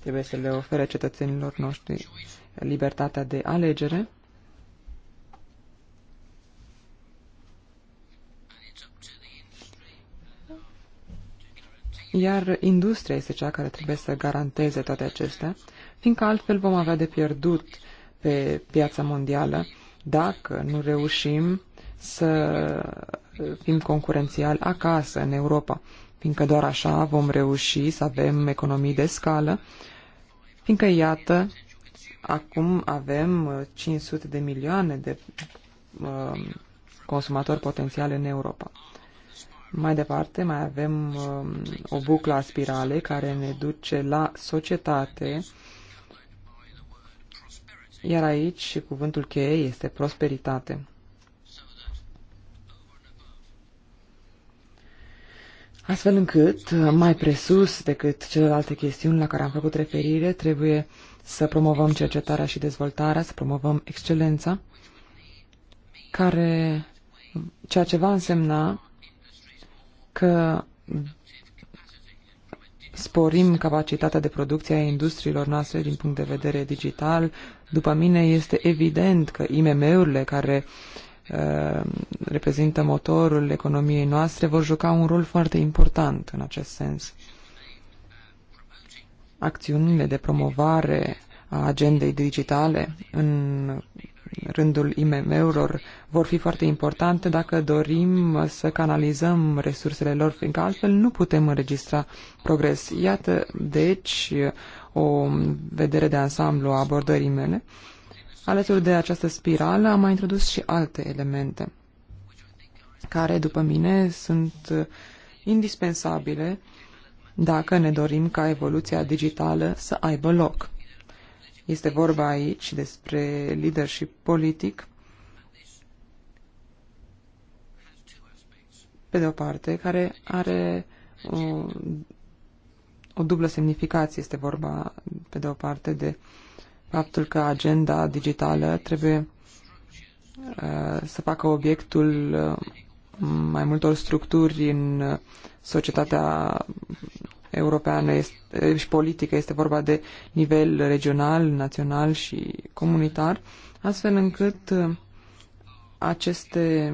trebuie să le ofere cetățenilor noștri libertatea de alegere. Iar industria este cea care trebuie să garanteze toate acestea, fiindcă altfel vom avea de pierdut pe piața mondială dacă nu reușim să fim concurențiali acasă, în Europa, fiindcă doar așa vom reuși să avem economii de scală, fiindcă, iată, acum avem 500 de milioane de uh, consumatori potențiali în Europa. Mai departe, mai avem uh, o buclă a spirale care ne duce la societate, iar aici cuvântul cheie este prosperitate. astfel încât, uh, mai presus decât celelalte chestiuni la care am făcut referire, trebuie să promovăm cercetarea și dezvoltarea, să promovăm excelența, care ceea ce va însemna că sporim capacitatea de producție a industriilor noastre din punct de vedere digital. După mine este evident că IMM-urile care uh, Uh, reprezintă motorul economiei noastre, vor juca un rol foarte important în acest sens. Acțiunile de promovare a agendei digitale în rândul IMM-urilor vor fi foarte importante dacă dorim să canalizăm resursele lor, fiindcă altfel nu putem înregistra progres. Iată, deci, o vedere de ansamblu a abordării mele Alături de această spirală am mai introdus și alte elemente care, după mine, sunt indispensabile dacă ne dorim ca evoluția digitală să aibă loc. Este vorba aici despre leadership politic, pe de o parte, care are o, o dublă semnificație. Este vorba, pe de o parte, de uh, faptul că agenda digitală trebuie uh, să facă obiectul uh, mai multor structuri în uh, societatea europeană și politică. Este vorba de nivel regional, național și comunitar, astfel încât aceste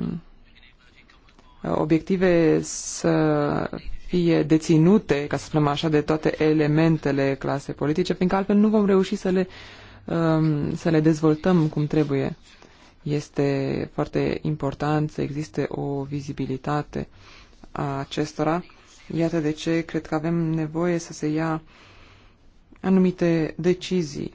obiective să fie deținute, ca să spunem așa, de toate elementele clasei politice, fiindcă altfel nu vom reuși să le uh, Um, să le dezvoltăm cum trebuie. Este foarte important să existe o vizibilitate a acestora. Iată de ce cred că avem nevoie să se ia anumite decizii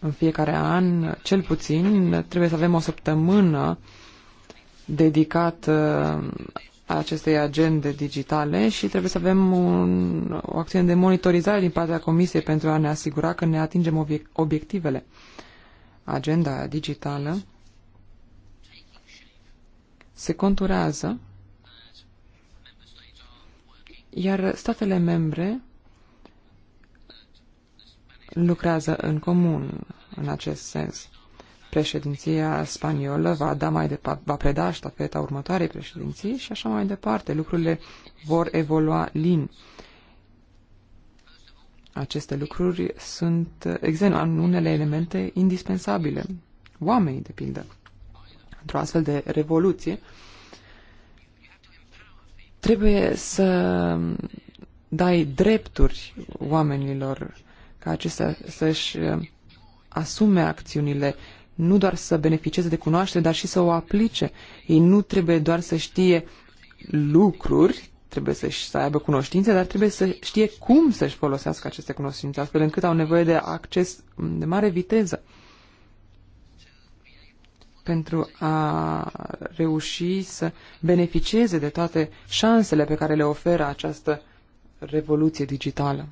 în fiecare an, cel puțin, trebuie să avem o săptămână dedicată acestei agende digitale și trebuie să avem un, o acțiune de monitorizare din partea Comisiei pentru a ne asigura că ne atingem obiectivele. Agenda digitală se conturează, iar statele membre lucrează în comun în acest sens. Președinția spaniolă va, da mai departe, va preda ștafeta următoarei președinții și așa mai departe. Lucrurile vor evolua lin. Aceste lucruri sunt, exemplu, în unele elemente indispensabile. Oamenii, de pildă, într-o astfel de revoluție, trebuie să dai drepturi oamenilor ca acestea să-și asume acțiunile, nu doar să beneficieze de cunoaștere, dar și să o aplice. Ei nu trebuie doar să știe lucruri, trebuie să, să aibă cunoștințe, dar trebuie să știe cum să-și folosească aceste cunoștințe, astfel încât au nevoie de acces de mare viteză pentru a reuși să beneficieze de toate șansele pe care le oferă această revoluție digitală.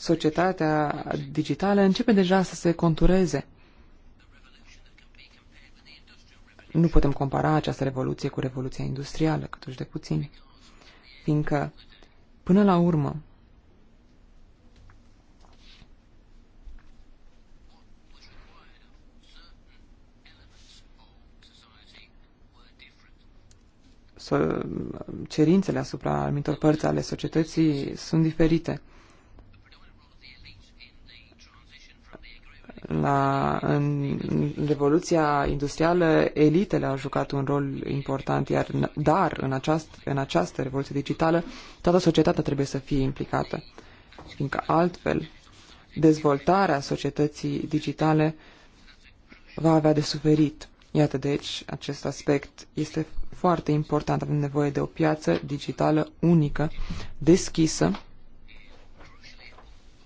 societatea digitală începe deja să se contureze. Nu putem compara această revoluție cu revoluția industrială, câtuși de puțin, fiindcă, până la urmă, cerințele asupra anumitor părți ale societății sunt diferite. la, în Revoluția Industrială, elitele au jucat un rol important, iar, dar în, aceast, în această Revoluție Digitală, toată societatea trebuie să fie implicată, fiindcă altfel dezvoltarea societății digitale va avea de suferit. Iată, deci, acest aspect este foarte important. Avem nevoie de o piață digitală unică, deschisă,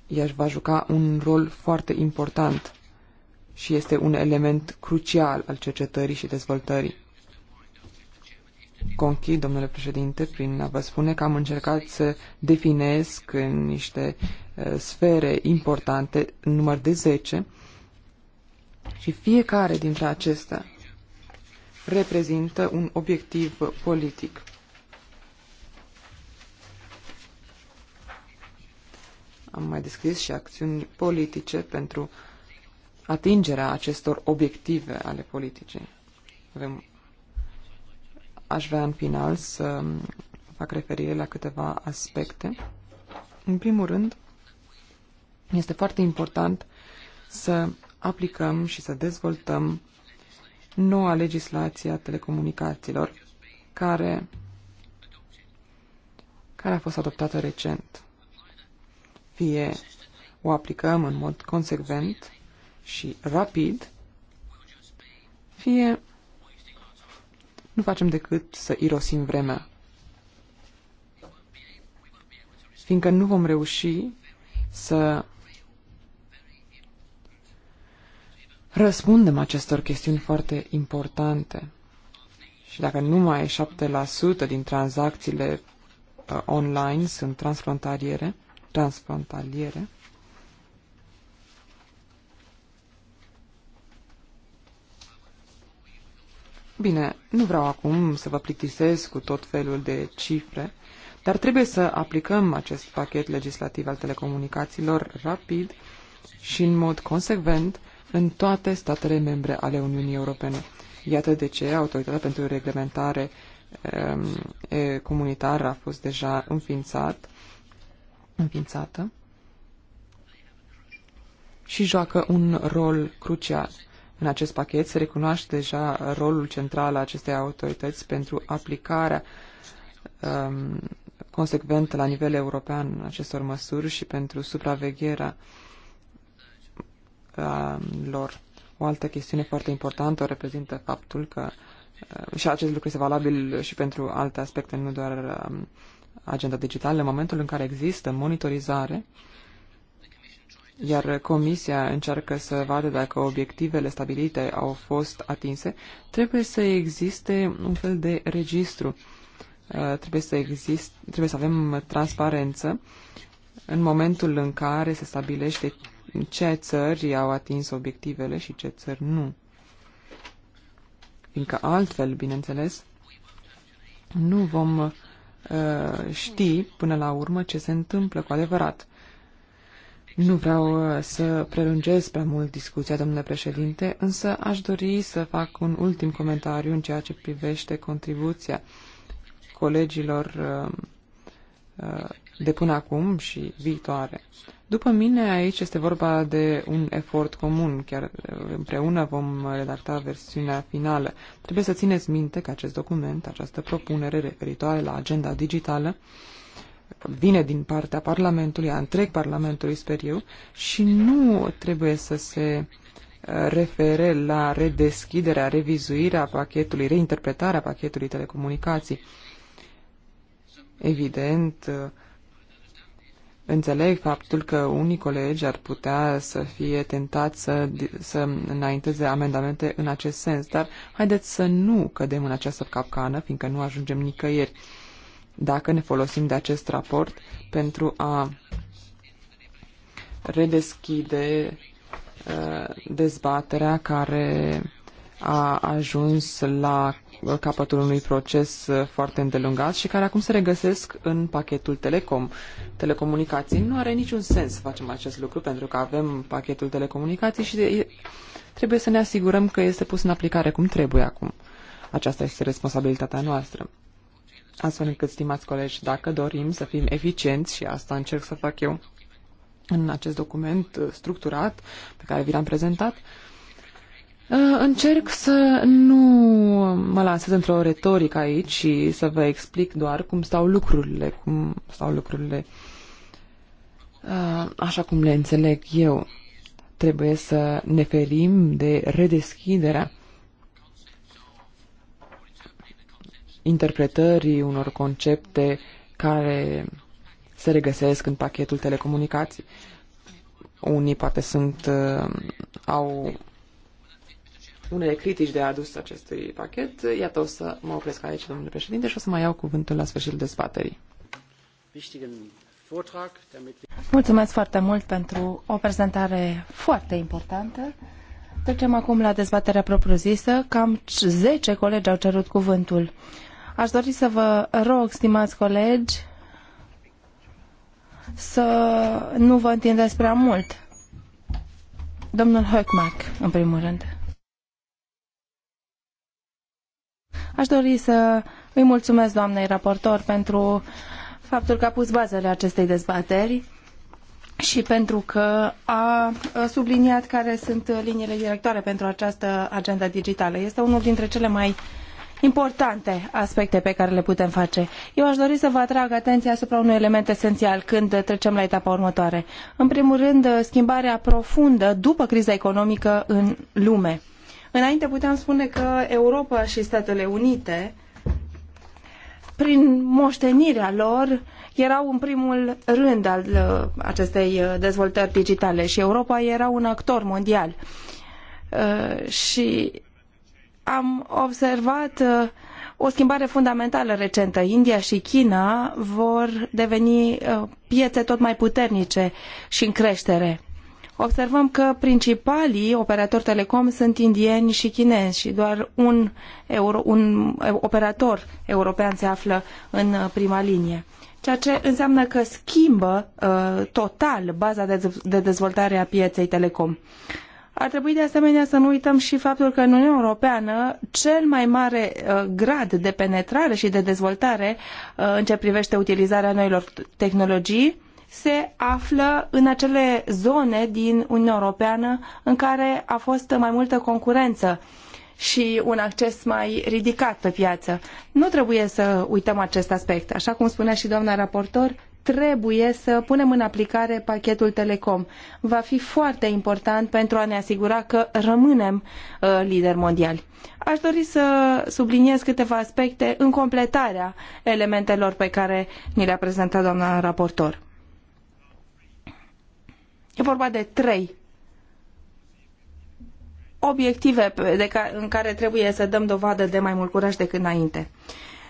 ea va juca un rol foarte important și este un element crucial al cercetării și dezvoltării. Conchid, domnule președinte, prin a vă spune că am încercat să definesc în niște eh, sfere importante, număr de 10, și fiecare dintre acestea reprezintă un obiectiv politic. Am mai descris și acțiuni politice pentru atingerea acestor obiective ale politicii. Avem... Aș vrea în final să fac referire la câteva aspecte. În primul rând, este foarte important să aplicăm și să dezvoltăm noua legislație a telecomunicațiilor, care, care a fost adoptată recent fie o aplicăm în mod consecvent și rapid, fie nu facem decât să irosim vremea. Fiindcă nu vom reuși să răspundem acestor chestiuni foarte importante. Și dacă numai 7% din tranzacțiile uh, online sunt transfrontaliere, transfrontaliere. Bine, nu vreau acum să vă plictisesc cu tot felul de cifre, dar trebuie să aplicăm acest pachet legislativ al telecomunicațiilor rapid și în mod consecvent în toate statele membre ale Uniunii Europene. Iată de ce Autoritatea pentru Reglementare um, e, Comunitară a fost deja înființată înființată și joacă un rol crucial. În acest pachet se recunoaște deja rolul central al acestei autorități pentru aplicarea um, consecventă la nivel european acestor măsuri și pentru supravegherea um, lor. O altă chestiune foarte importantă o reprezintă faptul că uh, și acest lucru este valabil și pentru alte aspecte, nu doar um, agenda digitală în momentul în care există monitorizare, iar Comisia încearcă să vadă dacă obiectivele stabilite au fost atinse, trebuie să existe un fel de registru. Uh, trebuie să, exist, trebuie să avem transparență în momentul în care se stabilește ce țări au atins obiectivele și ce țări nu. Fiindcă altfel, bineînțeles, nu vom Uh, știi până la urmă ce se întâmplă cu adevărat. Nu vreau uh, să prelungesc prea mult discuția, domnule președinte, însă aș dori să fac un ultim comentariu în ceea ce privește contribuția colegilor uh, de până acum și viitoare. După mine, aici este vorba de un efort comun, chiar împreună vom redacta versiunea finală. Trebuie să țineți minte că acest document, această propunere referitoare la agenda digitală, vine din partea Parlamentului, a întreg Parlamentului, sper eu, și nu trebuie să se uh, refere la redeschiderea, revizuirea pachetului, reinterpretarea pachetului telecomunicații. Evident, uh, Înțeleg faptul că unii colegi ar putea să fie tentați să, să înainteze amendamente în acest sens, dar haideți să nu cădem în această capcană, fiindcă nu ajungem nicăieri. Dacă ne folosim de acest raport pentru a redeschide uh, dezbaterea care a ajuns la capătul unui proces uh, foarte îndelungat și care acum se regăsesc în pachetul telecom. Telecomunicații nu are niciun sens să facem acest lucru pentru că avem pachetul telecomunicații și de, trebuie să ne asigurăm că este pus în aplicare cum trebuie acum. Aceasta este responsabilitatea noastră. Astfel încât, stimați colegi, dacă dorim să fim eficienți, și asta încerc să fac eu în acest document uh, structurat pe care vi l-am prezentat, Uh, încerc să nu mă lansez într-o retorică aici și să vă explic doar cum stau lucrurile, cum stau lucrurile uh, așa cum le înțeleg eu. Trebuie să ne ferim de redeschiderea interpretării unor concepte care se regăsesc în pachetul telecomunicații. Unii poate sunt, uh, au unele critici de adus acestui pachet. Iată, o să mă opresc aici, domnule președinte, și o să mai iau cuvântul la sfârșitul dezbaterii. Mulțumesc foarte mult pentru o prezentare foarte importantă. Trecem acum la dezbaterea propriu-zisă. Cam 10 colegi au cerut cuvântul. Aș dori să vă rog, stimați colegi, să nu vă întindeți prea mult. Domnul Hökmark, în primul rând. Aș dori să îi mulțumesc doamnei raportor pentru faptul că a pus bazele acestei dezbateri și pentru că a subliniat care sunt liniile directoare pentru această agenda digitală. Este unul dintre cele mai importante aspecte pe care le putem face. Eu aș dori să vă atrag atenția asupra unui element esențial când trecem la etapa următoare. În primul rând, schimbarea profundă după criza economică în lume Înainte puteam spune că Europa și Statele Unite, prin moștenirea lor, erau în primul rând al uh, acestei uh, dezvoltări digitale și Europa era un actor mondial. Uh, și am observat o schimbare fundamentală recentă. India și China vor deveni piețe tot mai puternice și în creștere observăm că principalii operatori telecom sunt indieni și chinezi și doar un, euro, un operator european se află în uh, prima linie ceea ce înseamnă că schimbă uh, total baza de, de dezvoltare a pieței telecom. Ar trebui de asemenea să nu uităm și faptul că în Uniunea Europeană cel mai mare uh, grad de penetrare și de dezvoltare uh, în ce privește utilizarea noilor tehnologii se află în acele zone din Uniunea Europeană în care a fost mai multă concurență și un acces mai ridicat pe piață. Nu trebuie să uităm acest aspect. Așa cum spunea și doamna raportor, trebuie să punem în aplicare pachetul Telecom. Va fi foarte important pentru a ne asigura că rămânem uh, lideri mondiali. Aș dori să subliniez câteva aspecte în completarea elementelor pe care ni le-a prezentat doamna raportor. E vorba de trei obiective de ca, în care trebuie să dăm dovadă de mai mult curaj decât înainte.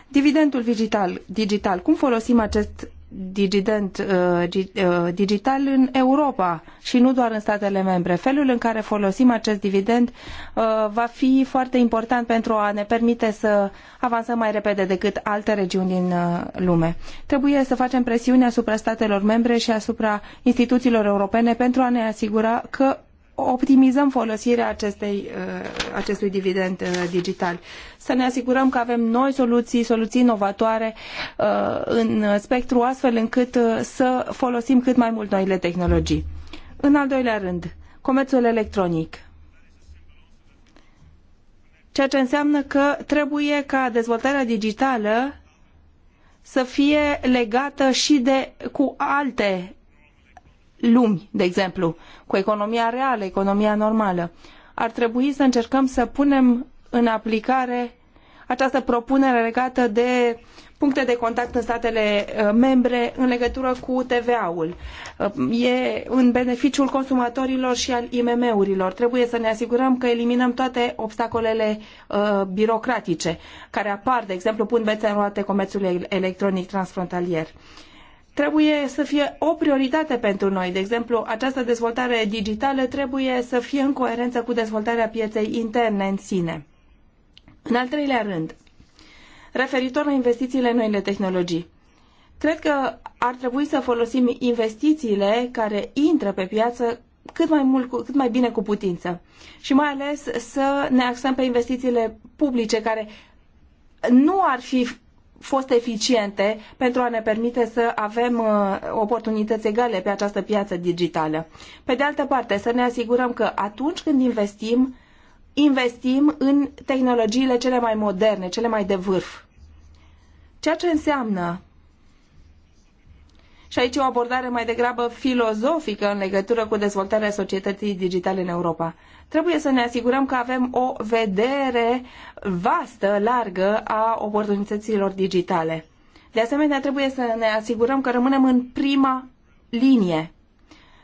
Dividendul digital, digital. Cum folosim acest digident uh, uh, digital în Europa și nu doar în statele membre. Felul în care folosim acest dividend uh, va fi foarte important pentru a ne permite să avansăm mai repede decât alte regiuni din lume. Trebuie să facem presiune asupra statelor membre și asupra instituțiilor europene pentru a ne asigura că optimizăm folosirea acestei, uh, acestui dividend uh, digital. Să ne asigurăm că avem noi soluții, soluții inovatoare uh, în spectru, astfel încât să folosim cât mai mult noile tehnologii. În al doilea rând, comerțul electronic ceea ce înseamnă că trebuie ca dezvoltarea digitală să fie legată și de cu alte lumi, de exemplu, cu economia reală, economia normală. Ar trebui să încercăm să punem în aplicare această propunere legată de puncte de contact în statele uh, membre în legătură cu TVA-ul. Uh, e în beneficiul consumatorilor și al IMM-urilor. Trebuie să ne asigurăm că eliminăm toate obstacolele uh, birocratice care apar, de exemplu, pun bețe în roate comerțul electronic transfrontalier. Uh, trebuie să fie o prioritate pentru noi. De exemplu, această dezvoltare digitală trebuie să fie în coerență cu dezvoltarea pieței interne în sine. În al treilea rând, referitor la investițiile în noile tehnologii. Cred că ar trebui să folosim investițiile care intră pe piață cât mai, mult, cât mai bine cu putință. Și mai ales să ne axăm pe investițiile publice care nu ar fi fost eficiente pentru a ne permite să avem uh, oportunități egale pe această piață digitală. Pe de altă parte, să ne asigurăm că atunci când investim, investim în tehnologiile cele mai moderne, cele mai de vârf. Ceea ce înseamnă și aici o abordare mai degrabă filozofică în legătură cu dezvoltarea societății digitale în Europa. Trebuie să ne asigurăm că avem o vedere vastă, largă a oportunităților digitale. De asemenea, trebuie să ne asigurăm că rămânem în prima linie.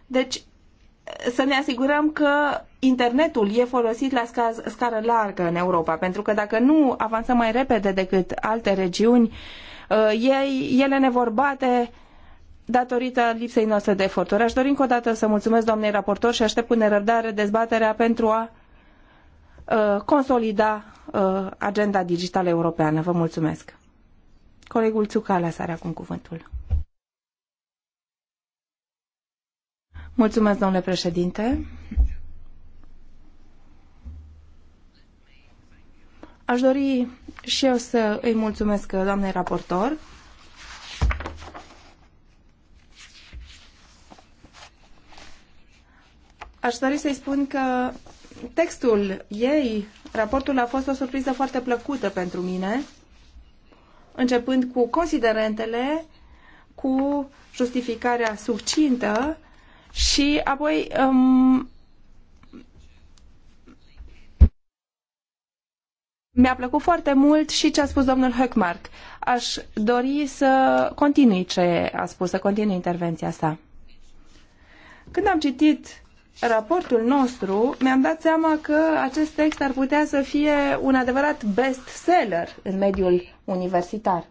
Deci, să ne asigurăm că internetul e folosit la sca- scară largă în Europa, pentru că dacă nu avansăm mai repede decât alte regiuni, uh, ei, ele ne vor bate datorită lipsei noastre de eforturi. Aș dori încă o dată să mulțumesc doamnei raportor și aștept cu nerăbdare dezbaterea pentru a uh, consolida uh, agenda digitală europeană. Vă mulțumesc. Colegul Țucala are acum cuvântul. Mulțumesc, domnule președinte. Aș dori și eu să îi mulțumesc doamnei raportor Aș dori să-i spun că textul ei, raportul a fost o surpriză foarte plăcută pentru mine, începând cu considerentele, cu justificarea succintă și apoi um, mi-a plăcut foarte mult și ce a spus domnul Höckmark. Aș dori să continui ce a spus, să continui intervenția sa. Când am citit raportul nostru, mi-am dat seama că acest text ar putea să fie un adevărat bestseller în mediul universitar.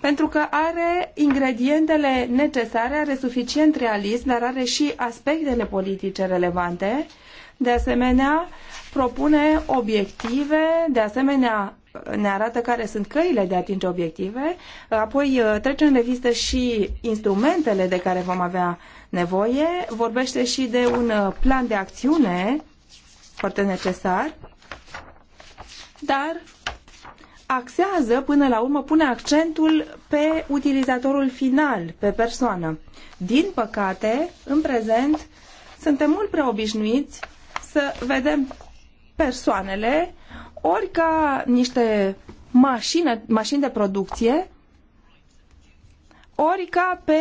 Pentru că are ingredientele necesare, are suficient realism, dar are și aspectele politice relevante. De asemenea, propune obiective, de asemenea, ne arată care sunt căile de a atinge obiective, apoi uh, trece în revistă și instrumentele de care vom avea nevoie, vorbește și de un uh, plan de acțiune foarte necesar, dar axează până la urmă, pune accentul pe utilizatorul final, pe persoană. Din păcate, în prezent, suntem mult prea obișnuiți să vedem persoanele ori ca niște mașine, mașini de producție, ori ca pe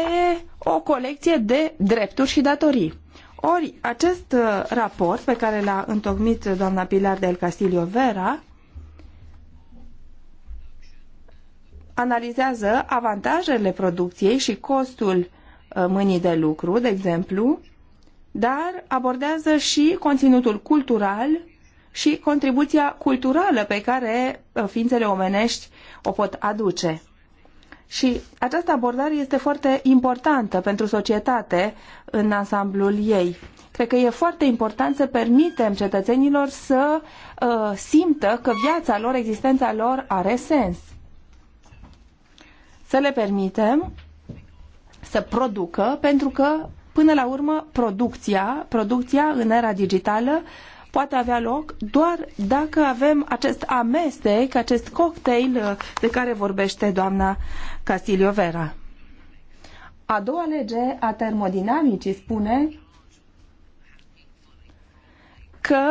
o colecție de drepturi și datorii. Ori acest uh, raport pe care l-a întocmit doamna Pilar del Castillo Vera analizează avantajele producției și costul uh, mânii de lucru, de exemplu, dar abordează și conținutul cultural și contribuția culturală pe care uh, ființele omenești o pot aduce. Și această abordare este foarte importantă pentru societate în ansamblul ei. Cred că e foarte important să permitem cetățenilor să uh, simtă că viața lor, existența lor are sens. Să le permitem să producă, pentru că, până la urmă, producția, producția în era digitală uh, poate avea loc doar dacă avem acest amestec, acest cocktail uh, de care vorbește doamna Castilio Vera. A doua lege a termodinamicii spune că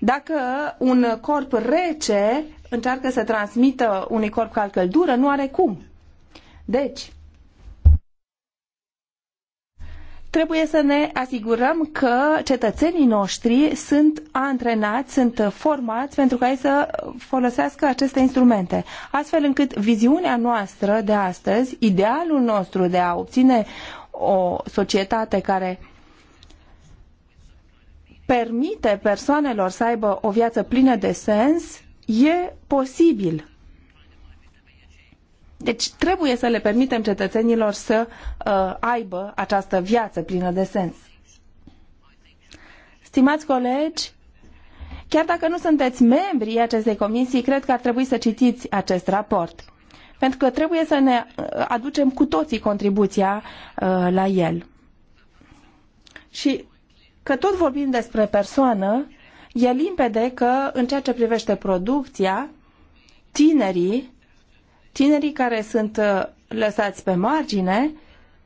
dacă un corp rece încearcă să transmită unui corp cald căldură, nu are cum. Deci, trebuie să ne asigurăm că cetățenii noștri sunt antrenați, sunt formați pentru ca ei să folosească aceste instrumente, astfel încât viziunea noastră de astăzi, idealul nostru de a obține o societate care permite persoanelor să aibă o viață plină de sens, e posibil deci trebuie să le permitem cetățenilor să uh, aibă această viață plină de sens. Stimați colegi, chiar dacă nu sunteți membrii acestei comisii, cred că ar trebui să citiți acest raport, pentru că trebuie să ne uh, aducem cu toții contribuția uh, la el. Și că tot vorbim despre persoană, e limpede că în ceea ce privește producția, tinerii Tinerii care sunt uh, lăsați pe margine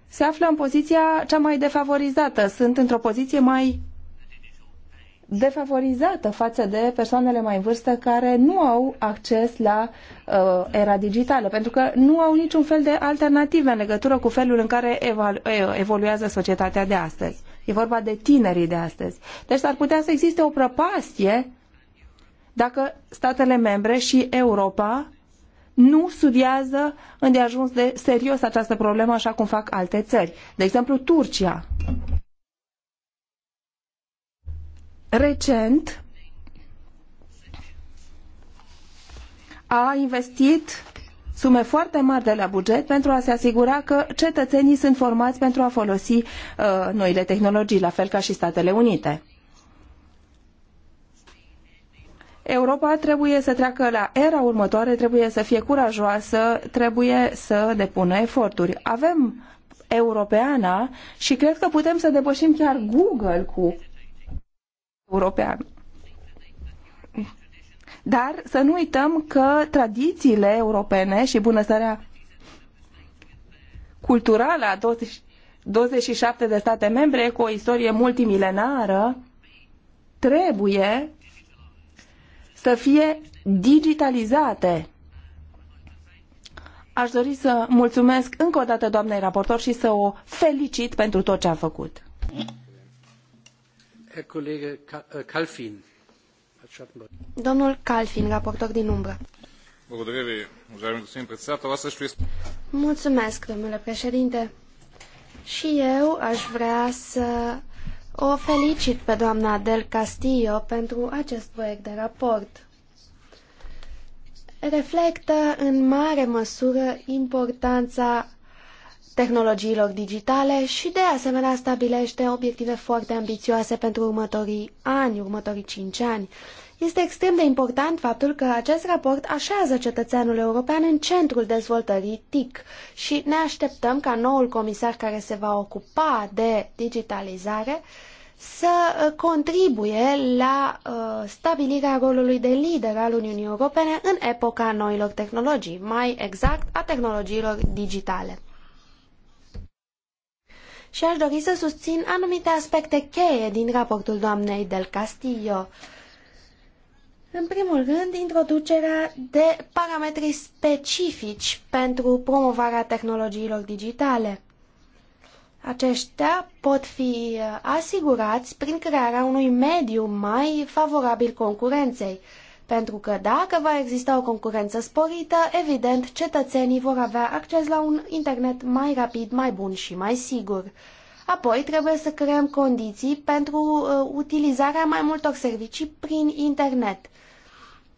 se află în poziția cea mai defavorizată, sunt într-o poziție mai defavorizată față de persoanele mai în vârstă care nu au acces la uh, era digitală, pentru că nu au niciun fel de alternative în legătură cu felul în care evoluează societatea de astăzi. E vorba de tinerii de astăzi. Deci ar putea să existe o prăpastie dacă statele membre și Europa nu studiază îndeajuns de serios această problemă așa cum fac alte țări. De exemplu, Turcia. Recent a investit sume foarte mari de la buget pentru a se asigura că cetățenii sunt formați pentru a folosi uh, noile tehnologii, la fel ca și Statele Unite. Europa trebuie să treacă la era următoare, trebuie să fie curajoasă, trebuie să depună eforturi. Avem europeana și cred că putem să depășim chiar Google cu european. Dar să nu uităm că tradițiile europene și bunăstarea culturală a 27 de state membre cu o istorie multimilenară trebuie să fie digitalizate. Aș dori să mulțumesc încă o dată doamnei raportor și să o felicit pentru tot ce a făcut. Calfin. Äh, Domnul Calfin, raportor din umbră. Mulțumesc, domnule președinte. Și eu aș vrea să o felicit pe doamna Del Castillo pentru acest proiect de raport. Reflectă în mare măsură importanța tehnologiilor digitale și de asemenea stabilește obiective foarte ambițioase pentru următorii ani, următorii cinci ani. Este extrem de important faptul că acest raport așează cetățeanul european în centrul dezvoltării TIC și ne așteptăm ca noul comisar care se va ocupa de digitalizare să uh, contribuie la uh, stabilirea rolului de lider al Uniunii Europene în epoca noilor tehnologii, mai exact a tehnologiilor digitale. Și aș dori să susțin anumite aspecte cheie din raportul doamnei Del Castillo. Uh, în primul rând, introducerea de parametri specifici pentru promovarea tehnologiilor digitale. Aceștia pot fi uh, asigurați prin crearea unui mediu mai favorabil concurenței, pentru că dacă va exista o concurență sporită, evident, cetățenii vor avea acces la un internet mai rapid, mai bun și mai sigur. Apoi trebuie să creăm condiții pentru uh, utilizarea mai multor servicii prin internet.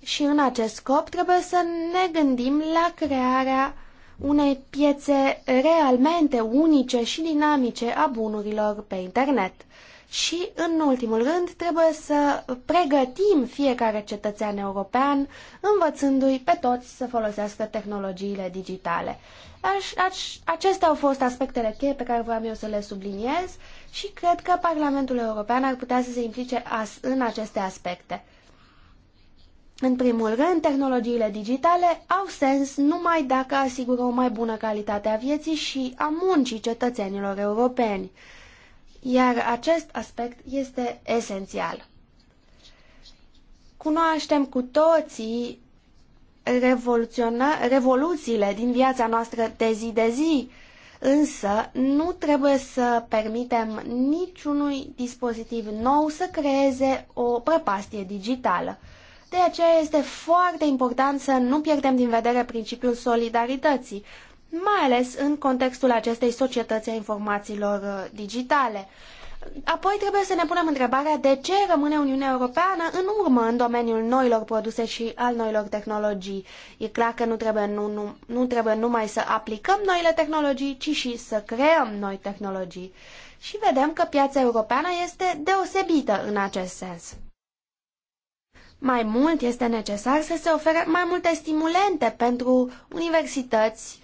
Și în acest scop trebuie să ne gândim la crearea unei piețe realmente unice și dinamice a bunurilor pe internet. Și, în ultimul rând, trebuie să pregătim fiecare cetățean european, învățându-i pe toți să folosească tehnologiile digitale. Aș, aș, acestea au fost aspectele cheie pe care voiam eu să le subliniez și cred că Parlamentul European ar putea să se implice as, în aceste aspecte. În primul rând, tehnologiile digitale au sens numai dacă asigură o mai bună calitate a vieții și a muncii cetățenilor europeni. Iar acest aspect este esențial. Cunoaștem cu toții revoluțiile din viața noastră de zi de zi, însă nu trebuie să permitem niciunui dispozitiv nou să creeze o prăpastie digitală. De aceea este foarte important să nu pierdem din vedere principiul solidarității, mai ales în contextul acestei societăți a informațiilor uh, digitale. Apoi trebuie să ne punem întrebarea de ce rămâne Uniunea Europeană în urmă în domeniul noilor produse și al noilor tehnologii. E clar că nu trebuie, nu, nu, nu trebuie numai să aplicăm noile tehnologii, ci și să creăm noi tehnologii. Și vedem că piața europeană este deosebită în acest sens. Mai mult este necesar să se ofere mai multe stimulente pentru universități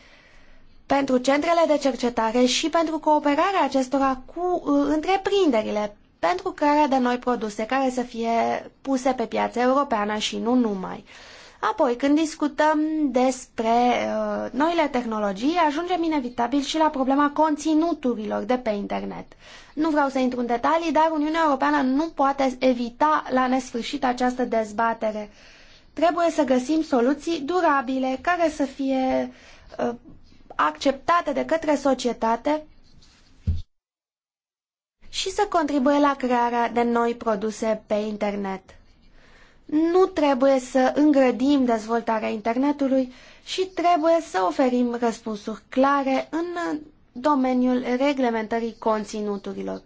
pentru centrele de cercetare și pentru cooperarea acestora cu uh, întreprinderile pentru crearea de noi produse care să fie puse pe piața europeană și nu numai. Apoi, când discutăm despre uh, noile tehnologii, ajungem inevitabil și la problema conținuturilor de pe internet. Nu vreau să intru în detalii, dar Uniunea Europeană nu poate evita la nesfârșit această dezbatere. Trebuie să găsim soluții durabile care să fie uh, acceptate de către societate și să contribuie la crearea de noi produse pe internet. Nu trebuie să îngrădim dezvoltarea internetului și trebuie să oferim răspunsuri clare în domeniul reglementării conținuturilor,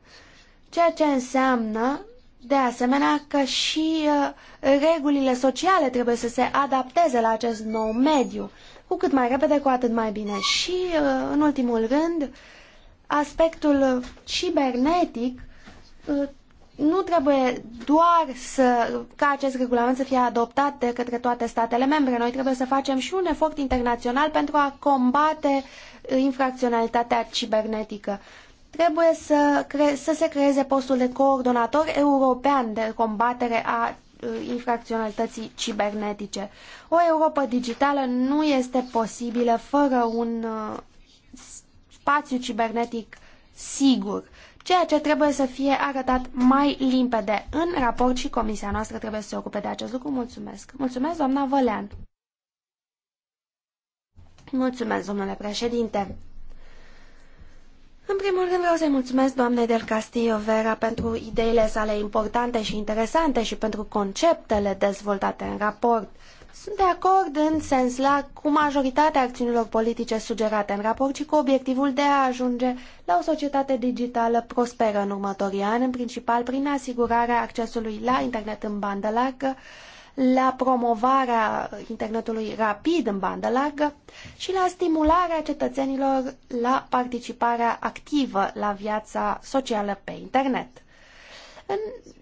ceea ce înseamnă, de asemenea, că și uh, regulile sociale trebuie să se adapteze la acest nou mediu cu cât mai repede, cu atât mai bine. Și, uh, în ultimul rând, aspectul cibernetic uh, nu trebuie doar să, ca acest regulament să fie adoptat de către toate statele membre. Noi trebuie să facem și un efort internațional pentru a combate uh, infracționalitatea cibernetică. Trebuie să, să se creeze postul de coordonator european de combatere a Uh, infracționalității cibernetice. O Europa digitală nu este posibilă fără un uh, spațiu cibernetic sigur, ceea ce trebuie să fie arătat mai limpede în raport și comisia noastră trebuie să se ocupe de acest lucru. Mulțumesc! Mulțumesc, doamna Vălean! Mulțumesc, domnule președinte! În primul rând vreau să-i mulțumesc doamnei del Castillo Vera pentru ideile sale importante și interesante și pentru conceptele dezvoltate în raport. Sunt de acord în sens larg cu majoritatea acțiunilor politice sugerate în raport și cu obiectivul de a ajunge la o societate digitală prosperă în următorii ani, în principal prin asigurarea accesului la internet în bandă largă, la promovarea internetului rapid în bandă largă și la stimularea cetățenilor la participarea activă la viața socială pe internet.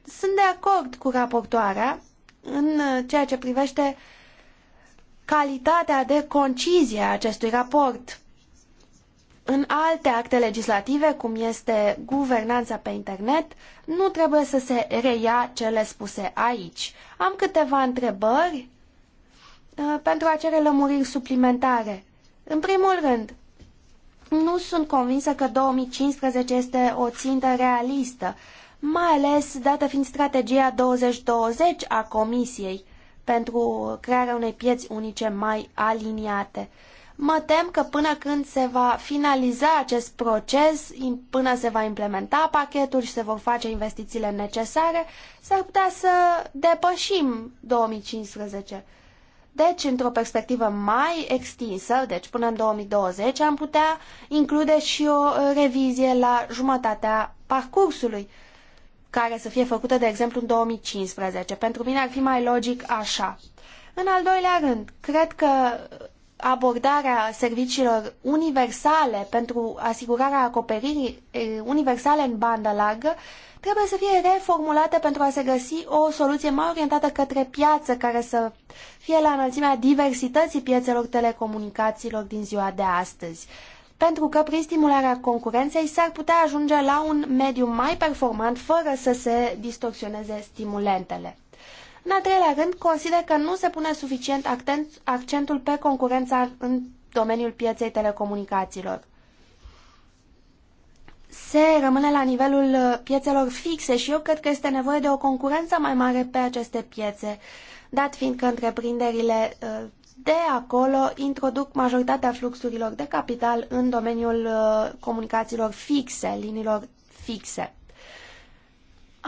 sunt de acord cu raportoarea în ceea ce privește calitatea de concizie a acestui raport în alte acte legislative, cum este guvernanța pe internet, nu trebuie să se reia cele spuse aici. Am câteva întrebări uh, pentru a cere lămuriri suplimentare. În primul rând, nu sunt convinsă că 2015 este o țintă realistă, mai ales dată fiind strategia 2020 a Comisiei pentru crearea unei pieți unice mai aliniate. Mă tem că până când se va finaliza acest proces, până se va implementa pachetul și se vor face investițiile necesare, s-ar putea să depășim 2015. Deci, într-o perspectivă mai extinsă, deci până în 2020, am putea include și o revizie la jumătatea parcursului, care să fie făcută, de exemplu, în 2015. Pentru mine ar fi mai logic așa. În al doilea rând, cred că abordarea serviciilor universale pentru asigurarea acoperirii universale în bandă largă trebuie să fie reformulată pentru a se găsi o soluție mai orientată către piață care să fie la înălțimea diversității piețelor telecomunicațiilor din ziua de astăzi. Pentru că prin stimularea concurenței s-ar putea ajunge la un mediu mai performant fără să se distorsioneze stimulentele. În al treilea rând, consider că nu se pune suficient accentul pe concurența în domeniul pieței telecomunicațiilor. Se rămâne la nivelul uh, piețelor fixe și eu cred că este nevoie de o concurență mai mare pe aceste piețe, dat fiindcă întreprinderile uh, de acolo introduc majoritatea fluxurilor de capital în domeniul uh, comunicațiilor fixe, liniilor fixe.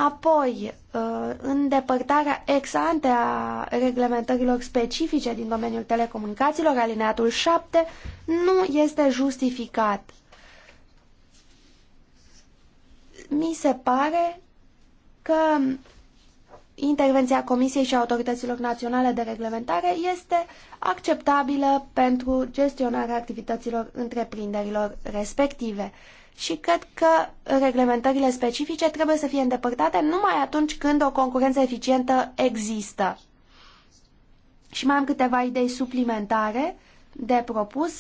Apoi, uh, îndepărtarea ex ante a reglementărilor specifice din domeniul telecomunicațiilor, alineatul 7, nu este justificat. Mi se pare că intervenția Comisiei și autorităților naționale de reglementare este acceptabilă pentru gestionarea activităților întreprinderilor respective și cred că reglementările specifice trebuie să fie îndepărtate numai atunci când o concurență eficientă există. Și mai am câteva idei suplimentare de propus,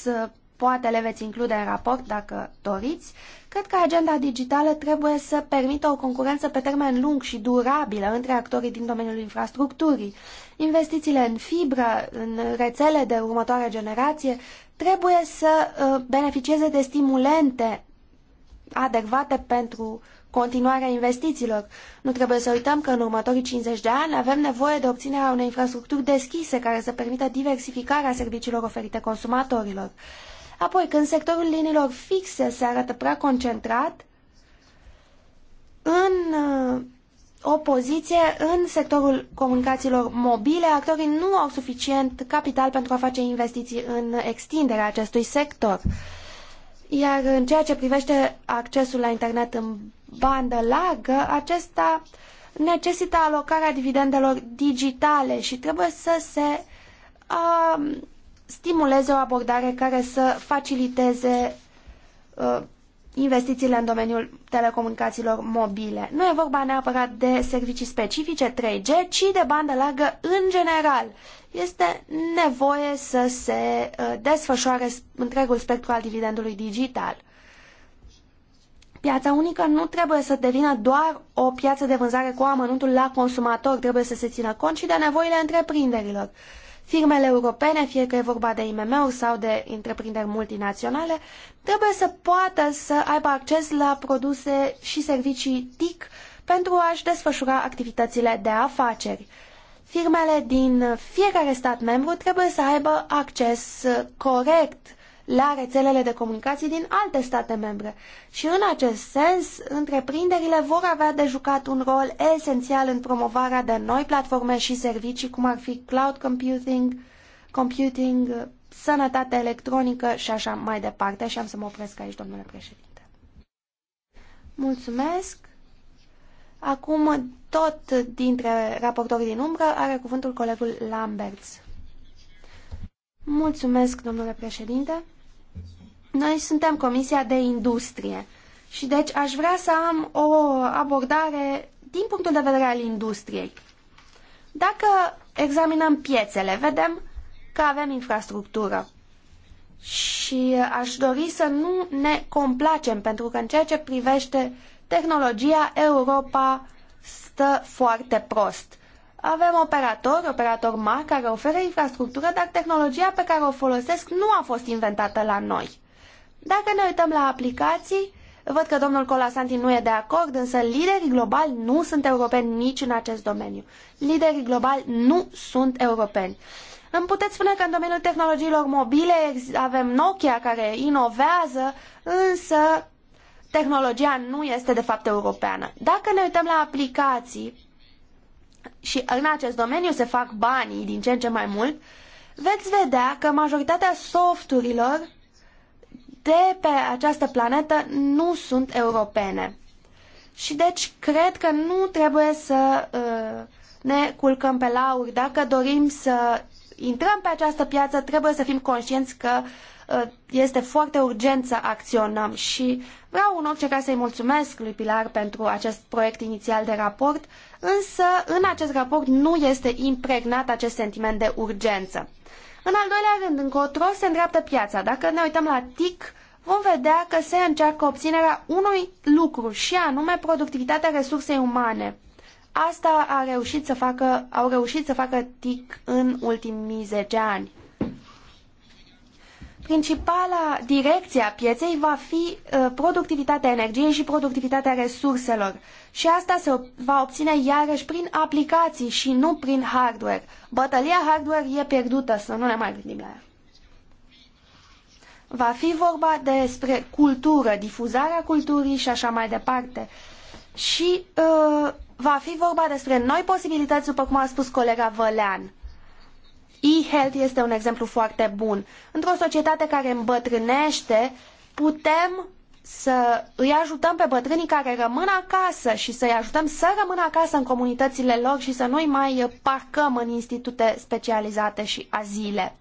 poate le veți include în raport dacă doriți. Cred că agenda digitală trebuie să permită o concurență pe termen lung și durabilă între actorii din domeniul infrastructurii. Investițiile în fibră, în rețele de următoare generație, trebuie să uh, beneficieze de stimulente adecvate pentru continuarea investițiilor. Nu trebuie să uităm că în următorii 50 de ani avem nevoie de obținerea unei infrastructuri deschise care să permită diversificarea serviciilor oferite consumatorilor. Apoi, când sectorul liniilor fixe se arată prea concentrat, în uh, opoziție, în sectorul comunicațiilor mobile, actorii nu au suficient capital pentru a face investiții în extinderea acestui sector. Iar în ceea ce privește accesul la internet în bandă largă, acesta necesită alocarea dividendelor digitale și trebuie să se uh, stimuleze o abordare care să faciliteze uh, investițiile în domeniul telecomunicațiilor mobile. Nu e vorba neapărat de servicii specifice 3G, ci de bandă largă în general. Este nevoie să se uh, desfășoare întregul spectru al dividendului digital. Piața unică nu trebuie să devină doar o piață de vânzare cu amănuntul la consumator, trebuie să se țină cont și de nevoile întreprinderilor. Firmele europene, fie că e vorba de IMM-uri sau de întreprinderi multinaționale, trebuie să poată să aibă acces la produse și servicii TIC pentru a-și desfășura activitățile de afaceri. Firmele din fiecare stat membru trebuie să aibă acces corect la rețelele de comunicații din alte state membre. Și în acest sens, întreprinderile vor avea de jucat un rol esențial în promovarea de noi platforme și servicii, cum ar fi cloud computing, computing, sănătate electronică și așa mai departe. Și am să mă opresc aici, domnule președinte. Mulțumesc! Acum, tot dintre raportorii din umbră, are cuvântul colegul Lamberts. Mulțumesc, domnule președinte. Noi suntem Comisia de Industrie și deci aș vrea să am o abordare din punctul de vedere al industriei. Dacă examinăm piețele, vedem că avem infrastructură. Și aș dori să nu ne complacem, pentru că în ceea ce privește tehnologia, Europa stă foarte prost. Avem operatori, operatori mari care oferă infrastructură, dar tehnologia pe care o folosesc nu a fost inventată la noi. Dacă ne uităm la aplicații, văd că domnul Colasanti nu e de acord, însă liderii globali nu sunt europeni nici în acest domeniu. Liderii globali nu sunt europeni. Îmi puteți spune că în domeniul tehnologiilor mobile avem Nokia care inovează, însă tehnologia nu este de fapt europeană. Dacă ne uităm la aplicații, și în acest domeniu se fac banii din ce în ce mai mult, veți vedea că majoritatea softurilor de pe această planetă nu sunt europene. Și deci cred că nu trebuie să uh, ne culcăm pe lauri dacă dorim să intrăm pe această piață, trebuie să fim conștienți că uh, este foarte urgent să acționăm și vreau în orice caz să-i mulțumesc lui Pilar pentru acest proiect inițial de raport, însă în acest raport nu este impregnat acest sentiment de urgență. În al doilea rând, încotro se îndreaptă piața. Dacă ne uităm la TIC, vom vedea că se încearcă obținerea unui lucru și anume productivitatea resursei umane. Asta a reușit să facă, au reușit să facă TIC în ultimii 10 ani. Principala direcție a pieței va fi uh, productivitatea energiei și productivitatea resurselor. Și asta se va obține iarăși prin aplicații și nu prin hardware. Bătălia hardware e pierdută, să nu ne mai gândim la ea. Va fi vorba despre cultură, difuzarea culturii și așa mai departe. Și uh, va fi vorba despre noi posibilități, după cum a spus colega Vălean. E-health este un exemplu foarte bun. Într-o societate care îmbătrânește, putem să îi ajutăm pe bătrânii care rămân acasă și să-i ajutăm să rămână acasă în comunitățile lor și să nu-i mai parcăm în institute specializate și azile.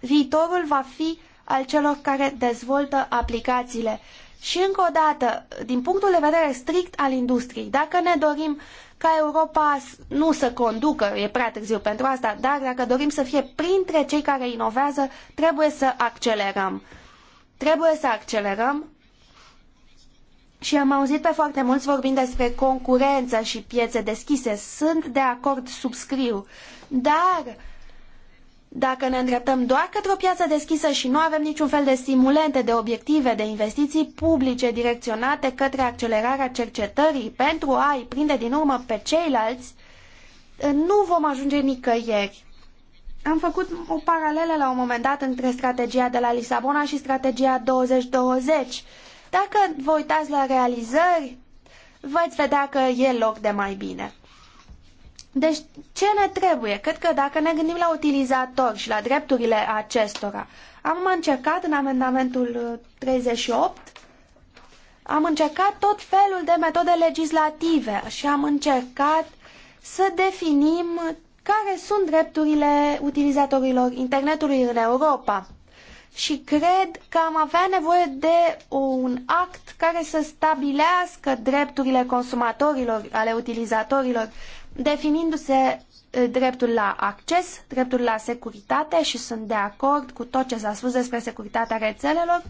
Viitorul va fi al celor care dezvoltă aplicațiile și încă o dată, din punctul de vedere strict al industriei, dacă ne dorim ca Europa nu să conducă, e prea târziu pentru asta, dar dacă dorim să fie printre cei care inovează, trebuie să accelerăm. Trebuie să accelerăm și am auzit pe foarte mulți vorbind despre concurență și piețe deschise. Sunt de acord, subscriu. Dar dacă ne îndreptăm doar către o piață deschisă și nu avem niciun fel de stimulente, de obiective, de investiții publice direcționate către accelerarea cercetării pentru a-i prinde din urmă pe ceilalți, nu vom ajunge nicăieri. Am făcut o paralelă la un moment dat între strategia de la Lisabona și strategia 2020. Dacă vă uitați la realizări, veți vedea că e loc de mai bine. Deci, ce ne trebuie? Cred că dacă ne gândim la utilizatori și la drepturile acestora, am încercat în amendamentul 38, uh, am încercat tot felul de metode legislative și am încercat să definim care sunt drepturile utilizatorilor internetului în Europa. Și cred că am avea nevoie de un act care să stabilească drepturile consumatorilor, ale utilizatorilor, definindu-se dreptul la acces, dreptul la securitate și sunt de acord cu tot ce s-a spus despre securitatea rețelelor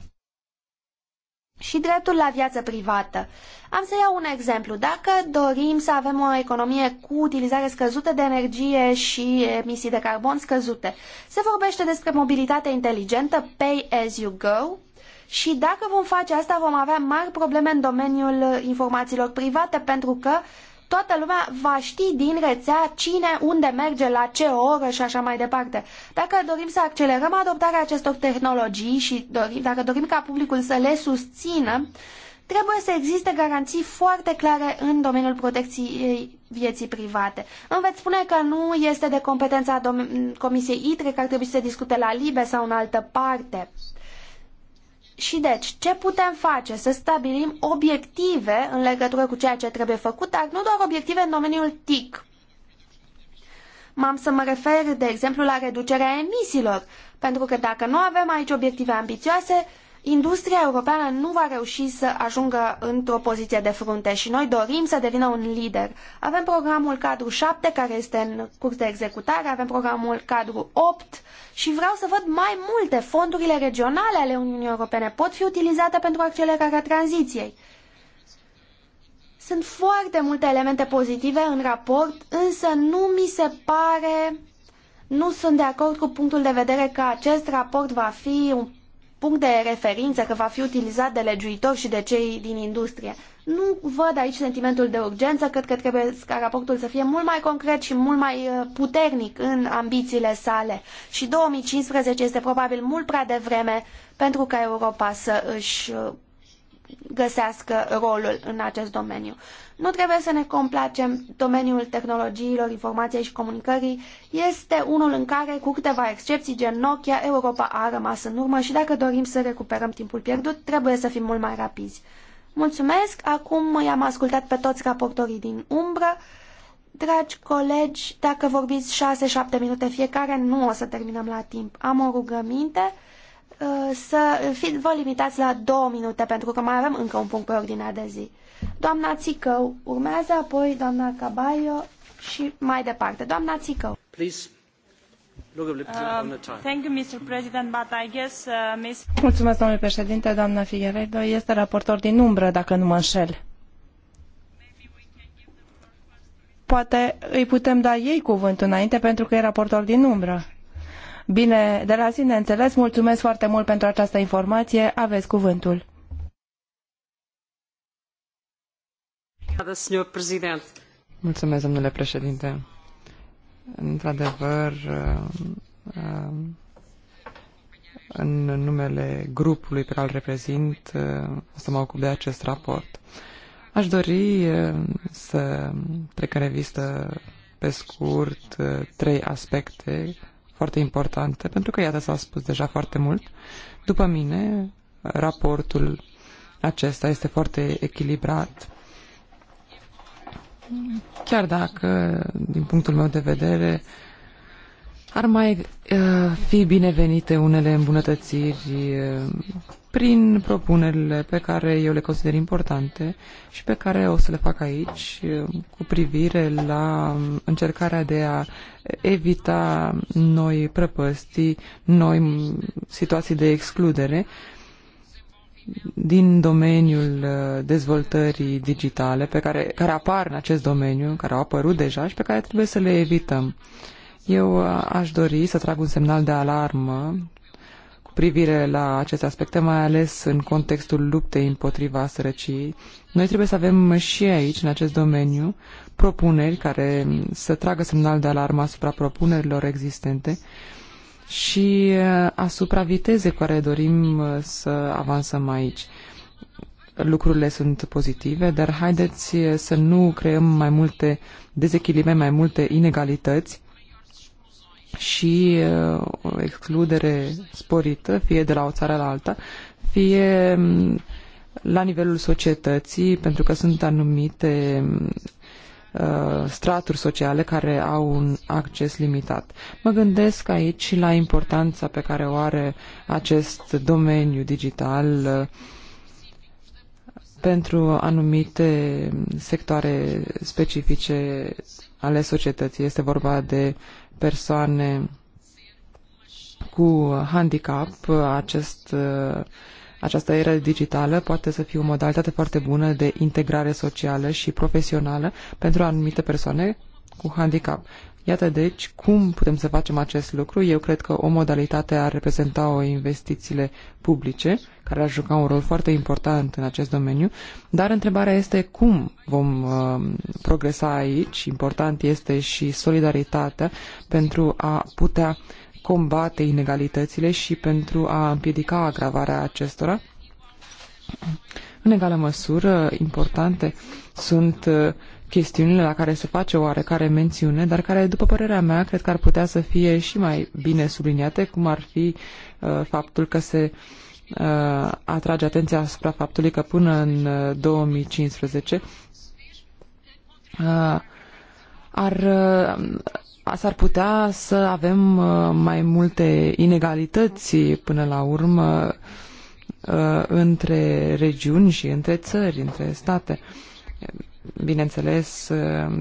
și dreptul la viață privată. Am să iau un exemplu. Dacă dorim să avem o economie cu utilizare scăzută de energie și emisii de carbon scăzute, se vorbește despre mobilitate inteligentă, pay as you go, și dacă vom face asta, vom avea mari probleme în domeniul informațiilor private, pentru că toată lumea va ști din rețea cine, unde merge, la ce oră și așa mai departe. Dacă dorim să accelerăm adoptarea acestor tehnologii și dorim, dacă dorim ca publicul să le susțină, trebuie să existe garanții foarte clare în domeniul protecției vieții private. Îmi veți spune că nu este de competența Comisiei ITRE, că ar trebui să se discute la LIBE sau în altă parte. Și deci, ce putem face? Să stabilim obiective în legătură cu ceea ce trebuie făcut, dar nu doar obiective în domeniul TIC. M-am să mă refer, de exemplu, la reducerea emisiilor, pentru că dacă nu avem aici obiective ambițioase, industria europeană nu va reuși să ajungă într-o poziție de frunte și noi dorim să devină un lider. Avem programul cadru 7 care este în curs de executare, avem programul cadru 8 și vreau să văd mai multe fondurile regionale ale Uniunii Europene pot fi utilizate pentru accelerarea tranziției. Sunt foarte multe elemente pozitive în raport, însă nu mi se pare, nu sunt de acord cu punctul de vedere că acest raport va fi un punct de referință, că va fi utilizat de legiuitori și de cei din industrie. Nu văd aici sentimentul de urgență, cred că trebuie ca raportul să fie mult mai concret și mult mai uh, puternic în ambițiile sale. Și 2015 este probabil mult prea devreme pentru ca Europa să își uh, găsească rolul în acest domeniu. Nu trebuie să ne complacem, domeniul tehnologiilor, informației și comunicării este unul în care, cu câteva excepții, gen Nokia, Europa a rămas în urmă și dacă dorim să recuperăm timpul pierdut, trebuie să fim mult mai rapizi. Mulțumesc! Acum i-am ascultat pe toți raportorii din umbră. Dragi colegi, dacă vorbiți 6-7 minute fiecare, nu o să terminăm la timp. Am o rugăminte. Uh, să fi, vă limitați la două minute, pentru că mai avem încă un punct pe ordinea de zi. Doamna Țicău urmează, apoi doamna Cabaio și mai departe. Doamna Țicău. Please. Mulțumesc, domnule președinte, doamna Figueredo este raportor din umbră, dacă nu mă înșel. Poate îi putem da ei cuvântul înainte, pentru că e raportor din umbră bine de la sine înțeles. Mulțumesc foarte mult pentru această informație. Aveți cuvântul. Mulțumesc, domnule președinte. Într-adevăr, în numele grupului pe care îl reprezint, o să mă ocup de acest raport. Aș dori să trec în revistă pe scurt trei aspecte foarte importante, pentru că, iată, s-a spus deja foarte mult. După mine, raportul acesta este foarte echilibrat. Chiar dacă, din punctul meu de vedere, ar mai uh, fi binevenite unele îmbunătățiri uh, prin propunerile pe care eu le consider importante și pe care o să le fac aici cu privire la încercarea de a evita noi prăpăstii, noi situații de excludere din domeniul uh, dezvoltării digitale pe care, care apar în acest domeniu, care au apărut deja și pe care trebuie să le evităm. Eu uh, aș dori să trag un semnal de alarmă privire la aceste aspecte, mai ales în contextul luptei împotriva sărăciei. Noi trebuie să avem și aici, în acest domeniu, propuneri care să tragă semnal de alarmă asupra propunerilor existente și uh, asupra vitezei cu care dorim uh, să avansăm aici. Lucrurile sunt pozitive, dar haideți uh, să nu creăm mai multe dezechilibre, mai multe inegalități și uh, o excludere sporită, fie de la o țară la alta, fie mm, la nivelul societății, pentru că sunt anumite mm, uh, straturi sociale care au un acces limitat. Mă gândesc aici la importanța pe care o are acest domeniu digital uh, pentru anumite sectoare specifice ale societății. Este vorba de persoane cu handicap, acest, această era digitală poate să fie o modalitate foarte bună de integrare socială și profesională pentru anumite persoane cu handicap. Iată deci cum putem să facem acest lucru. Eu cred că o modalitate ar reprezenta o investițiile publice, care ar juca un rol foarte important în acest domeniu, dar întrebarea este cum vom uh, progresa aici. Important este și solidaritatea pentru a putea combate inegalitățile și pentru a împiedica agravarea acestora. În egală măsură, importante sunt uh, chestiunile la care se face oarecare mențiune, dar care, după părerea mea, cred că ar putea să fie și mai bine subliniate, cum ar fi uh, faptul că se uh, atrage atenția asupra faptului că până în uh, 2015 uh, ar, uh, s-ar putea să avem uh, mai multe inegalități până la urmă uh, între regiuni și între țări, între state bineînțeles,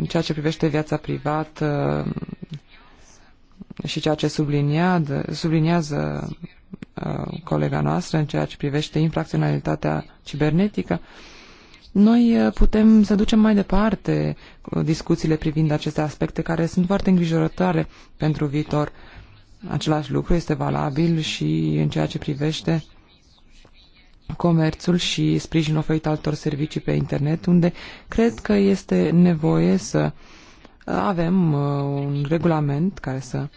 ceea ce privește viața privată uh, și ceea ce subliniază, subliniază uh, colega noastră în ceea ce privește infracționalitatea cibernetică, noi uh, putem să ducem mai departe discuțiile privind aceste aspecte care sunt foarte îngrijorătoare pentru viitor. Același lucru este valabil și în ceea ce privește uh, comerțul și sprijin oferit altor servicii pe internet, unde cred că este nevoie să avem uh, un regulament care să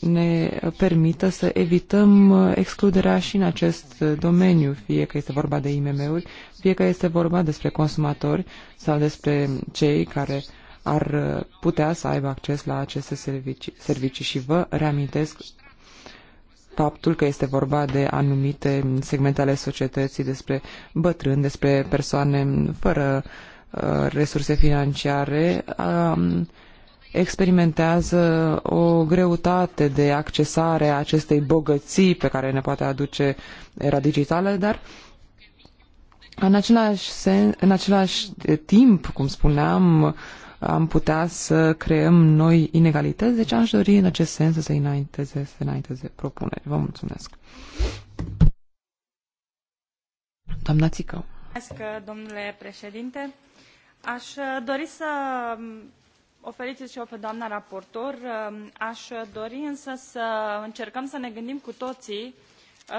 ne permită să evităm uh, excluderea și în acest domeniu, fie că este vorba de IMM-uri, fie că este vorba despre consumatori sau despre cei care ar putea să aibă acces la aceste servicii. servicii. Și vă reamintesc faptul că este vorba de anumite segmente ale societății, despre bătrâni, despre persoane fără uh, resurse financiare, um, experimentează o greutate de accesare a acestei bogății pe care ne poate aduce era digitală, dar în același, sen, în același timp, cum spuneam, am putea să creăm noi inegalități, deci aș dori în acest sens să se înainteze, să se înainteze propuneri. Vă mulțumesc. Doamna Țică. Mulțumesc, domnule președinte. Aș dori să o felicit și eu pe doamna raportor. Aș dori însă să încercăm să ne gândim cu toții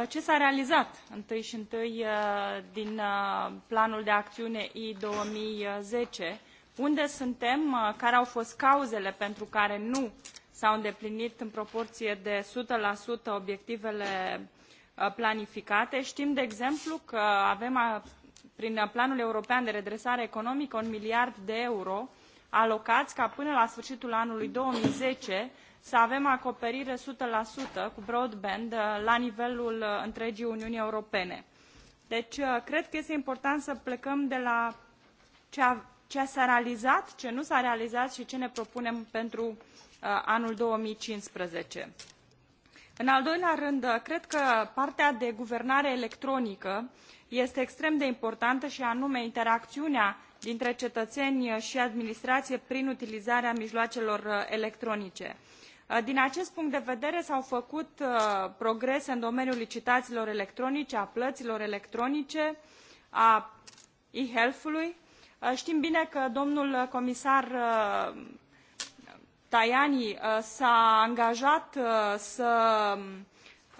uh, ce s-a realizat întâi și întâi uh, din uh, planul de acțiune I-2010 unde suntem, uh, care au fost cauzele pentru care nu s-au îndeplinit în proporție de 100% obiectivele uh, planificate. Știm, de exemplu, că avem uh, prin Planul European de Redresare Economică un miliard de euro alocați ca până la sfârșitul anului 2010 să avem acoperire 100% cu broadband la nivelul întregii Uniuni Europene. Deci, cred că este important să plecăm de la ce ce s-a realizat, ce nu s-a realizat și ce ne propunem pentru uh, anul 2015. În al doilea rând, uh, cred că partea de guvernare electronică este extrem de importantă și anume interacțiunea dintre cetățeni și administrație prin utilizarea mijloacelor uh, electronice. Uh, din acest punct de vedere s-au făcut progrese în domeniul licitațiilor electronice, a plăților electronice, a e-health-ului, Uh, știm bine că domnul comisar uh, Tajani uh, s-a angajat să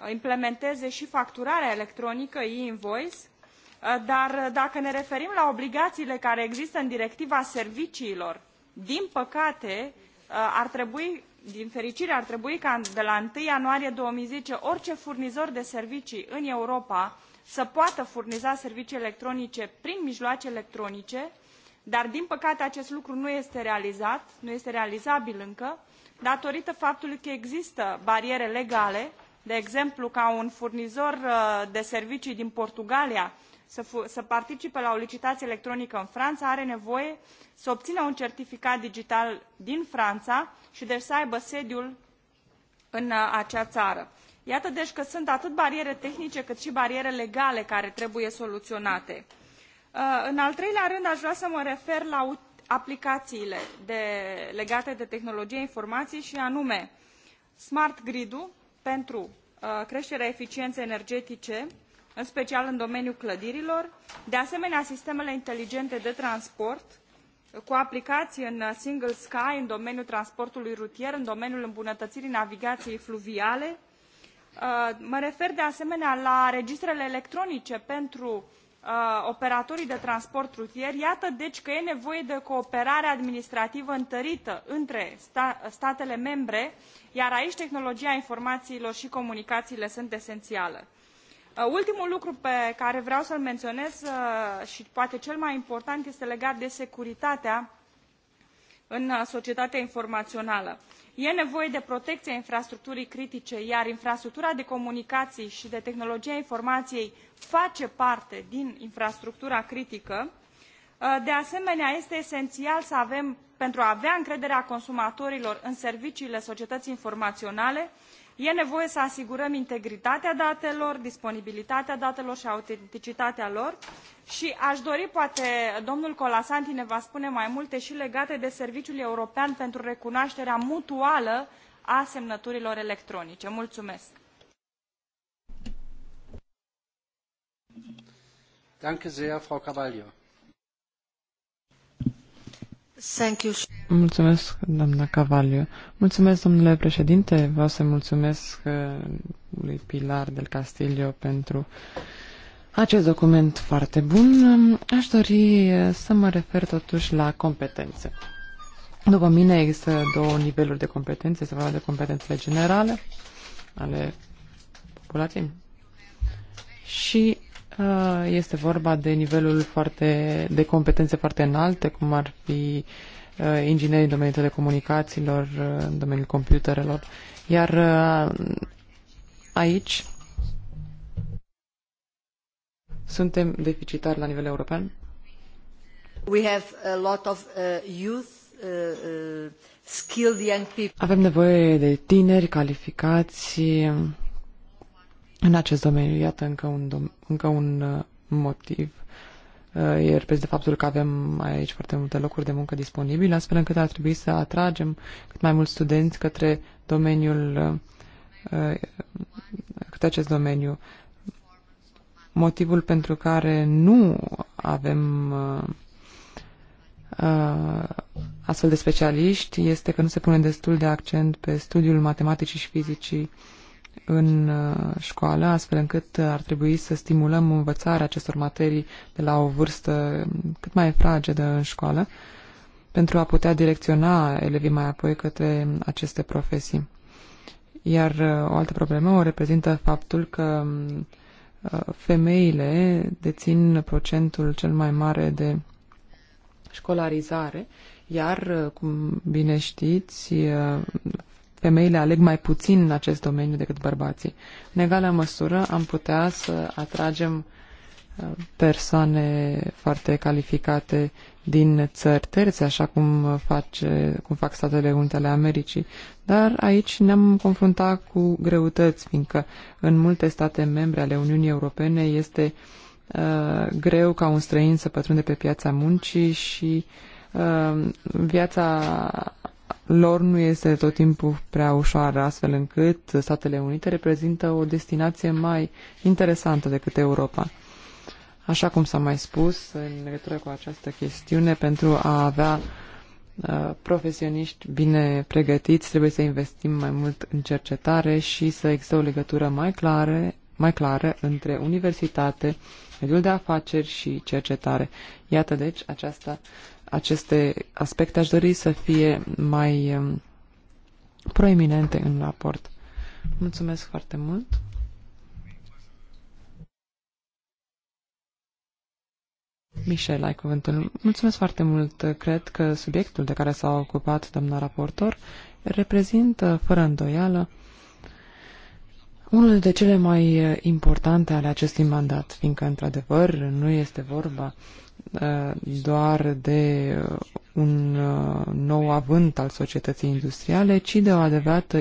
um, implementeze și facturarea electronică e-invoice, dar dacă ne referim la obligațiile care există în directiva serviciilor, din păcate, ar trebui, din fericire, ar trebui ca de la 1 ianuarie 2010 orice furnizor de servicii în Europa să poată furniza servicii electronice prin mijloace electronice, dar din păcate acest lucru nu este realizat nu este realizabil încă datorită faptului că există bariere legale de exemplu ca un furnizor uh, de servicii din portugalia să, să participe la o licitaie electronică în frana are nevoie să obină un certificat digital din frana i deci să aibă sediul în uh, acea ară. iată deci că sunt atât bariere tehnice cât i bariere legale care trebuie soluionate. Uh, în al treilea rând, aș vrea să mă refer la aplicațiile de, legate de tehnologia informației și anume smart grid-ul pentru uh, creșterea eficienței energetice, în special în domeniul clădirilor, de asemenea sistemele inteligente de transport, uh, cu aplicații în Single Sky, în domeniul transportului rutier, în domeniul îmbunătățirii navigației fluviale. Mă refer de asemenea la registrele electronice pentru Uh, operatorii de transport rutier iată deci că e nevoie de cooperare administrativă întărită între statele membre iar aici tehnologia informaiilor i comunicaiile sunt eseniale. Uh, ultimul lucru pe care vreau să l menionez uh, i poate cel mai important este legat de securitatea în societatea informaională e nevoie de protecia infrastructurii critice, iar infrastructura de comunicații și de tehnologia informației face parte din infrastructura critică. Uh, de asemenea, este esențial să avem, pentru a avea încrederea consumatorilor în serviciile societății informaționale, e nevoie să asigurăm integritatea datelor disponibilitatea datelor i autenticitatea lor i a dori poate domnul colasanti ne va spune mai multe i legate de serviciul european pentru recunoaterea mutuală a semnăturilor electronice. mulumesc. Thank you. Mulțumesc, doamna Cavaliu. Mulțumesc, domnule președinte. Vreau să mulțumesc uh, lui Pilar del Castillo pentru acest document foarte bun. Aș dori uh, să mă refer totuși la competențe. După mine există două niveluri de competențe. Se vorba de competențele generale ale populației și uh, este vorba de nivelul foarte, de competențe foarte înalte, cum ar fi uh, Uh, inginerii în domeniul telecomunicațiilor, uh, în domeniul computerelor. Iar uh, aici suntem deficitari la nivel european. We have a lot of youth skilled young people. Avem nevoie de tineri calificați în acest domeniu. Iată încă un, dom- încă un motiv Uh, e de faptul că avem aici foarte multe locuri de muncă disponibile, astfel încât ar trebui să atragem cât mai mulți studenți către domeniul uh, uh, către acest domeniu. Motivul pentru care nu avem astfel de specialiști este că nu se pune destul de accent pe studiul matematicii și fizicii în uh, școală, astfel încât uh, ar trebui să stimulăm învățarea acestor materii de la o vârstă um, cât mai fragedă în școală, pentru a putea direcționa elevii mai apoi către um, aceste profesii. Iar uh, o altă problemă o reprezintă faptul că um, femeile dețin procentul cel mai mare de școlarizare, iar, cum bine știți, femeile aleg mai puțin în acest domeniu decât bărbații. În egală măsură am putea să atragem uh, persoane foarte calificate din țări terțe, așa cum, face, cum fac Statele Unite ale Americii. Dar aici ne-am confruntat cu greutăți, fiindcă în multe state membre ale Uniunii Europene este uh, greu ca un străin să pătrunde pe piața muncii și uh, viața lor nu este tot timpul prea ușoară, astfel încât Statele Unite reprezintă o destinație mai interesantă decât Europa. Așa cum s-a mai spus în legătură cu această chestiune, pentru a avea uh, profesioniști bine pregătiți, trebuie să investim mai mult în cercetare și să există o legătură mai clară, mai clară între universitate, mediul de afaceri și cercetare. Iată, deci, aceasta aceste aspecte aș dori să fie mai um, proeminente în raport. Mulțumesc foarte mult! Michel, ai cuvântul. Mulțumesc foarte mult. Cred că subiectul de care s-a ocupat doamna raportor reprezintă, fără îndoială, unul dintre cele mai uh, importante ale acestui mandat, fiindcă, într-adevăr, nu este vorba Uh, doar de uh, un uh, nou avânt al societății industriale, ci de o adevărată,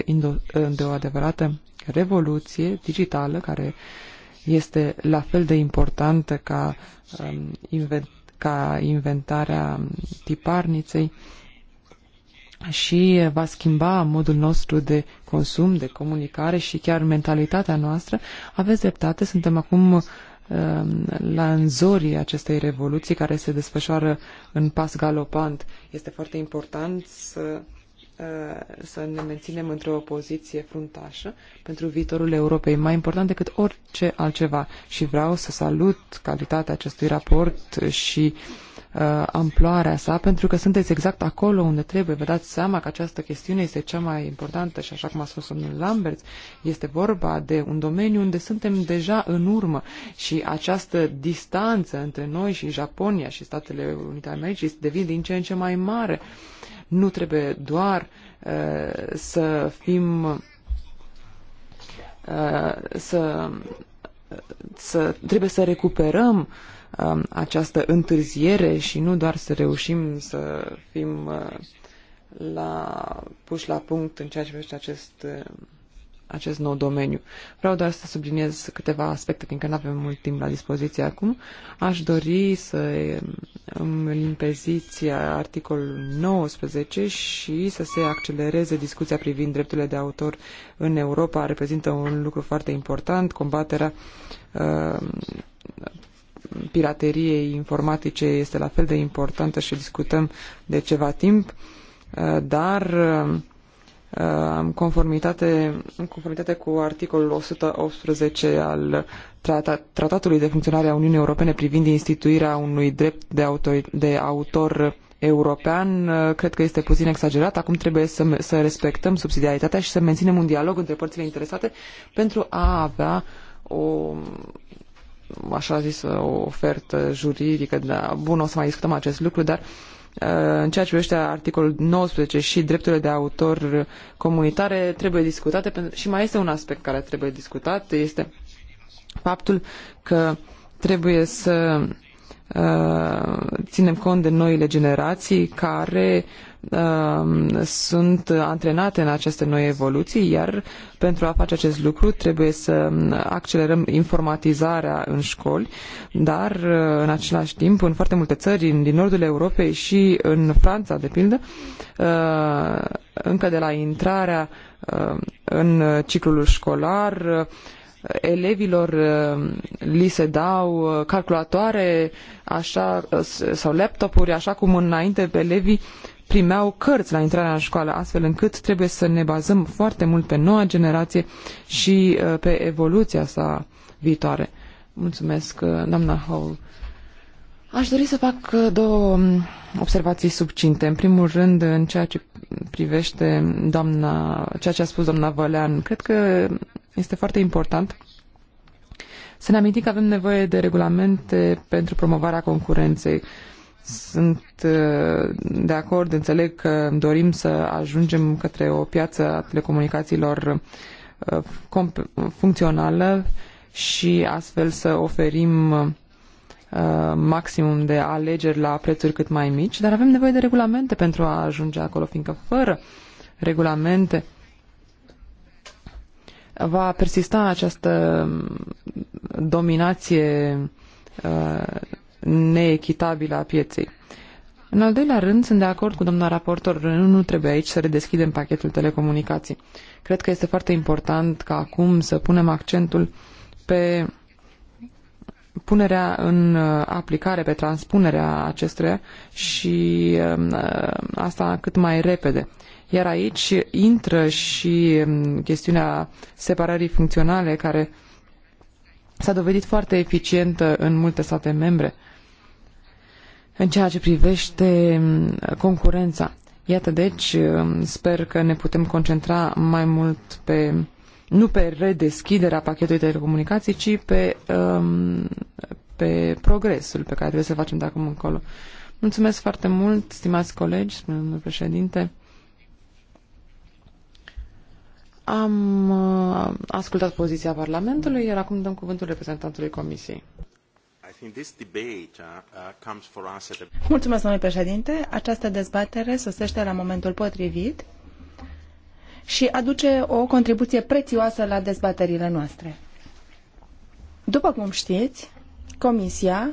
de o adevărată revoluție digitală care este la fel de importantă ca, um, ca inventarea tiparniței și va schimba modul nostru de consum, de comunicare și chiar mentalitatea noastră. Aveți dreptate, suntem acum Um, la înzorii acestei revoluții care se desfășoară în pas galopant. Este foarte important să, uh, să ne menținem într-o poziție fruntașă pentru viitorul Europei, mai important decât orice altceva. Și vreau să salut calitatea acestui raport și uh, uh, amploarea sa, pentru că sunteți exact acolo unde trebuie. Vă dați seama că această chestiune este cea mai importantă și așa cum a spus domnul Lambert, este vorba de un domeniu unde suntem deja în urmă și această distanță între noi și Japonia și Statele Unite ale Americii devine din ce în ce mai mare. Nu trebuie doar uh, să fim uh, să să, trebuie să recuperăm Um, această întârziere și nu doar să reușim să fim uh, la, puși la punct în ceea ce privește acest, uh, acest nou domeniu. Vreau doar să subliniez câteva aspecte, fiindcă nu avem mult timp la dispoziție acum. Aș dori să um, îmi limpeziți articolul 19 și să se accelereze discuția privind drepturile de autor în Europa. Reprezintă un lucru foarte important, combaterea uh, pirateriei informatice este la fel de importantă și discutăm de ceva timp, uh, dar uh, în conformitate, în conformitate cu articolul 118 al Tratatului de Funcționare a Uniunii Europene privind instituirea unui drept de autor, de autor european, uh, cred că este puțin exagerat. Acum trebuie să, să respectăm subsidiaritatea și să menținem un dialog între părțile interesate pentru a avea o așa zis, o ofertă juridică. Da, bun, o să mai discutăm acest lucru, dar uh, în ceea ce privește articolul 19 și drepturile de autor comunitare trebuie discutate și mai este un aspect care trebuie discutat, este faptul că trebuie să uh, ținem cont de noile generații care Ehm, sunt antrenate în aceste noi evoluții, iar pentru a face acest lucru trebuie să mm, accelerăm informatizarea în școli, dar eh, în același timp în foarte multe țări din nordul Europei și în Franța, de pildă, eh, încă de la intrarea eh, în ciclul școlar, elevilor li se dau calculatoare așa, sau laptopuri, așa cum înainte elevii primeau cărți la intrarea în școală, astfel încât trebuie să ne bazăm foarte mult pe noua generație și uh, pe evoluția sa viitoare. Mulțumesc, uh, doamna Hall. Aș dori să fac uh, două um, observații subcinte. În primul rând, în ceea ce privește doamna, ceea ce a spus doamna Vălean, cred că este foarte important să ne amintim că avem nevoie de regulamente pentru promovarea concurenței. Uh, sunt uh, de acord, înțeleg că dorim să ajungem către o piață a telecomunicațiilor uh, funcțională și astfel să oferim uh, maximum de alegeri la prețuri cât mai mici, dar avem nevoie de regulamente pentru a ajunge acolo, fiindcă fără regulamente va persista această mm, dominație neechitabilă a pieței. În al doilea rând, sunt de acord cu doamna raportor, nu trebuie aici să redeschidem pachetul telecomunicații. Cred că este foarte important ca acum să punem accentul pe punerea în uh, aplicare, pe transpunerea acestuia și um, uh, asta cât mai repede. Iar aici intră și um, chestiunea separării funcționale care s-a dovedit foarte eficientă în multe state membre în ceea ce privește mm, concurența. Iată deci, mm, sper că ne putem concentra mai mult pe nu pe redeschiderea pachetului de telecomunicații, ci pe, mm, pe progresul pe care trebuie să facem de acum încolo. Mulțumesc foarte mult, stimați colegi, spune domnul președinte. Am ascultat poziția Parlamentului, iar acum dăm cuvântul reprezentantului Comisiei. Uh, uh, Mulțumesc, domnule președinte. Această dezbatere sosește la momentul potrivit și aduce o contribuție prețioasă la dezbaterile noastre. După cum știți, Comisia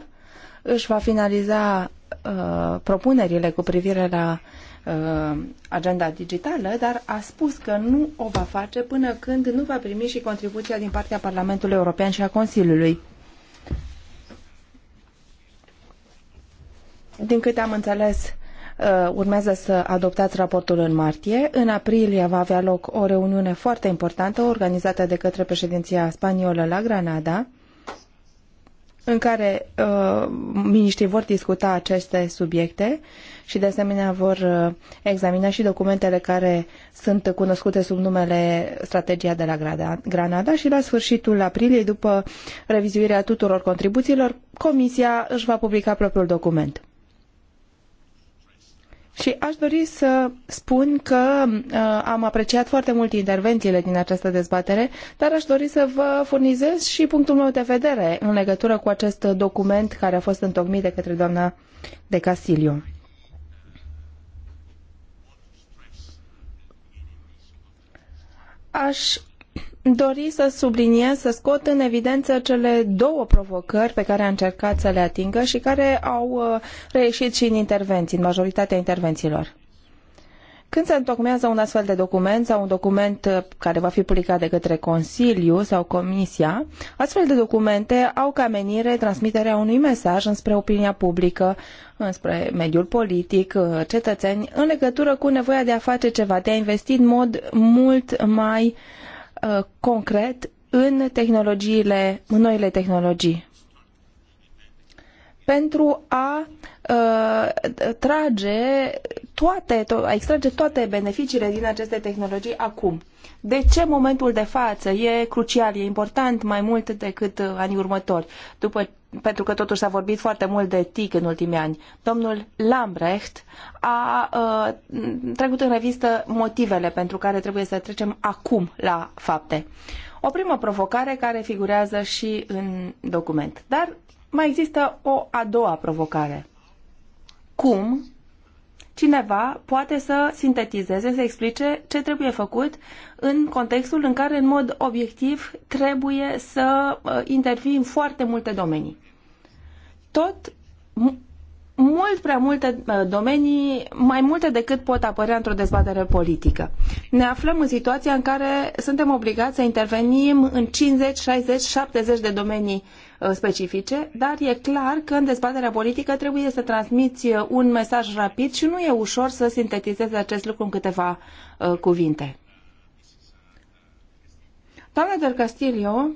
își va finaliza uh, propunerile cu privire la uh, agenda digitală, dar a spus că nu o va face până când nu va primi și contribuția din partea Parlamentului European și a Consiliului. din câte am înțeles, uh, urmează să adoptați raportul în martie. În aprilie va avea loc o reuniune foarte importantă organizată de către președinția spaniolă la Granada, în care uh, miniștrii vor discuta aceste subiecte și de asemenea vor uh, examina și documentele care sunt cunoscute sub numele Strategia de la Granada și la sfârșitul aprilie, după revizuirea tuturor contribuțiilor, Comisia își va publica propriul document. Și aș dori să spun că uh, am apreciat foarte mult intervențiile din această dezbatere, dar aș dori să vă furnizez și punctul meu de vedere în legătură cu acest document care a fost întocmit de către doamna de Castilio. Aș dori să subliniez, să scot în evidență cele două provocări pe care a încercat să le atingă și care au uh, reieșit și în intervenții, în majoritatea intervențiilor. Când se întocmează un astfel de document sau un document uh, care va fi publicat de către Consiliu sau Comisia, astfel de documente au ca menire transmiterea unui mesaj înspre opinia publică, înspre mediul politic, uh, cetățeni, în legătură cu nevoia de a face ceva, de a investi în mod mult mai uh, Uh, concret în tehnologiile, în noile tehnologii pentru a Uh, trage toate, to- extrage toate beneficiile din aceste tehnologii acum. De ce momentul de față e crucial, e important mai mult decât uh, anii următori? După, pentru că totuși s-a vorbit foarte mult de TIC în ultimii ani. Domnul Lambrecht a uh, trecut în revistă motivele pentru care trebuie să trecem acum la fapte. O primă provocare care figurează și în document. Dar mai există o a doua provocare cum cineva poate să sintetizeze, să explice ce trebuie făcut în contextul în care, în mod obiectiv, trebuie să uh, intervii în foarte multe domenii. Tot mult prea multe uh, domenii, mai multe decât pot apărea într-o dezbatere politică. Ne aflăm în situația în care suntem obligați să intervenim în 50, 60, 70 de domenii Uh, specifice, dar e clar că în dezbaterea politică trebuie să transmiți uh, un mesaj rapid și nu e ușor să sintetizezi acest lucru în câteva uh, cuvinte. Doamna Del Castillo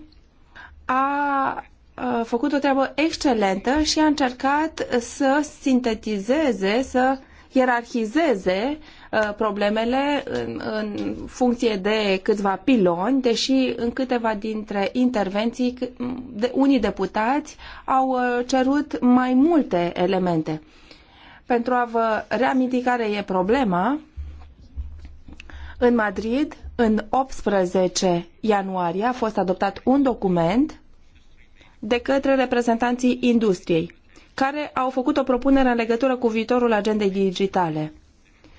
a făcut o treabă excelentă și a încercat să sintetizeze, să ierarhizeze Uh, problemele în, în funcție de câțiva piloni, deși în câteva dintre intervenții de unii deputați au uh, cerut mai multe elemente. Pentru a vă reaminti care e problema, în Madrid, în 18 ianuarie, a fost adoptat un document de către reprezentanții industriei, care au făcut o propunere în legătură cu viitorul agendei digitale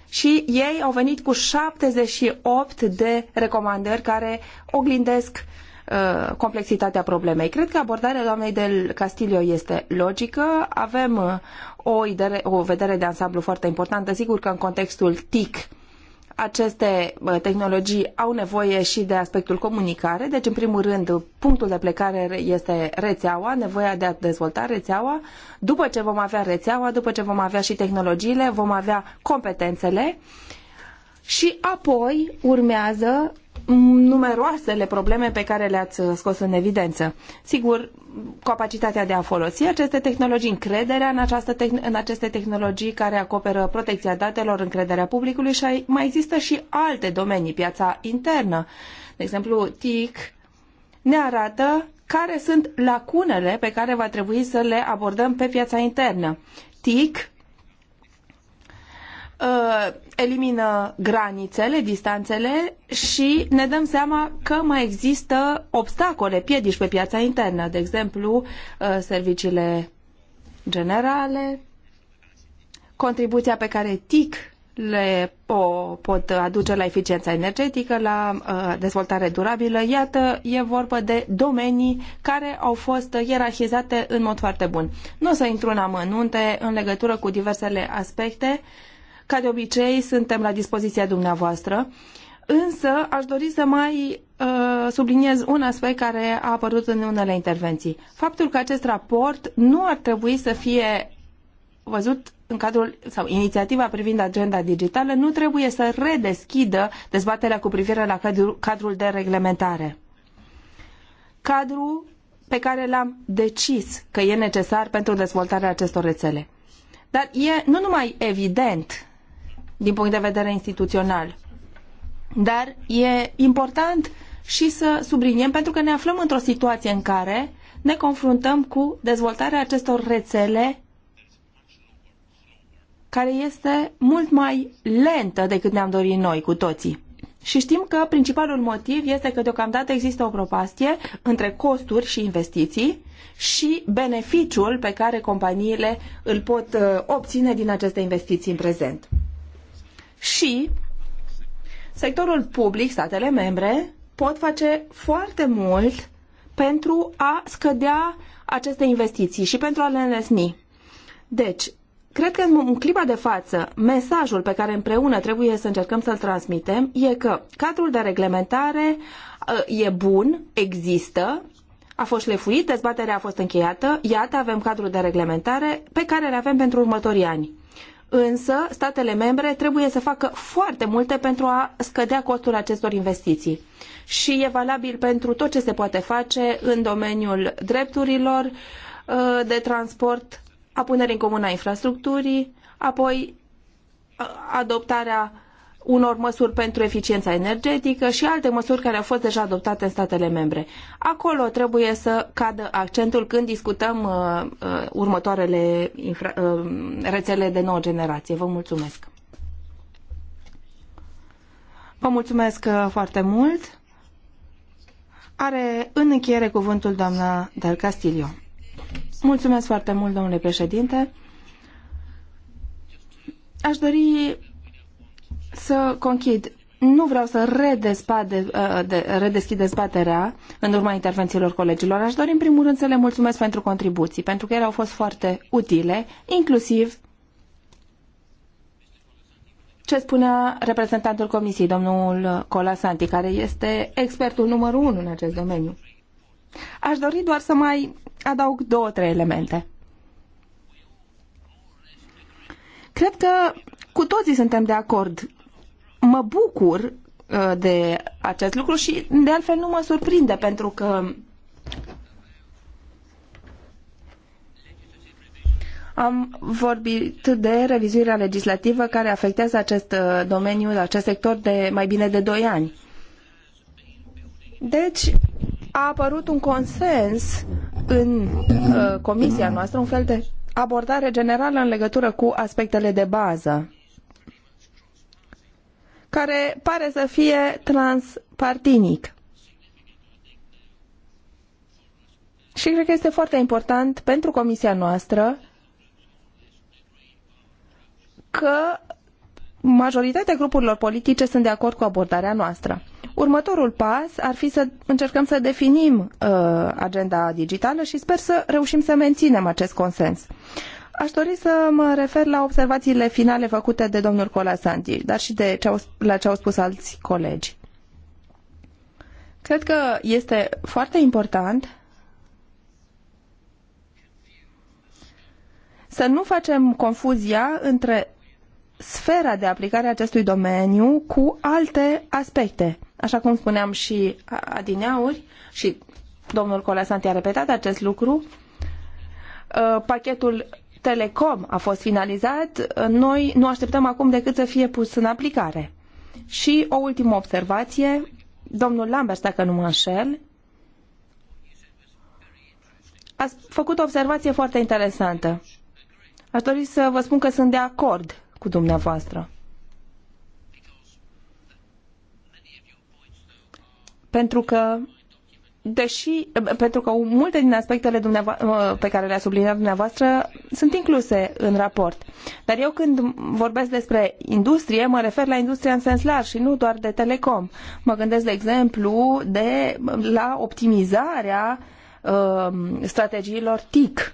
și ei au venit cu 78 de recomandări care oglindesc uh, complexitatea problemei. Cred că abordarea doamnei del Castillo este logică. Avem uh, o, idere, o vedere de ansamblu foarte importantă. Sigur că în contextul TIC aceste tehnologii au nevoie și de aspectul comunicare, deci în primul rând punctul de plecare este rețeaua, nevoia de a dezvolta rețeaua. După ce vom avea rețeaua, după ce vom avea și tehnologiile, vom avea competențele și apoi urmează numeroasele probleme pe care le-ați scos în evidență. Sigur, capacitatea de a folosi aceste tehnologii, încrederea în, această tehn- în aceste tehnologii care acoperă protecția datelor, încrederea publicului și mai există și alte domenii, piața internă. De exemplu, TIC ne arată care sunt lacunele pe care va trebui să le abordăm pe piața internă. TIC Uh, elimină granițele, distanțele și ne dăm seama că mai există obstacole, piedici pe piața internă, de exemplu, uh, serviciile generale, contribuția pe care TIC le o pot aduce la eficiența energetică, la uh, dezvoltare durabilă. Iată, e vorba de domenii care au fost ierarhizate în mod foarte bun. Nu o să intru în amănunte în legătură cu diversele aspecte uh, ca de obicei, suntem la dispoziția dumneavoastră. Însă, aș dori să mai uh, subliniez un aspect care a apărut în unele intervenții. Faptul că acest raport nu ar trebui să fie văzut în cadrul sau inițiativa privind agenda digitală nu trebuie să redeschidă dezbaterea cu privire la cadrul, cadrul de reglementare. Cadrul pe care l-am decis că e necesar pentru dezvoltarea acestor rețele. Dar e nu numai evident din punct de vedere instituțional. Dar e important și să subliniem pentru că ne aflăm într-o situație în care ne confruntăm cu dezvoltarea acestor rețele care este mult mai lentă decât ne-am dorit noi cu toții. Și știm că principalul motiv este că deocamdată există o propastie între costuri și investiții și beneficiul pe care companiile îl pot uh, obține din aceste investiții în prezent și sectorul public, statele membre, pot face foarte mult pentru a scădea aceste investiții și pentru a le înlesni. Deci, cred că în clipa de față, mesajul pe care împreună trebuie să încercăm să-l transmitem e că cadrul de reglementare uh, e bun, există, a fost lefuit, dezbaterea a fost încheiată, iată avem cadrul de reglementare pe care le avem pentru următorii ani însă statele membre trebuie să facă foarte multe pentru a scădea costul acestor investiții. Și e valabil pentru tot ce se poate face în domeniul drepturilor uh, de transport, a punerii în comună a infrastructurii, apoi uh, adoptarea unor măsuri pentru eficiența energetică și alte măsuri care au fost deja adoptate în statele membre. Acolo trebuie să cadă accentul când discutăm uh, uh, următoarele infra, uh, rețele de nouă generație. Vă mulțumesc! Vă mulțumesc uh, foarte mult! Are în încheiere cuvântul doamna Del Castillo. Mulțumesc foarte mult, domnule președinte! Aș dori să conchid. Nu vreau să redespade, uh, de, redeschid dezbaterea în urma intervențiilor colegilor. Aș dori în primul rând să le mulțumesc pentru contribuții, pentru că ele au fost foarte utile, inclusiv ce spunea reprezentantul comisiei, domnul Colasanti, care este expertul numărul unu în acest domeniu. Aș dori doar să mai adaug două, trei elemente. Cred că cu toții suntem de acord mă bucur uh, de acest lucru și de altfel nu mă surprinde pentru că Am vorbit de revizuirea legislativă care afectează acest uh, domeniu, acest sector de mai bine de doi ani. Deci, a apărut un consens în uh, comisia noastră, un fel de abordare generală în legătură cu aspectele de bază care pare să fie transpartinic. Și cred că este foarte important pentru comisia noastră că majoritatea grupurilor politice sunt de acord cu abordarea noastră. Următorul pas ar fi să încercăm să definim uh, agenda digitală și sper să reușim să menținem acest consens. Aș dori să mă refer la observațiile finale făcute de domnul Colasanti, dar și de ce au, la ce au spus alți colegi. Cred că este foarte important să nu facem confuzia între sfera de aplicare a acestui domeniu cu alte aspecte. Așa cum spuneam și adineauri, și domnul Colasanti a repetat acest lucru, ă, pachetul Telecom a fost finalizat, noi nu așteptăm acum decât să fie pus în aplicare. Și o ultimă observație, domnul Lambert, dacă nu mă înșel, a făcut o observație foarte interesantă. Aș dori să vă spun că sunt de acord cu dumneavoastră. Pentru că deși, pentru că multe din aspectele uh, pe care le-a subliniat dumneavoastră sunt incluse în raport. Dar eu când vorbesc despre industrie, mă refer la industria în sens larg și nu doar de telecom. Mă gândesc, de exemplu, de, la optimizarea uh, strategiilor TIC.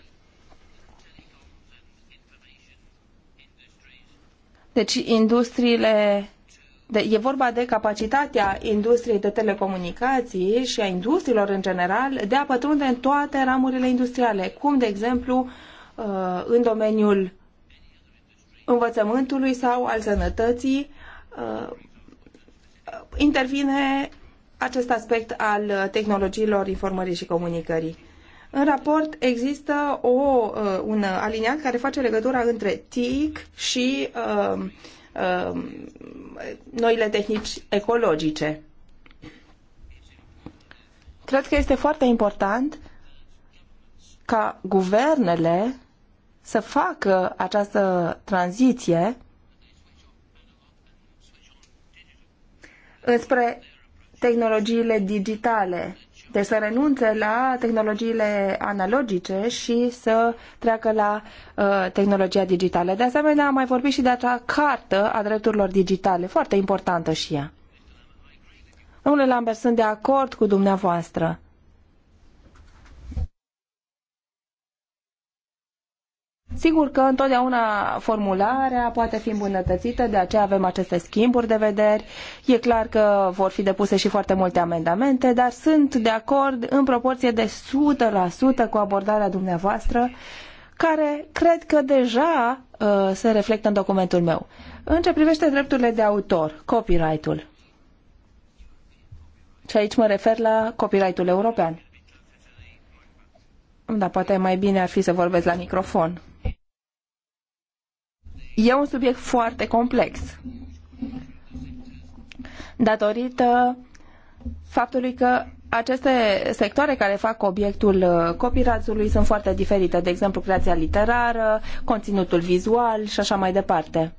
Deci, industriile de, e vorba de capacitatea industriei de telecomunicații și a industriilor în general de a pătrunde în toate ramurile industriale, cum de exemplu uh, în domeniul învățământului sau al sănătății uh, intervine acest aspect al tehnologiilor informării și comunicării. În raport există o, uh, un aliniat care face legătura între TIC și uh, Um, noile tehnici ecologice. Cred că este foarte important ca guvernele să facă această tranziție înspre tehnologiile digitale deci să renunțe la tehnologiile analogice și să treacă la uh, tehnologia digitală. De asemenea, am mai vorbit și de acea cartă a drepturilor digitale, foarte importantă și ea. Domnule Lambert, sunt de acord cu dumneavoastră. Sigur că întotdeauna formularea poate fi îmbunătățită, de aceea avem aceste schimburi de vederi. E clar că vor fi depuse și foarte multe amendamente, dar sunt de acord în proporție de 100% cu abordarea dumneavoastră, care cred că deja uh, se reflectă în documentul meu. În ce privește drepturile de autor, copyright-ul. Și aici mă refer la copyright-ul european. Da, poate mai bine ar fi să vorbesc la microfon. E un subiect foarte complex. Datorită faptului că aceste sectoare care fac obiectul uh, copyright-ului sunt foarte diferite, de exemplu creația literară, conținutul vizual și așa mai departe.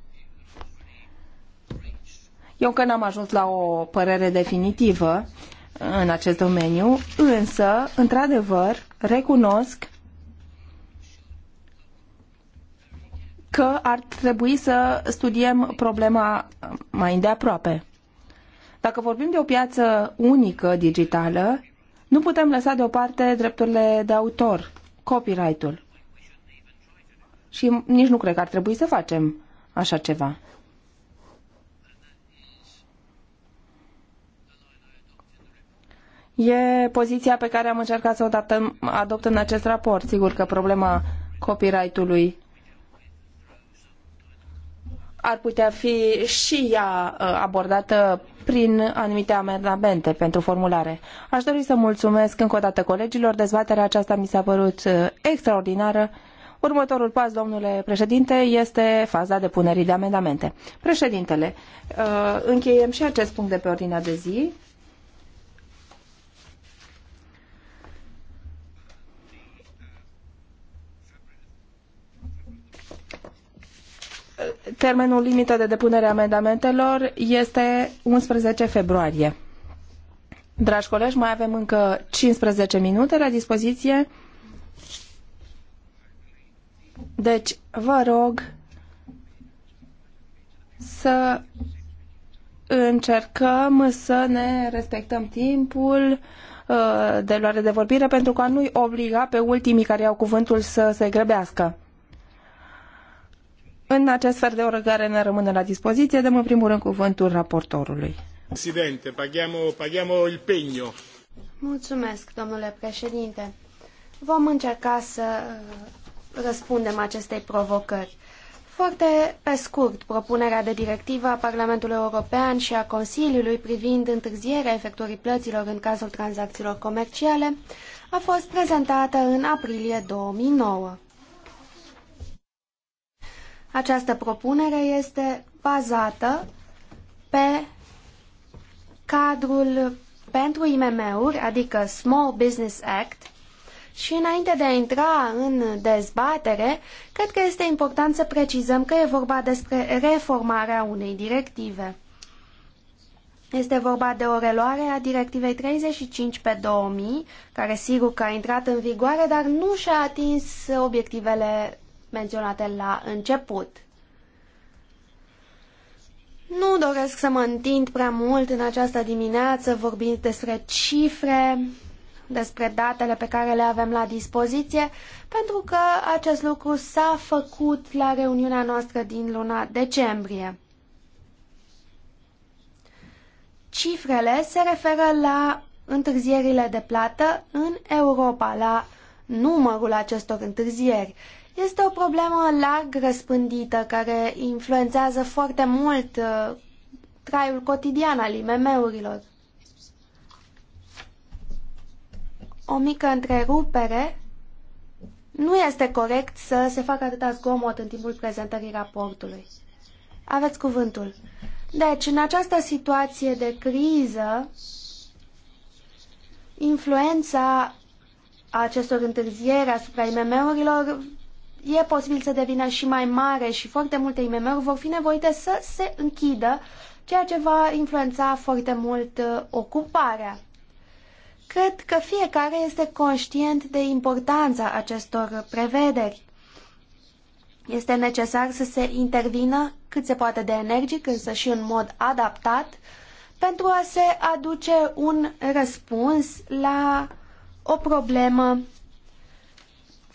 Eu încă n-am ajuns la o părere definitivă în acest domeniu, însă, într-adevăr, recunosc că ar trebui să studiem problema mai îndeaproape. Dacă vorbim de o piață unică digitală, nu putem lăsa deoparte drepturile de autor, copyright-ul. Și nici nu cred că ar trebui să facem așa ceva. E poziția pe care am încercat să o adaptăm, adopt în acest raport. Sigur că problema copyright-ului ar putea fi și ea uh, abordată prin anumite amendamente pentru formulare. Aș dori să mulțumesc încă o dată colegilor. Dezbaterea aceasta mi s-a părut uh, extraordinară. Următorul pas, domnule președinte, este faza depunerii de amendamente. Președintele, uh, încheiem și acest punct de pe ordinea de zi. Termenul limită de depunere a amendamentelor este 11 februarie. Dragi colegi, mai avem încă 15 minute la dispoziție. Deci, vă rog să încercăm să ne respectăm timpul uh, de luare de vorbire pentru că nu-i obliga pe ultimii care au cuvântul să se grăbească. În acest fel de oră care ne rămâne la dispoziție, dăm în primul rând cuvântul raportorului. Presidente, paghiamo, paghiamo il pegno. Mulțumesc, domnule președinte. Vom încerca să uh, răspundem acestei provocări. Foarte pe scurt, propunerea de directivă a Parlamentului European și a Consiliului privind întârzierea efectuării plăților în cazul tranzacțiilor comerciale a fost prezentată în aprilie 2009. Această propunere este bazată pe cadrul pentru IMM-uri, adică Small Business Act, și înainte de a intra în dezbatere, cred că este important să precizăm că e vorba despre reformarea unei directive. Este vorba de o reluare a directivei 35 pe 2000, care sigur că a intrat în vigoare, dar nu și-a atins obiectivele menționate la început. Nu doresc să mă întind prea mult în această dimineață vorbind despre cifre, despre datele pe care le avem la dispoziție, pentru că acest lucru s-a făcut la reuniunea noastră din luna decembrie. Cifrele se referă la întârzierile de plată în Europa, la numărul acestor întârzieri. Este o problemă larg răspândită care influențează foarte mult uh, traiul cotidian al IMM-urilor. O mică întrerupere nu este corect să se facă atâta zgomot în timpul prezentării raportului. Aveți cuvântul. Deci, în această situație de criză, influența acestor întârzieri asupra IMM-urilor e posibil să devină și mai mare și foarte multe IMM-uri vor fi nevoite să se închidă, ceea ce va influența foarte mult uh, ocuparea. Cred că fiecare este conștient de importanța acestor prevederi. Este necesar să se intervină cât se poate de energic, însă și în mod adaptat, pentru a se aduce un răspuns la o problemă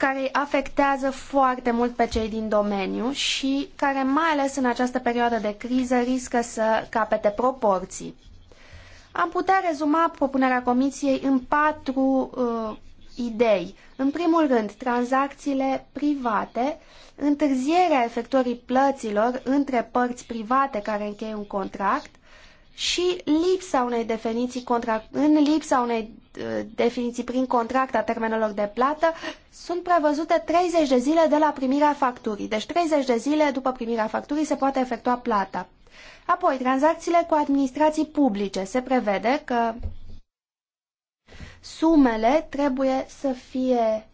care îi afectează foarte mult pe cei din domeniu și care, mai ales în această perioadă de criză, riscă să capete proporții. Am putea rezuma propunerea Comisiei în patru uh, idei. În primul rând, tranzacțiile private, întârzierea efectuării plăților între părți private care încheie un contract și lipsa unei definiții contract, în lipsa unei Uh, definiții prin contract a termenelor de plată, sunt prevăzute 30 de zile de la primirea facturii. Deci 30 de zile după primirea facturii se poate efectua plata. Apoi, tranzacțiile cu administrații publice. Se prevede că sumele trebuie să fie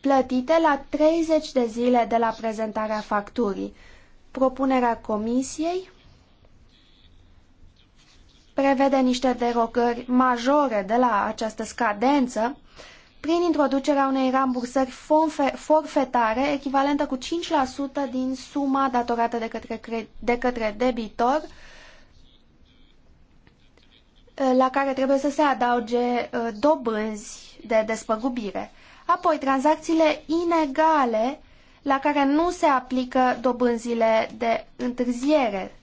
plătite la 30 de zile de la prezentarea facturii. Propunerea comisiei prevede niște derogări majore de la această scadență prin introducerea unei rambursări forfetare echivalentă cu 5% din suma datorată de către, de către debitor la care trebuie să se adauge ă, dobânzi de despăgubire. Apoi, tranzacțiile inegale la care nu se aplică dobânzile de întârziere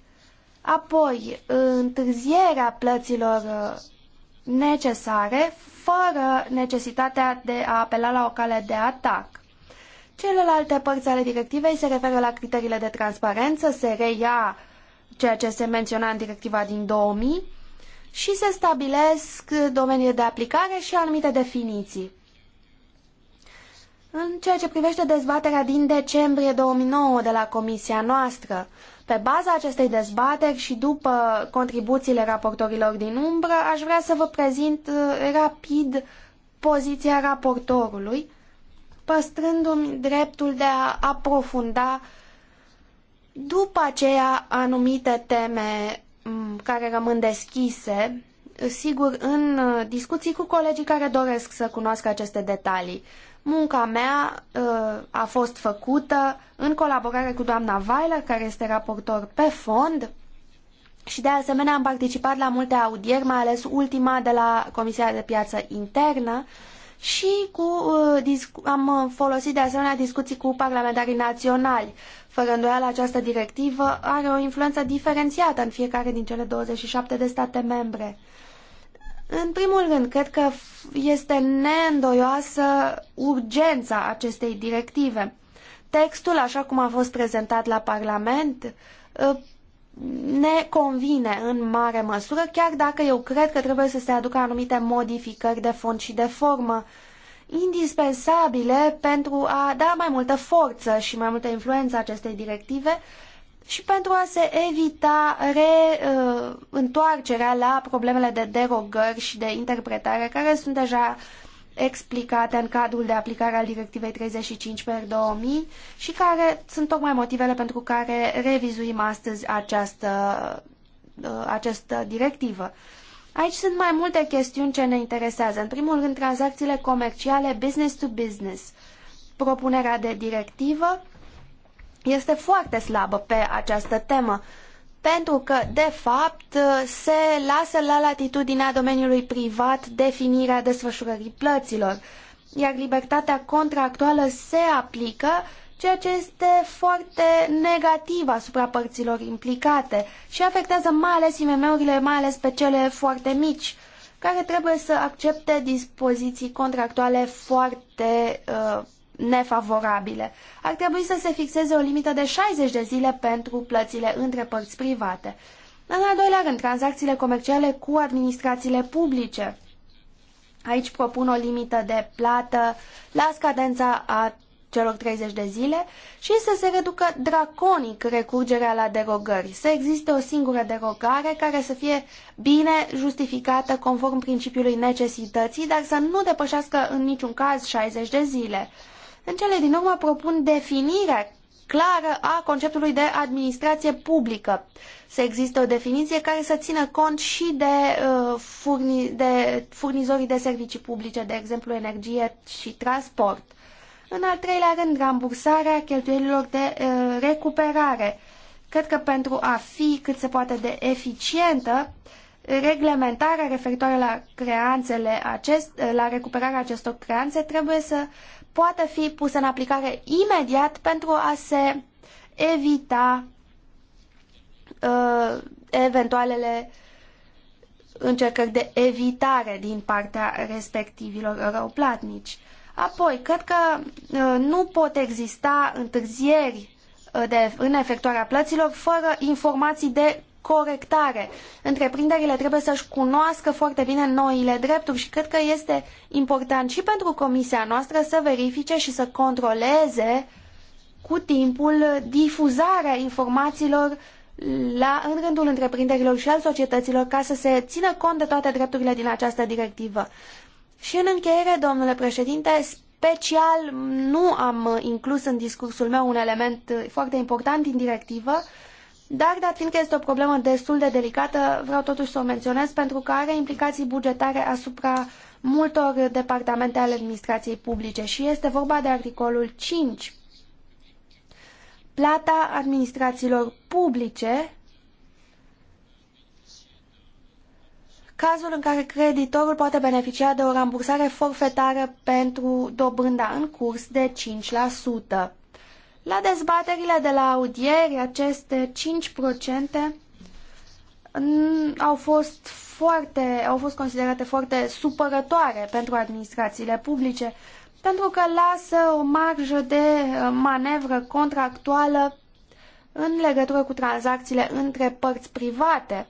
Apoi, întârzierea plăților uh, necesare, fără necesitatea de a apela la o cale de atac. Celelalte părți ale directivei se referă la criteriile de transparență, se reia ceea ce se menționa în directiva din 2000 și se stabilesc domeniile de aplicare și anumite definiții. În ceea ce privește dezbaterea din decembrie 2009 de la comisia noastră, pe baza acestei dezbateri și după contribuțiile raportorilor din umbră, aș vrea să vă prezint uh, rapid poziția raportorului, păstrându-mi dreptul de a aprofunda după aceea anumite teme mm, care rămân deschise, sigur, în uh, discuții cu colegii care doresc să cunoască aceste detalii. Munca mea uh, a fost făcută în colaborare cu doamna Weiler, care este raportor pe fond, și de asemenea am participat la multe audieri, mai ales ultima de la Comisia de Piață Internă și cu, uh, am folosit de asemenea discuții cu parlamentarii naționali. Fără îndoială, această directivă are o influență diferențiată în fiecare din cele 27 de state membre. În primul rând, cred că este neîndoioasă urgența acestei directive. Textul, așa cum a fost prezentat la Parlament, ă, ne convine în mare măsură, chiar dacă eu cred că trebuie să se aducă anumite modificări de fond și de formă indispensabile pentru a da mai multă forță și mai multă influență acestei directive și pentru a se evita reîntoarcerea uh, la problemele de derogări și de interpretare care sunt deja explicate în cadrul de aplicare al Directivei 35 per 2000 și care sunt tocmai motivele pentru care revizuim astăzi această, uh, această directivă. Aici sunt mai multe chestiuni ce ne interesează. În primul rând, tranzacțiile comerciale business to business, propunerea de directivă este foarte slabă pe această temă, pentru că, de fapt, se lasă la latitudinea domeniului privat definirea desfășurării plăților, iar libertatea contractuală se aplică, ceea ce este foarte negativ asupra părților implicate și afectează mai ales IMM-urile, mai ales pe cele foarte mici, care trebuie să accepte dispoziții contractuale foarte uh, nefavorabile. Ar trebui să se fixeze o limită de 60 de zile pentru plățile între părți private. În al doilea rând, tranzacțiile comerciale cu administrațiile publice. Aici propun o limită de plată la scadența a celor 30 de zile și să se reducă draconic recurgerea la derogări, să existe o singură derogare care să fie bine justificată conform principiului necesității, dar să nu depășească în niciun caz 60 de zile. În cele din urmă propun definirea clară a conceptului de administrație publică. Să există o definiție care să țină cont și de, uh, furni, de furnizorii de servicii publice, de exemplu energie și transport. În al treilea rând, rambursarea cheltuielilor de uh, recuperare. Cred că pentru a fi cât se poate de eficientă, reglementarea referitoare la creanțele acest, la recuperarea acestor creanțe trebuie să poată fi pusă în aplicare imediat pentru a se evita uh, eventualele încercări de evitare din partea respectivilor răuplatnici. Apoi, cred că uh, nu pot exista întârzieri uh, de, în efectuarea plăților fără informații de corectare. Întreprinderile trebuie să-și cunoască foarte bine noile drepturi și cred că este important și pentru comisia noastră să verifice și să controleze cu timpul difuzarea informațiilor la, în rândul întreprinderilor și al societăților ca să se țină cont de toate drepturile din această directivă. Și în încheiere, domnule președinte, special nu am inclus în discursul meu un element foarte important din directivă, dar, dat fiindcă este o problemă destul de delicată, vreau totuși să o menționez pentru că are implicații bugetare asupra multor departamente ale administrației publice și este vorba de articolul 5. Plata administrațiilor publice cazul în care creditorul poate beneficia de o rambursare forfetară pentru dobânda în curs de 5%. La dezbaterile de la audieri, aceste 5% au fost foarte, au fost considerate foarte supărătoare pentru administrațiile publice, pentru că lasă o marjă de uh, manevră contractuală în legătură cu tranzacțiile între părți private.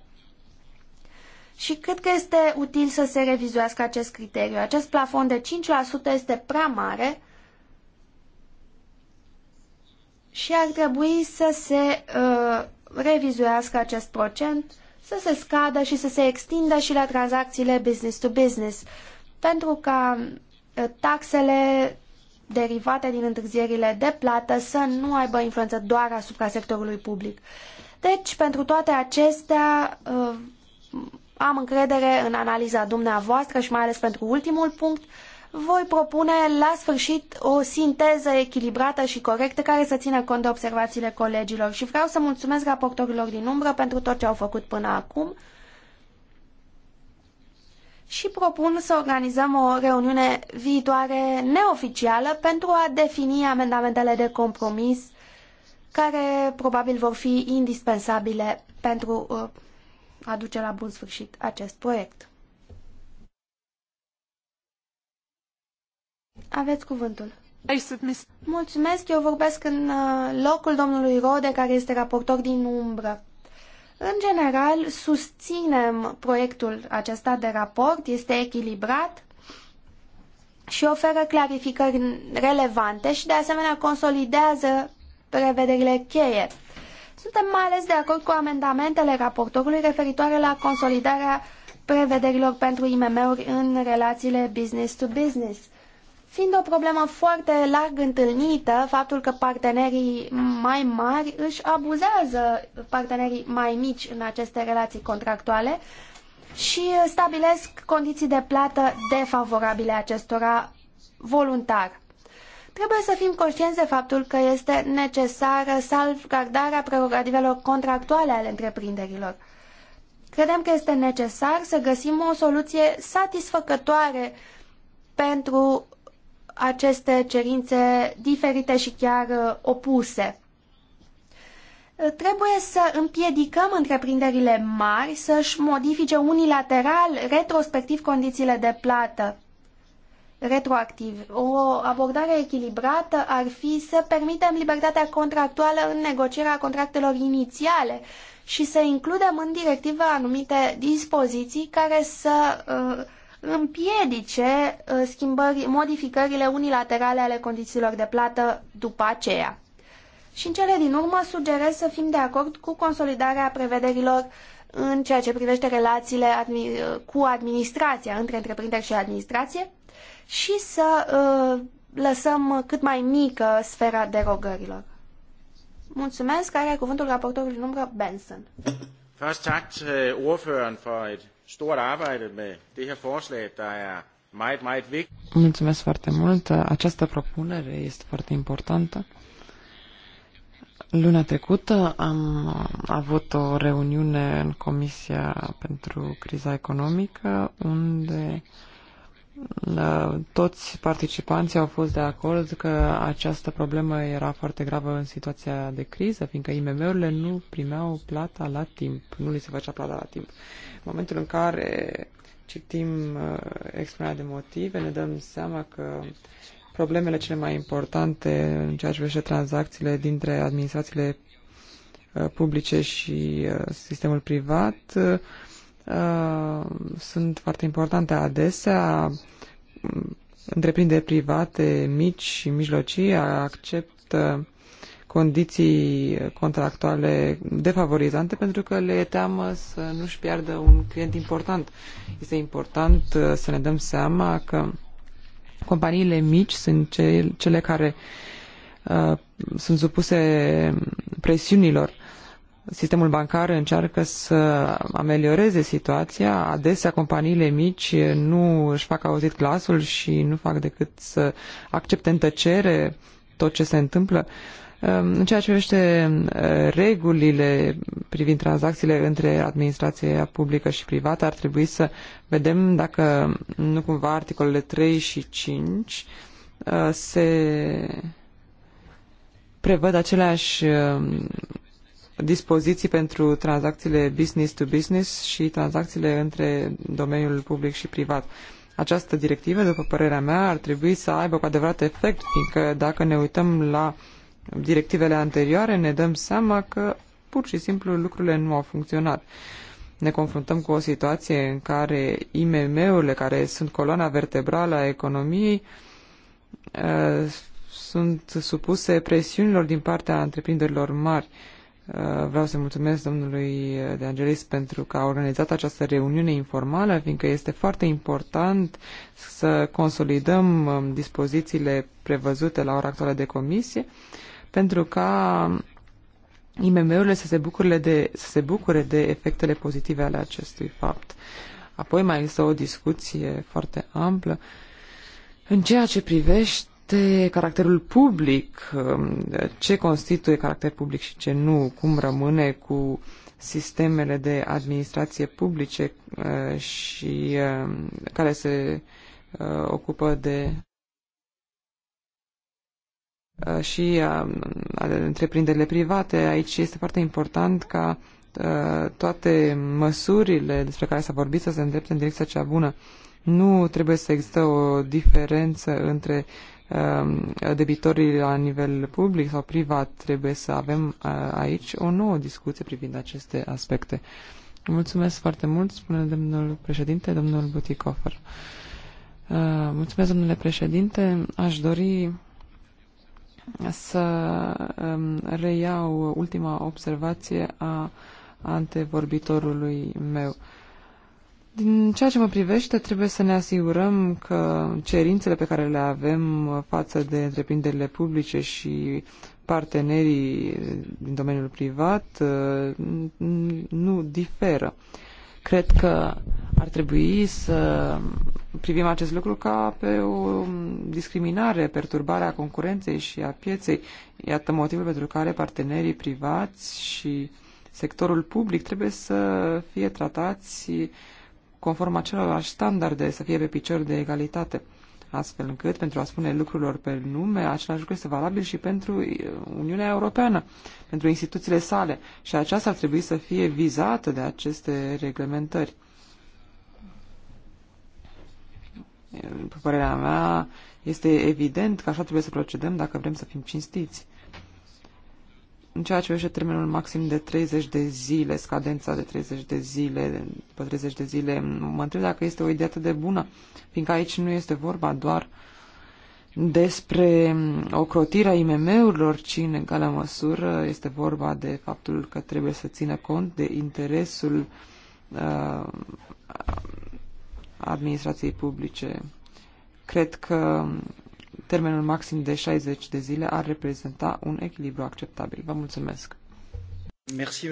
Și cred că este util să se revizuiască acest criteriu. Acest plafon de 5% este prea mare și ar trebui să se uh, revizuiască acest procent, să se scadă și să se extindă și la tranzacțiile business to business, pentru ca uh, taxele derivate din întârzierile de plată să nu aibă influență doar asupra sectorului public. Deci, pentru toate acestea, uh, am încredere în analiza dumneavoastră și mai ales pentru ultimul punct, uh, voi propune la sfârșit o sinteză echilibrată și corectă care să țină cont de observațiile colegilor și vreau să mulțumesc raportorilor din umbră pentru tot ce au făcut până acum și propun să organizăm o reuniune viitoare neoficială pentru a defini amendamentele de compromis care probabil vor fi indispensabile pentru uh, a duce la bun sfârșit acest proiect. Aveți cuvântul. Mulțumesc, eu vorbesc în uh, locul domnului Rode, care este raportor din umbră. În general, susținem proiectul acesta de raport, este echilibrat și oferă clarificări relevante și de asemenea consolidează prevederile cheie. Suntem mai ales de acord cu amendamentele raportorului referitoare la consolidarea prevederilor pentru IMM-uri în relațiile business to business. Fiind o problemă foarte larg întâlnită, faptul că partenerii mai mari își abuzează partenerii mai mici în aceste relații contractuale și stabilesc condiții de plată defavorabile acestora voluntar. Trebuie să fim conștienți de faptul că este necesară salvgardarea prerogativelor contractuale ale întreprinderilor. Credem că este necesar să găsim o soluție satisfăcătoare pentru aceste cerințe diferite și chiar uh, opuse. Uh, trebuie să împiedicăm întreprinderile mari să-și modifice unilateral, retrospectiv, condițiile de plată retroactiv. O abordare echilibrată ar fi să permitem libertatea contractuală în negocierea contractelor inițiale și să includem în directivă anumite dispoziții care să uh, împiedice uh, schimbări, modificările unilaterale ale condițiilor de plată după aceea. Și în cele din urmă sugerez să fim de acord cu consolidarea prevederilor în ceea ce privește relațiile cu administrația, între întreprinderi și administrație și să uh, lăsăm cât mai mică sfera derogărilor. Mulțumesc, care are cuvântul raportorului numără Benson. Først tak til ordføreren for et stort arbejde med det her forslag, der er meget, meget vigtigt. Mulțumesc foarte mult. Această propunere este foarte importantă. Luna trecută am avut o reuniune în Comisia pentru Criza Economică, unde uh, toți participanții au fost de acord că această problemă era foarte gravă în situația de criză, fiindcă IMM-urile nu primeau plata la timp, nu li se făcea plata la timp momentul în care citim uh, expunerea de motive, ne dăm seama că problemele cele mai importante în ceea ce privește tranzacțiile dintre administrațiile uh, publice și uh, sistemul privat sunt foarte importante. Adesea, mm, întreprinderi private mici și mijlocii acceptă condiții contractuale defavorizante pentru că le e teamă să nu-și piardă un client important. Este important uh, să ne dăm seama că companiile mici sunt cele care uh, sunt supuse presiunilor. Sistemul bancar încearcă să amelioreze situația. Adesea companiile mici nu își fac auzit glasul și nu fac decât să accepte în tăcere tot ce se întâmplă. Uh, în ceea ce privește uh, regulile privind tranzacțiile între administrația publică și privată, ar trebui să vedem dacă nu cumva articolele 3 și 5 uh, se prevăd aceleași uh, dispoziții pentru tranzacțiile business to business și tranzacțiile între domeniul public și privat. Această directivă, după părerea mea, ar trebui să aibă cu adevărat efect, fiindcă dacă ne uităm la uh, directivele anterioare, ne dăm seama că pur și simplu lucrurile nu au funcționat. Ne confruntăm cu o situație în care IMM-urile, care sunt coloana vertebrală a economiei, uh, sunt supuse presiunilor din partea întreprinderilor mari. Uh, vreau să mulțumesc domnului De Angelis pentru că a organizat această reuniune informală, fiindcă este foarte important să consolidăm um, dispozițiile prevăzute la ora actuală de comisie pentru ca IMM-urile să se, bucure de, să se bucure de efectele pozitive ale acestui fapt. Apoi mai există o discuție foarte amplă în ceea ce privește caracterul public, um, ce constituie caracter public și ce nu, cum rămâne cu sistemele de administrație publice uh, și um, care se uh, ocupă de Uh, și uh, ale întreprinderile private. Aici este foarte important ca uh, toate măsurile despre care s-a vorbit să se îndrepte în direcția cea bună. Nu trebuie să există o diferență între um, debitorii la nivel public sau privat. Trebuie să avem aici o nouă discuție privind aceste aspecte. Mulțumesc foarte mult, spune domnul președinte, domnul Buticofer. Mulțumesc, domnule președinte. Aș dori să um, reiau ultima observație a antevorbitorului meu. Din ceea ce mă privește, trebuie să ne asigurăm că cerințele pe care le avem față de întreprinderile publice și partenerii din domeniul privat uh, nu diferă. Uh, Cred că ar trebui să privim acest lucru ca pe o discriminare, perturbare a concurenței și a pieței. Iată motivul pentru care partenerii privați și sectorul public trebuie să fie tratați conform acelorași standarde, să fie pe picior de egalitate astfel încât, pentru a spune lucrurilor pe nume, același lucru este valabil și pentru uh, Uniunea Europeană, pentru instituțiile sale. Și aceasta ar trebui să fie vizată de aceste reglementări. După părerea mea, este evident că așa trebuie să procedăm dacă vrem să fim cinstiți. În ceea ce vește termenul maxim de 30 de zile, scadența de 30 de zile, după 30 de zile, mă întreb dacă este o idee atât de bună, fiindcă aici nu este vorba doar despre ocrotirea IMM-urilor, ci în egală măsură este vorba de faptul că trebuie să țină cont de interesul uh, administrației publice. Cred că termenul maxim de 60 de zile ar reprezenta un echilibru acceptabil. Vă mulțumesc! Merci,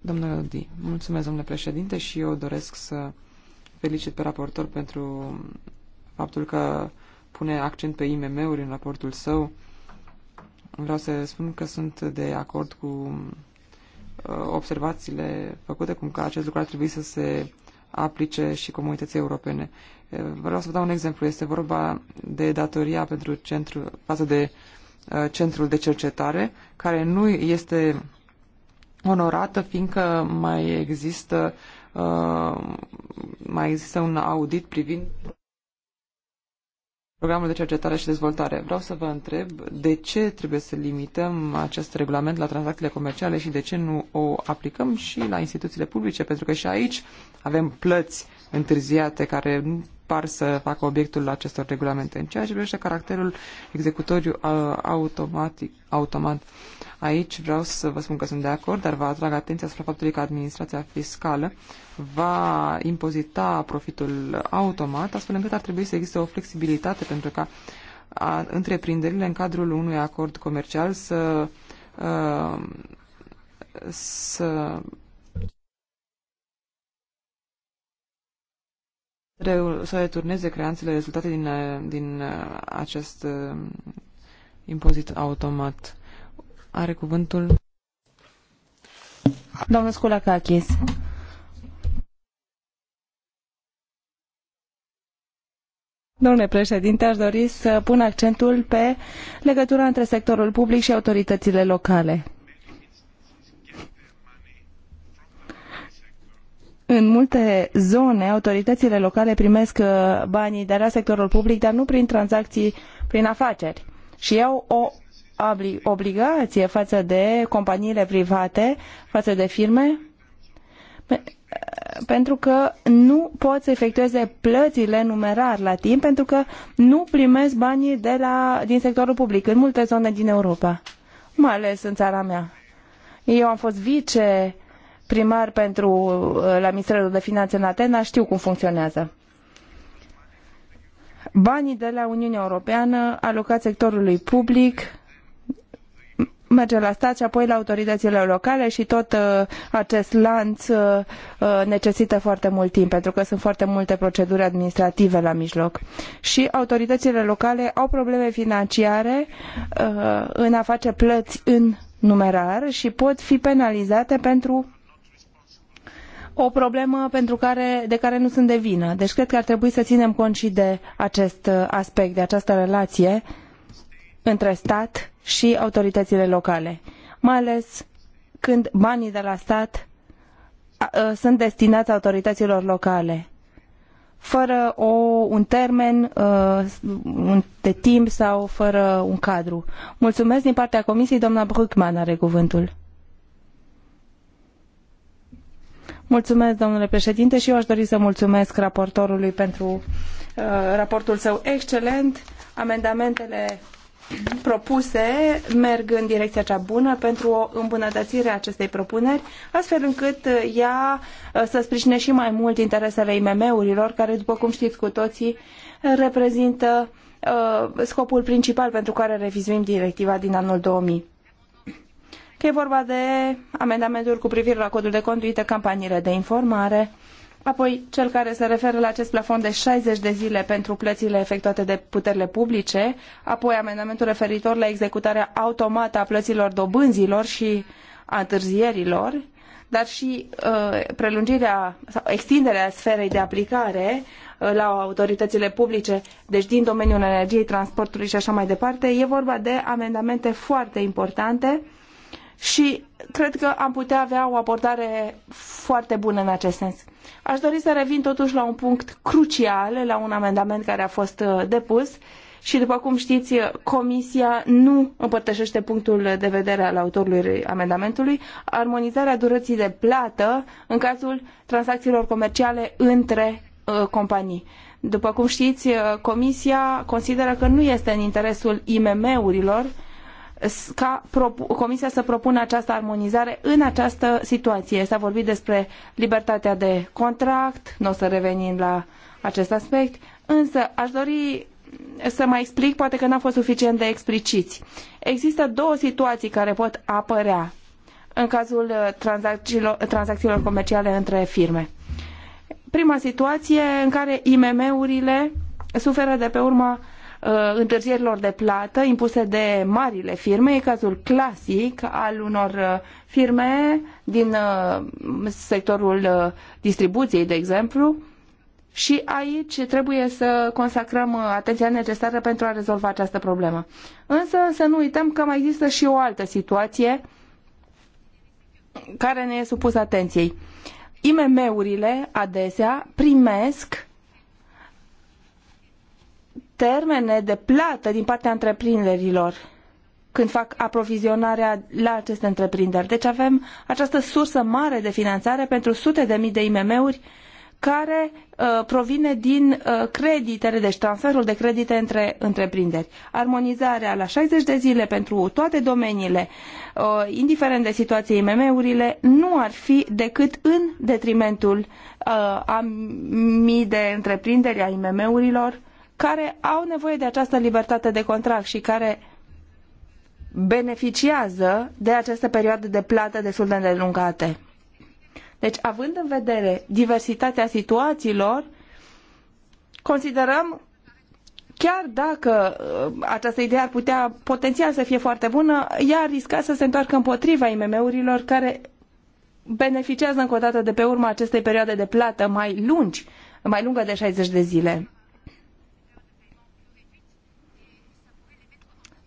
domnule Odi, mulțumesc, domnule președinte, și eu doresc să felicit pe raportor pentru faptul că pune accent pe IMM-uri în raportul său. Vreau să spun că sunt de acord cu uh, observațiile făcute, cum că acest lucru ar trebui să se aplice și comunității europene. Vreau să vă dau un exemplu. Este vorba de datoria pentru centru, față de centrul de cercetare, care nu este onorată, fiindcă mai există, mai există un audit privind programul de cercetare și dezvoltare. Vreau să vă întreb de ce trebuie să limităm acest regulament la tranzacțiile comerciale și de ce nu o aplicăm și la instituțiile publice, pentru că și aici avem plăți întârziate care nu par să facă obiectul acestor regulamente. În ceea ce privește caracterul executoriu uh, automatic, automat, aici vreau să vă spun că sunt de acord, dar vă atrag atenția asupra faptului că administrația fiscală va impozita profitul automat, astfel încât ar trebui să existe o flexibilitate pentru ca întreprinderile în cadrul unui acord comercial să, uh, să să returneze creanțele rezultate din, uh, din uh, acest uh, impozit automat. Are cuvântul. Domnul Cachis. Domnule președinte, aș dori să pun accentul pe legătura între sectorul public și autoritățile locale în multe zone autoritățile locale primesc uh, banii de la sectorul public, dar nu prin tranzacții, prin afaceri. Și au o obligație față de companiile private, față de firme, uh, pentru că nu pot să efectueze plățile numerar la timp, pentru că nu primesc banii de la, din sectorul public în multe zone din Europa, mai ales în țara mea. Eu am fost vice primar pentru uh, la Ministerul de Finanțe în Atena, știu cum funcționează. Banii de la Uniunea Europeană alocați sectorului public merge la stat și apoi la autoritățile locale și tot uh, acest lanț uh, necesită foarte mult timp pentru că sunt foarte multe proceduri administrative la mijloc. Și autoritățile locale au probleme financiare în a face plăți în numerar și pot fi penalizate pentru o problemă pentru care, de care nu sunt de vină. Deci cred că ar trebui să ținem cont și de acest uh, aspect, de această relație între stat și autoritățile locale, mai ales când banii de la stat uh, sunt destinați autorităților locale, fără o, un termen uh, de timp sau fără un cadru. Mulțumesc din partea Comisiei, doamna Bruckman are cuvântul. Mulțumesc, domnule președinte, și eu aș dori să mulțumesc raportorului pentru uh, raportul său excelent. Amendamentele propuse merg în direcția cea bună pentru o îmbunătățire a acestei propuneri, astfel încât uh, ea uh, să sprijine și mai mult interesele IMM-urilor, care, după cum știți cu toții, reprezintă uh, scopul principal pentru care revizuim directiva din anul 2000 că e vorba de amendamentul cu privire la codul de conduită, campaniile de informare, apoi cel care se referă la acest plafon de 60 de zile pentru plățile efectuate de puterile publice, apoi amendamentul referitor la executarea automată a plăților dobânzilor și a întârzierilor, dar și uh, prelungirea sau extinderea sferei de aplicare uh, la autoritățile publice, deci din domeniul energiei, transportului și așa mai departe, e vorba de amendamente foarte importante uh, și cred că am putea avea o abordare foarte bună în acest sens. Aș dori să revin totuși la un punct crucial, la un amendament care a fost uh, depus și, după cum știți, Comisia nu împărtășește punctul de vedere al autorului amendamentului, armonizarea durății de plată în cazul tranzacțiilor comerciale între uh, companii. După cum știți, uh, Comisia consideră că nu este în interesul IMM-urilor ca Comisia să propună această armonizare în această situație. S-a vorbit despre libertatea de contract, nu o să revenim la acest aspect, însă aș dori să mai explic, poate că n-a fost suficient de expliciți. Există două situații care pot apărea în cazul uh, tranzacțiilor comerciale între firme. Prima situație în care IMM-urile suferă de pe urma Uh, întârzierilor de plată impuse de marile firme. E cazul clasic al unor uh, firme din uh, sectorul distribuției, de exemplu, și aici trebuie să consacrăm atenția necesară pentru a rezolva această problemă. Însă să nu uităm că mai există și o altă situație care ne e supusă atenției. IMM-urile adesea primesc termene de plată din partea întreprinderilor când fac aprovizionarea la aceste întreprinderi. Deci avem această sursă mare de finanțare pentru sute de mii de IMM-uri care uh, provine din uh, creditele, deci transferul de credite între întreprinderi. Armonizarea la 60 de zile pentru toate domeniile, uh, indiferent de situație IMM-urile, nu ar fi decât în detrimentul uh, a mii de întreprinderi, a IMM-urilor, care au nevoie de această libertate de contract și care beneficiază de această perioadă de plată destul de îndelungate. Deci, având în vedere diversitatea situațiilor, considerăm chiar dacă uh, această idee ar putea potențial să fie foarte bună, ea ar risca să se întoarcă împotriva IMM-urilor care beneficiază încă o dată de pe urma acestei perioade de plată mai lungi, mai lungă de 60 de zile.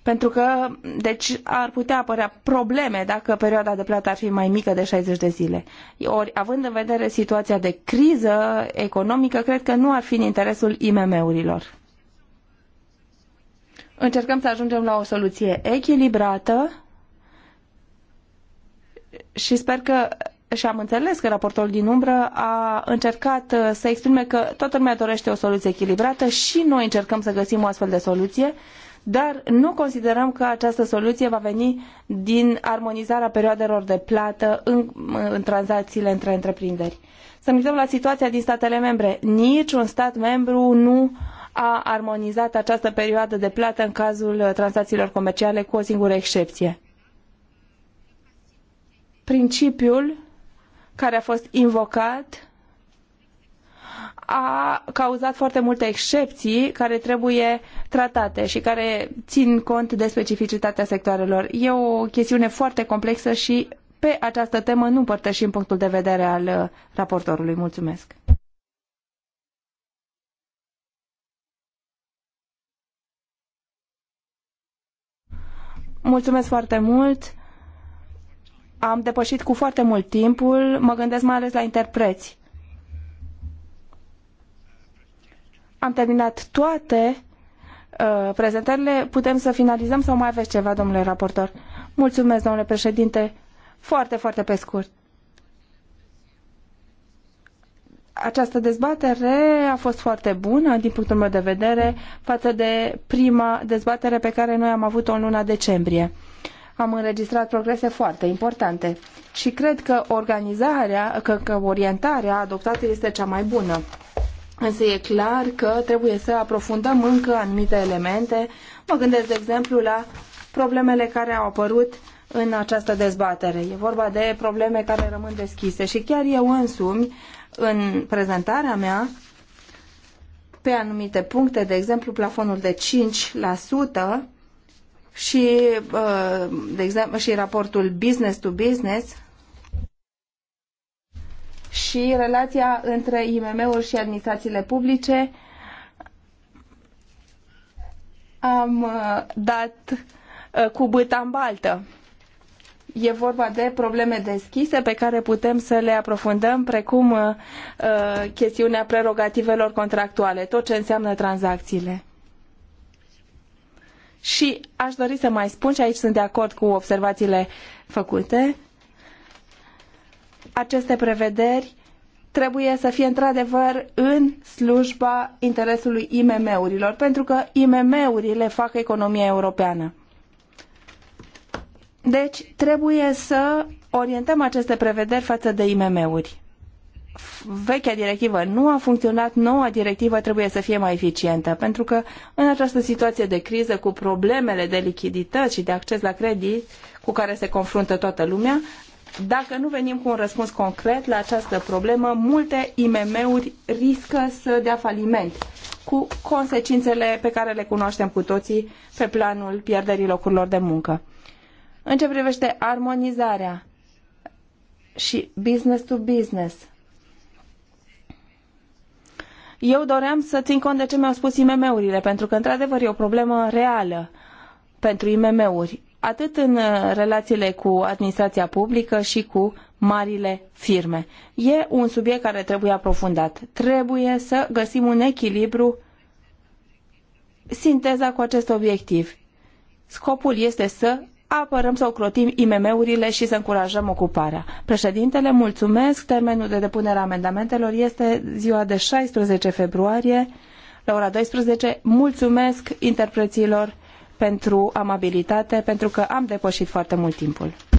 pentru că deci ar putea apărea probleme dacă perioada de plată ar fi mai mică de 60 de zile. Ori, având în vedere situația de criză economică, cred că nu ar fi în interesul IMM-urilor. Încercăm să ajungem la o soluție echilibrată și sper că și am înțeles că raportorul din umbră a încercat să exprime că toată lumea dorește o soluție echilibrată și noi încercăm să găsim o astfel de soluție dar nu considerăm că această soluție va veni din armonizarea perioadelor de plată în, în tranzacțiile între întreprinderi. Să ne uităm la situația din statele membre. Niciun stat membru nu a armonizat această perioadă de plată în cazul tranzacțiilor comerciale, cu o singură excepție. Principiul care a fost invocat a cauzat foarte multe excepții care trebuie tratate și care țin cont de specificitatea sectoarelor. E o chestiune foarte complexă și pe această temă nu împărtășim punctul de vedere al uh, raportorului. Mulțumesc! Mulțumesc foarte mult! Am depășit cu foarte mult timpul, mă gândesc mai ales la interpreți am terminat toate uh, prezentările. Putem să finalizăm sau mai aveți ceva, domnule raportor? Mulțumesc, domnule președinte. Foarte, foarte pe scurt. Această dezbatere a fost foarte bună din punctul meu de vedere față de prima dezbatere pe care noi am avut-o în luna decembrie. Am înregistrat progrese foarte importante și cred că organizarea, că, că orientarea adoptată este cea mai bună. Însă e clar că trebuie să aprofundăm încă anumite elemente. Mă gândesc, de exemplu, la problemele care au apărut în această dezbatere. E vorba de probleme care rămân deschise și chiar eu însumi, în prezentarea mea, pe anumite puncte, de exemplu plafonul de 5% și, uh, de exemplu, și raportul business to business, și relația între IMM-uri și administrațiile publice. Am uh, dat uh, cu băta în baltă. E vorba de probleme deschise pe care putem să le aprofundăm, precum uh, chestiunea prerogativelor contractuale, tot ce înseamnă tranzacțiile. Și aș dori să mai spun, și aici sunt de acord cu observațiile făcute, aceste prevederi trebuie să fie într-adevăr în slujba interesului IMM-urilor, pentru că IMM-urile fac economia europeană. Deci trebuie să orientăm aceste prevederi față de IMM-uri. Vechea directivă nu a funcționat, noua directivă trebuie să fie mai eficientă, pentru că în această situație de criză, cu problemele de lichidități și de acces la credit cu care se confruntă toată lumea, dacă nu venim cu un răspuns concret la această problemă, multe IMM-uri riscă să dea faliment cu consecințele pe care le cunoaștem cu toții pe planul pierderii locurilor de muncă. În ce privește armonizarea și business to business, eu doream să țin cont de ce mi-au spus IMM-urile, pentru că, într-adevăr, e o problemă reală pentru IMM-uri atât în uh, relațiile cu administrația publică și cu marile firme. E un subiect care trebuie aprofundat. Trebuie să găsim un echilibru, sinteza cu acest obiectiv. Scopul este să apărăm, să ocrotim IMM-urile și să încurajăm ocuparea. Președintele, mulțumesc. Termenul de depunere a amendamentelor este ziua de 16 februarie la ora 12. Mulțumesc interpreților pentru amabilitate, pentru că am depășit foarte mult timpul.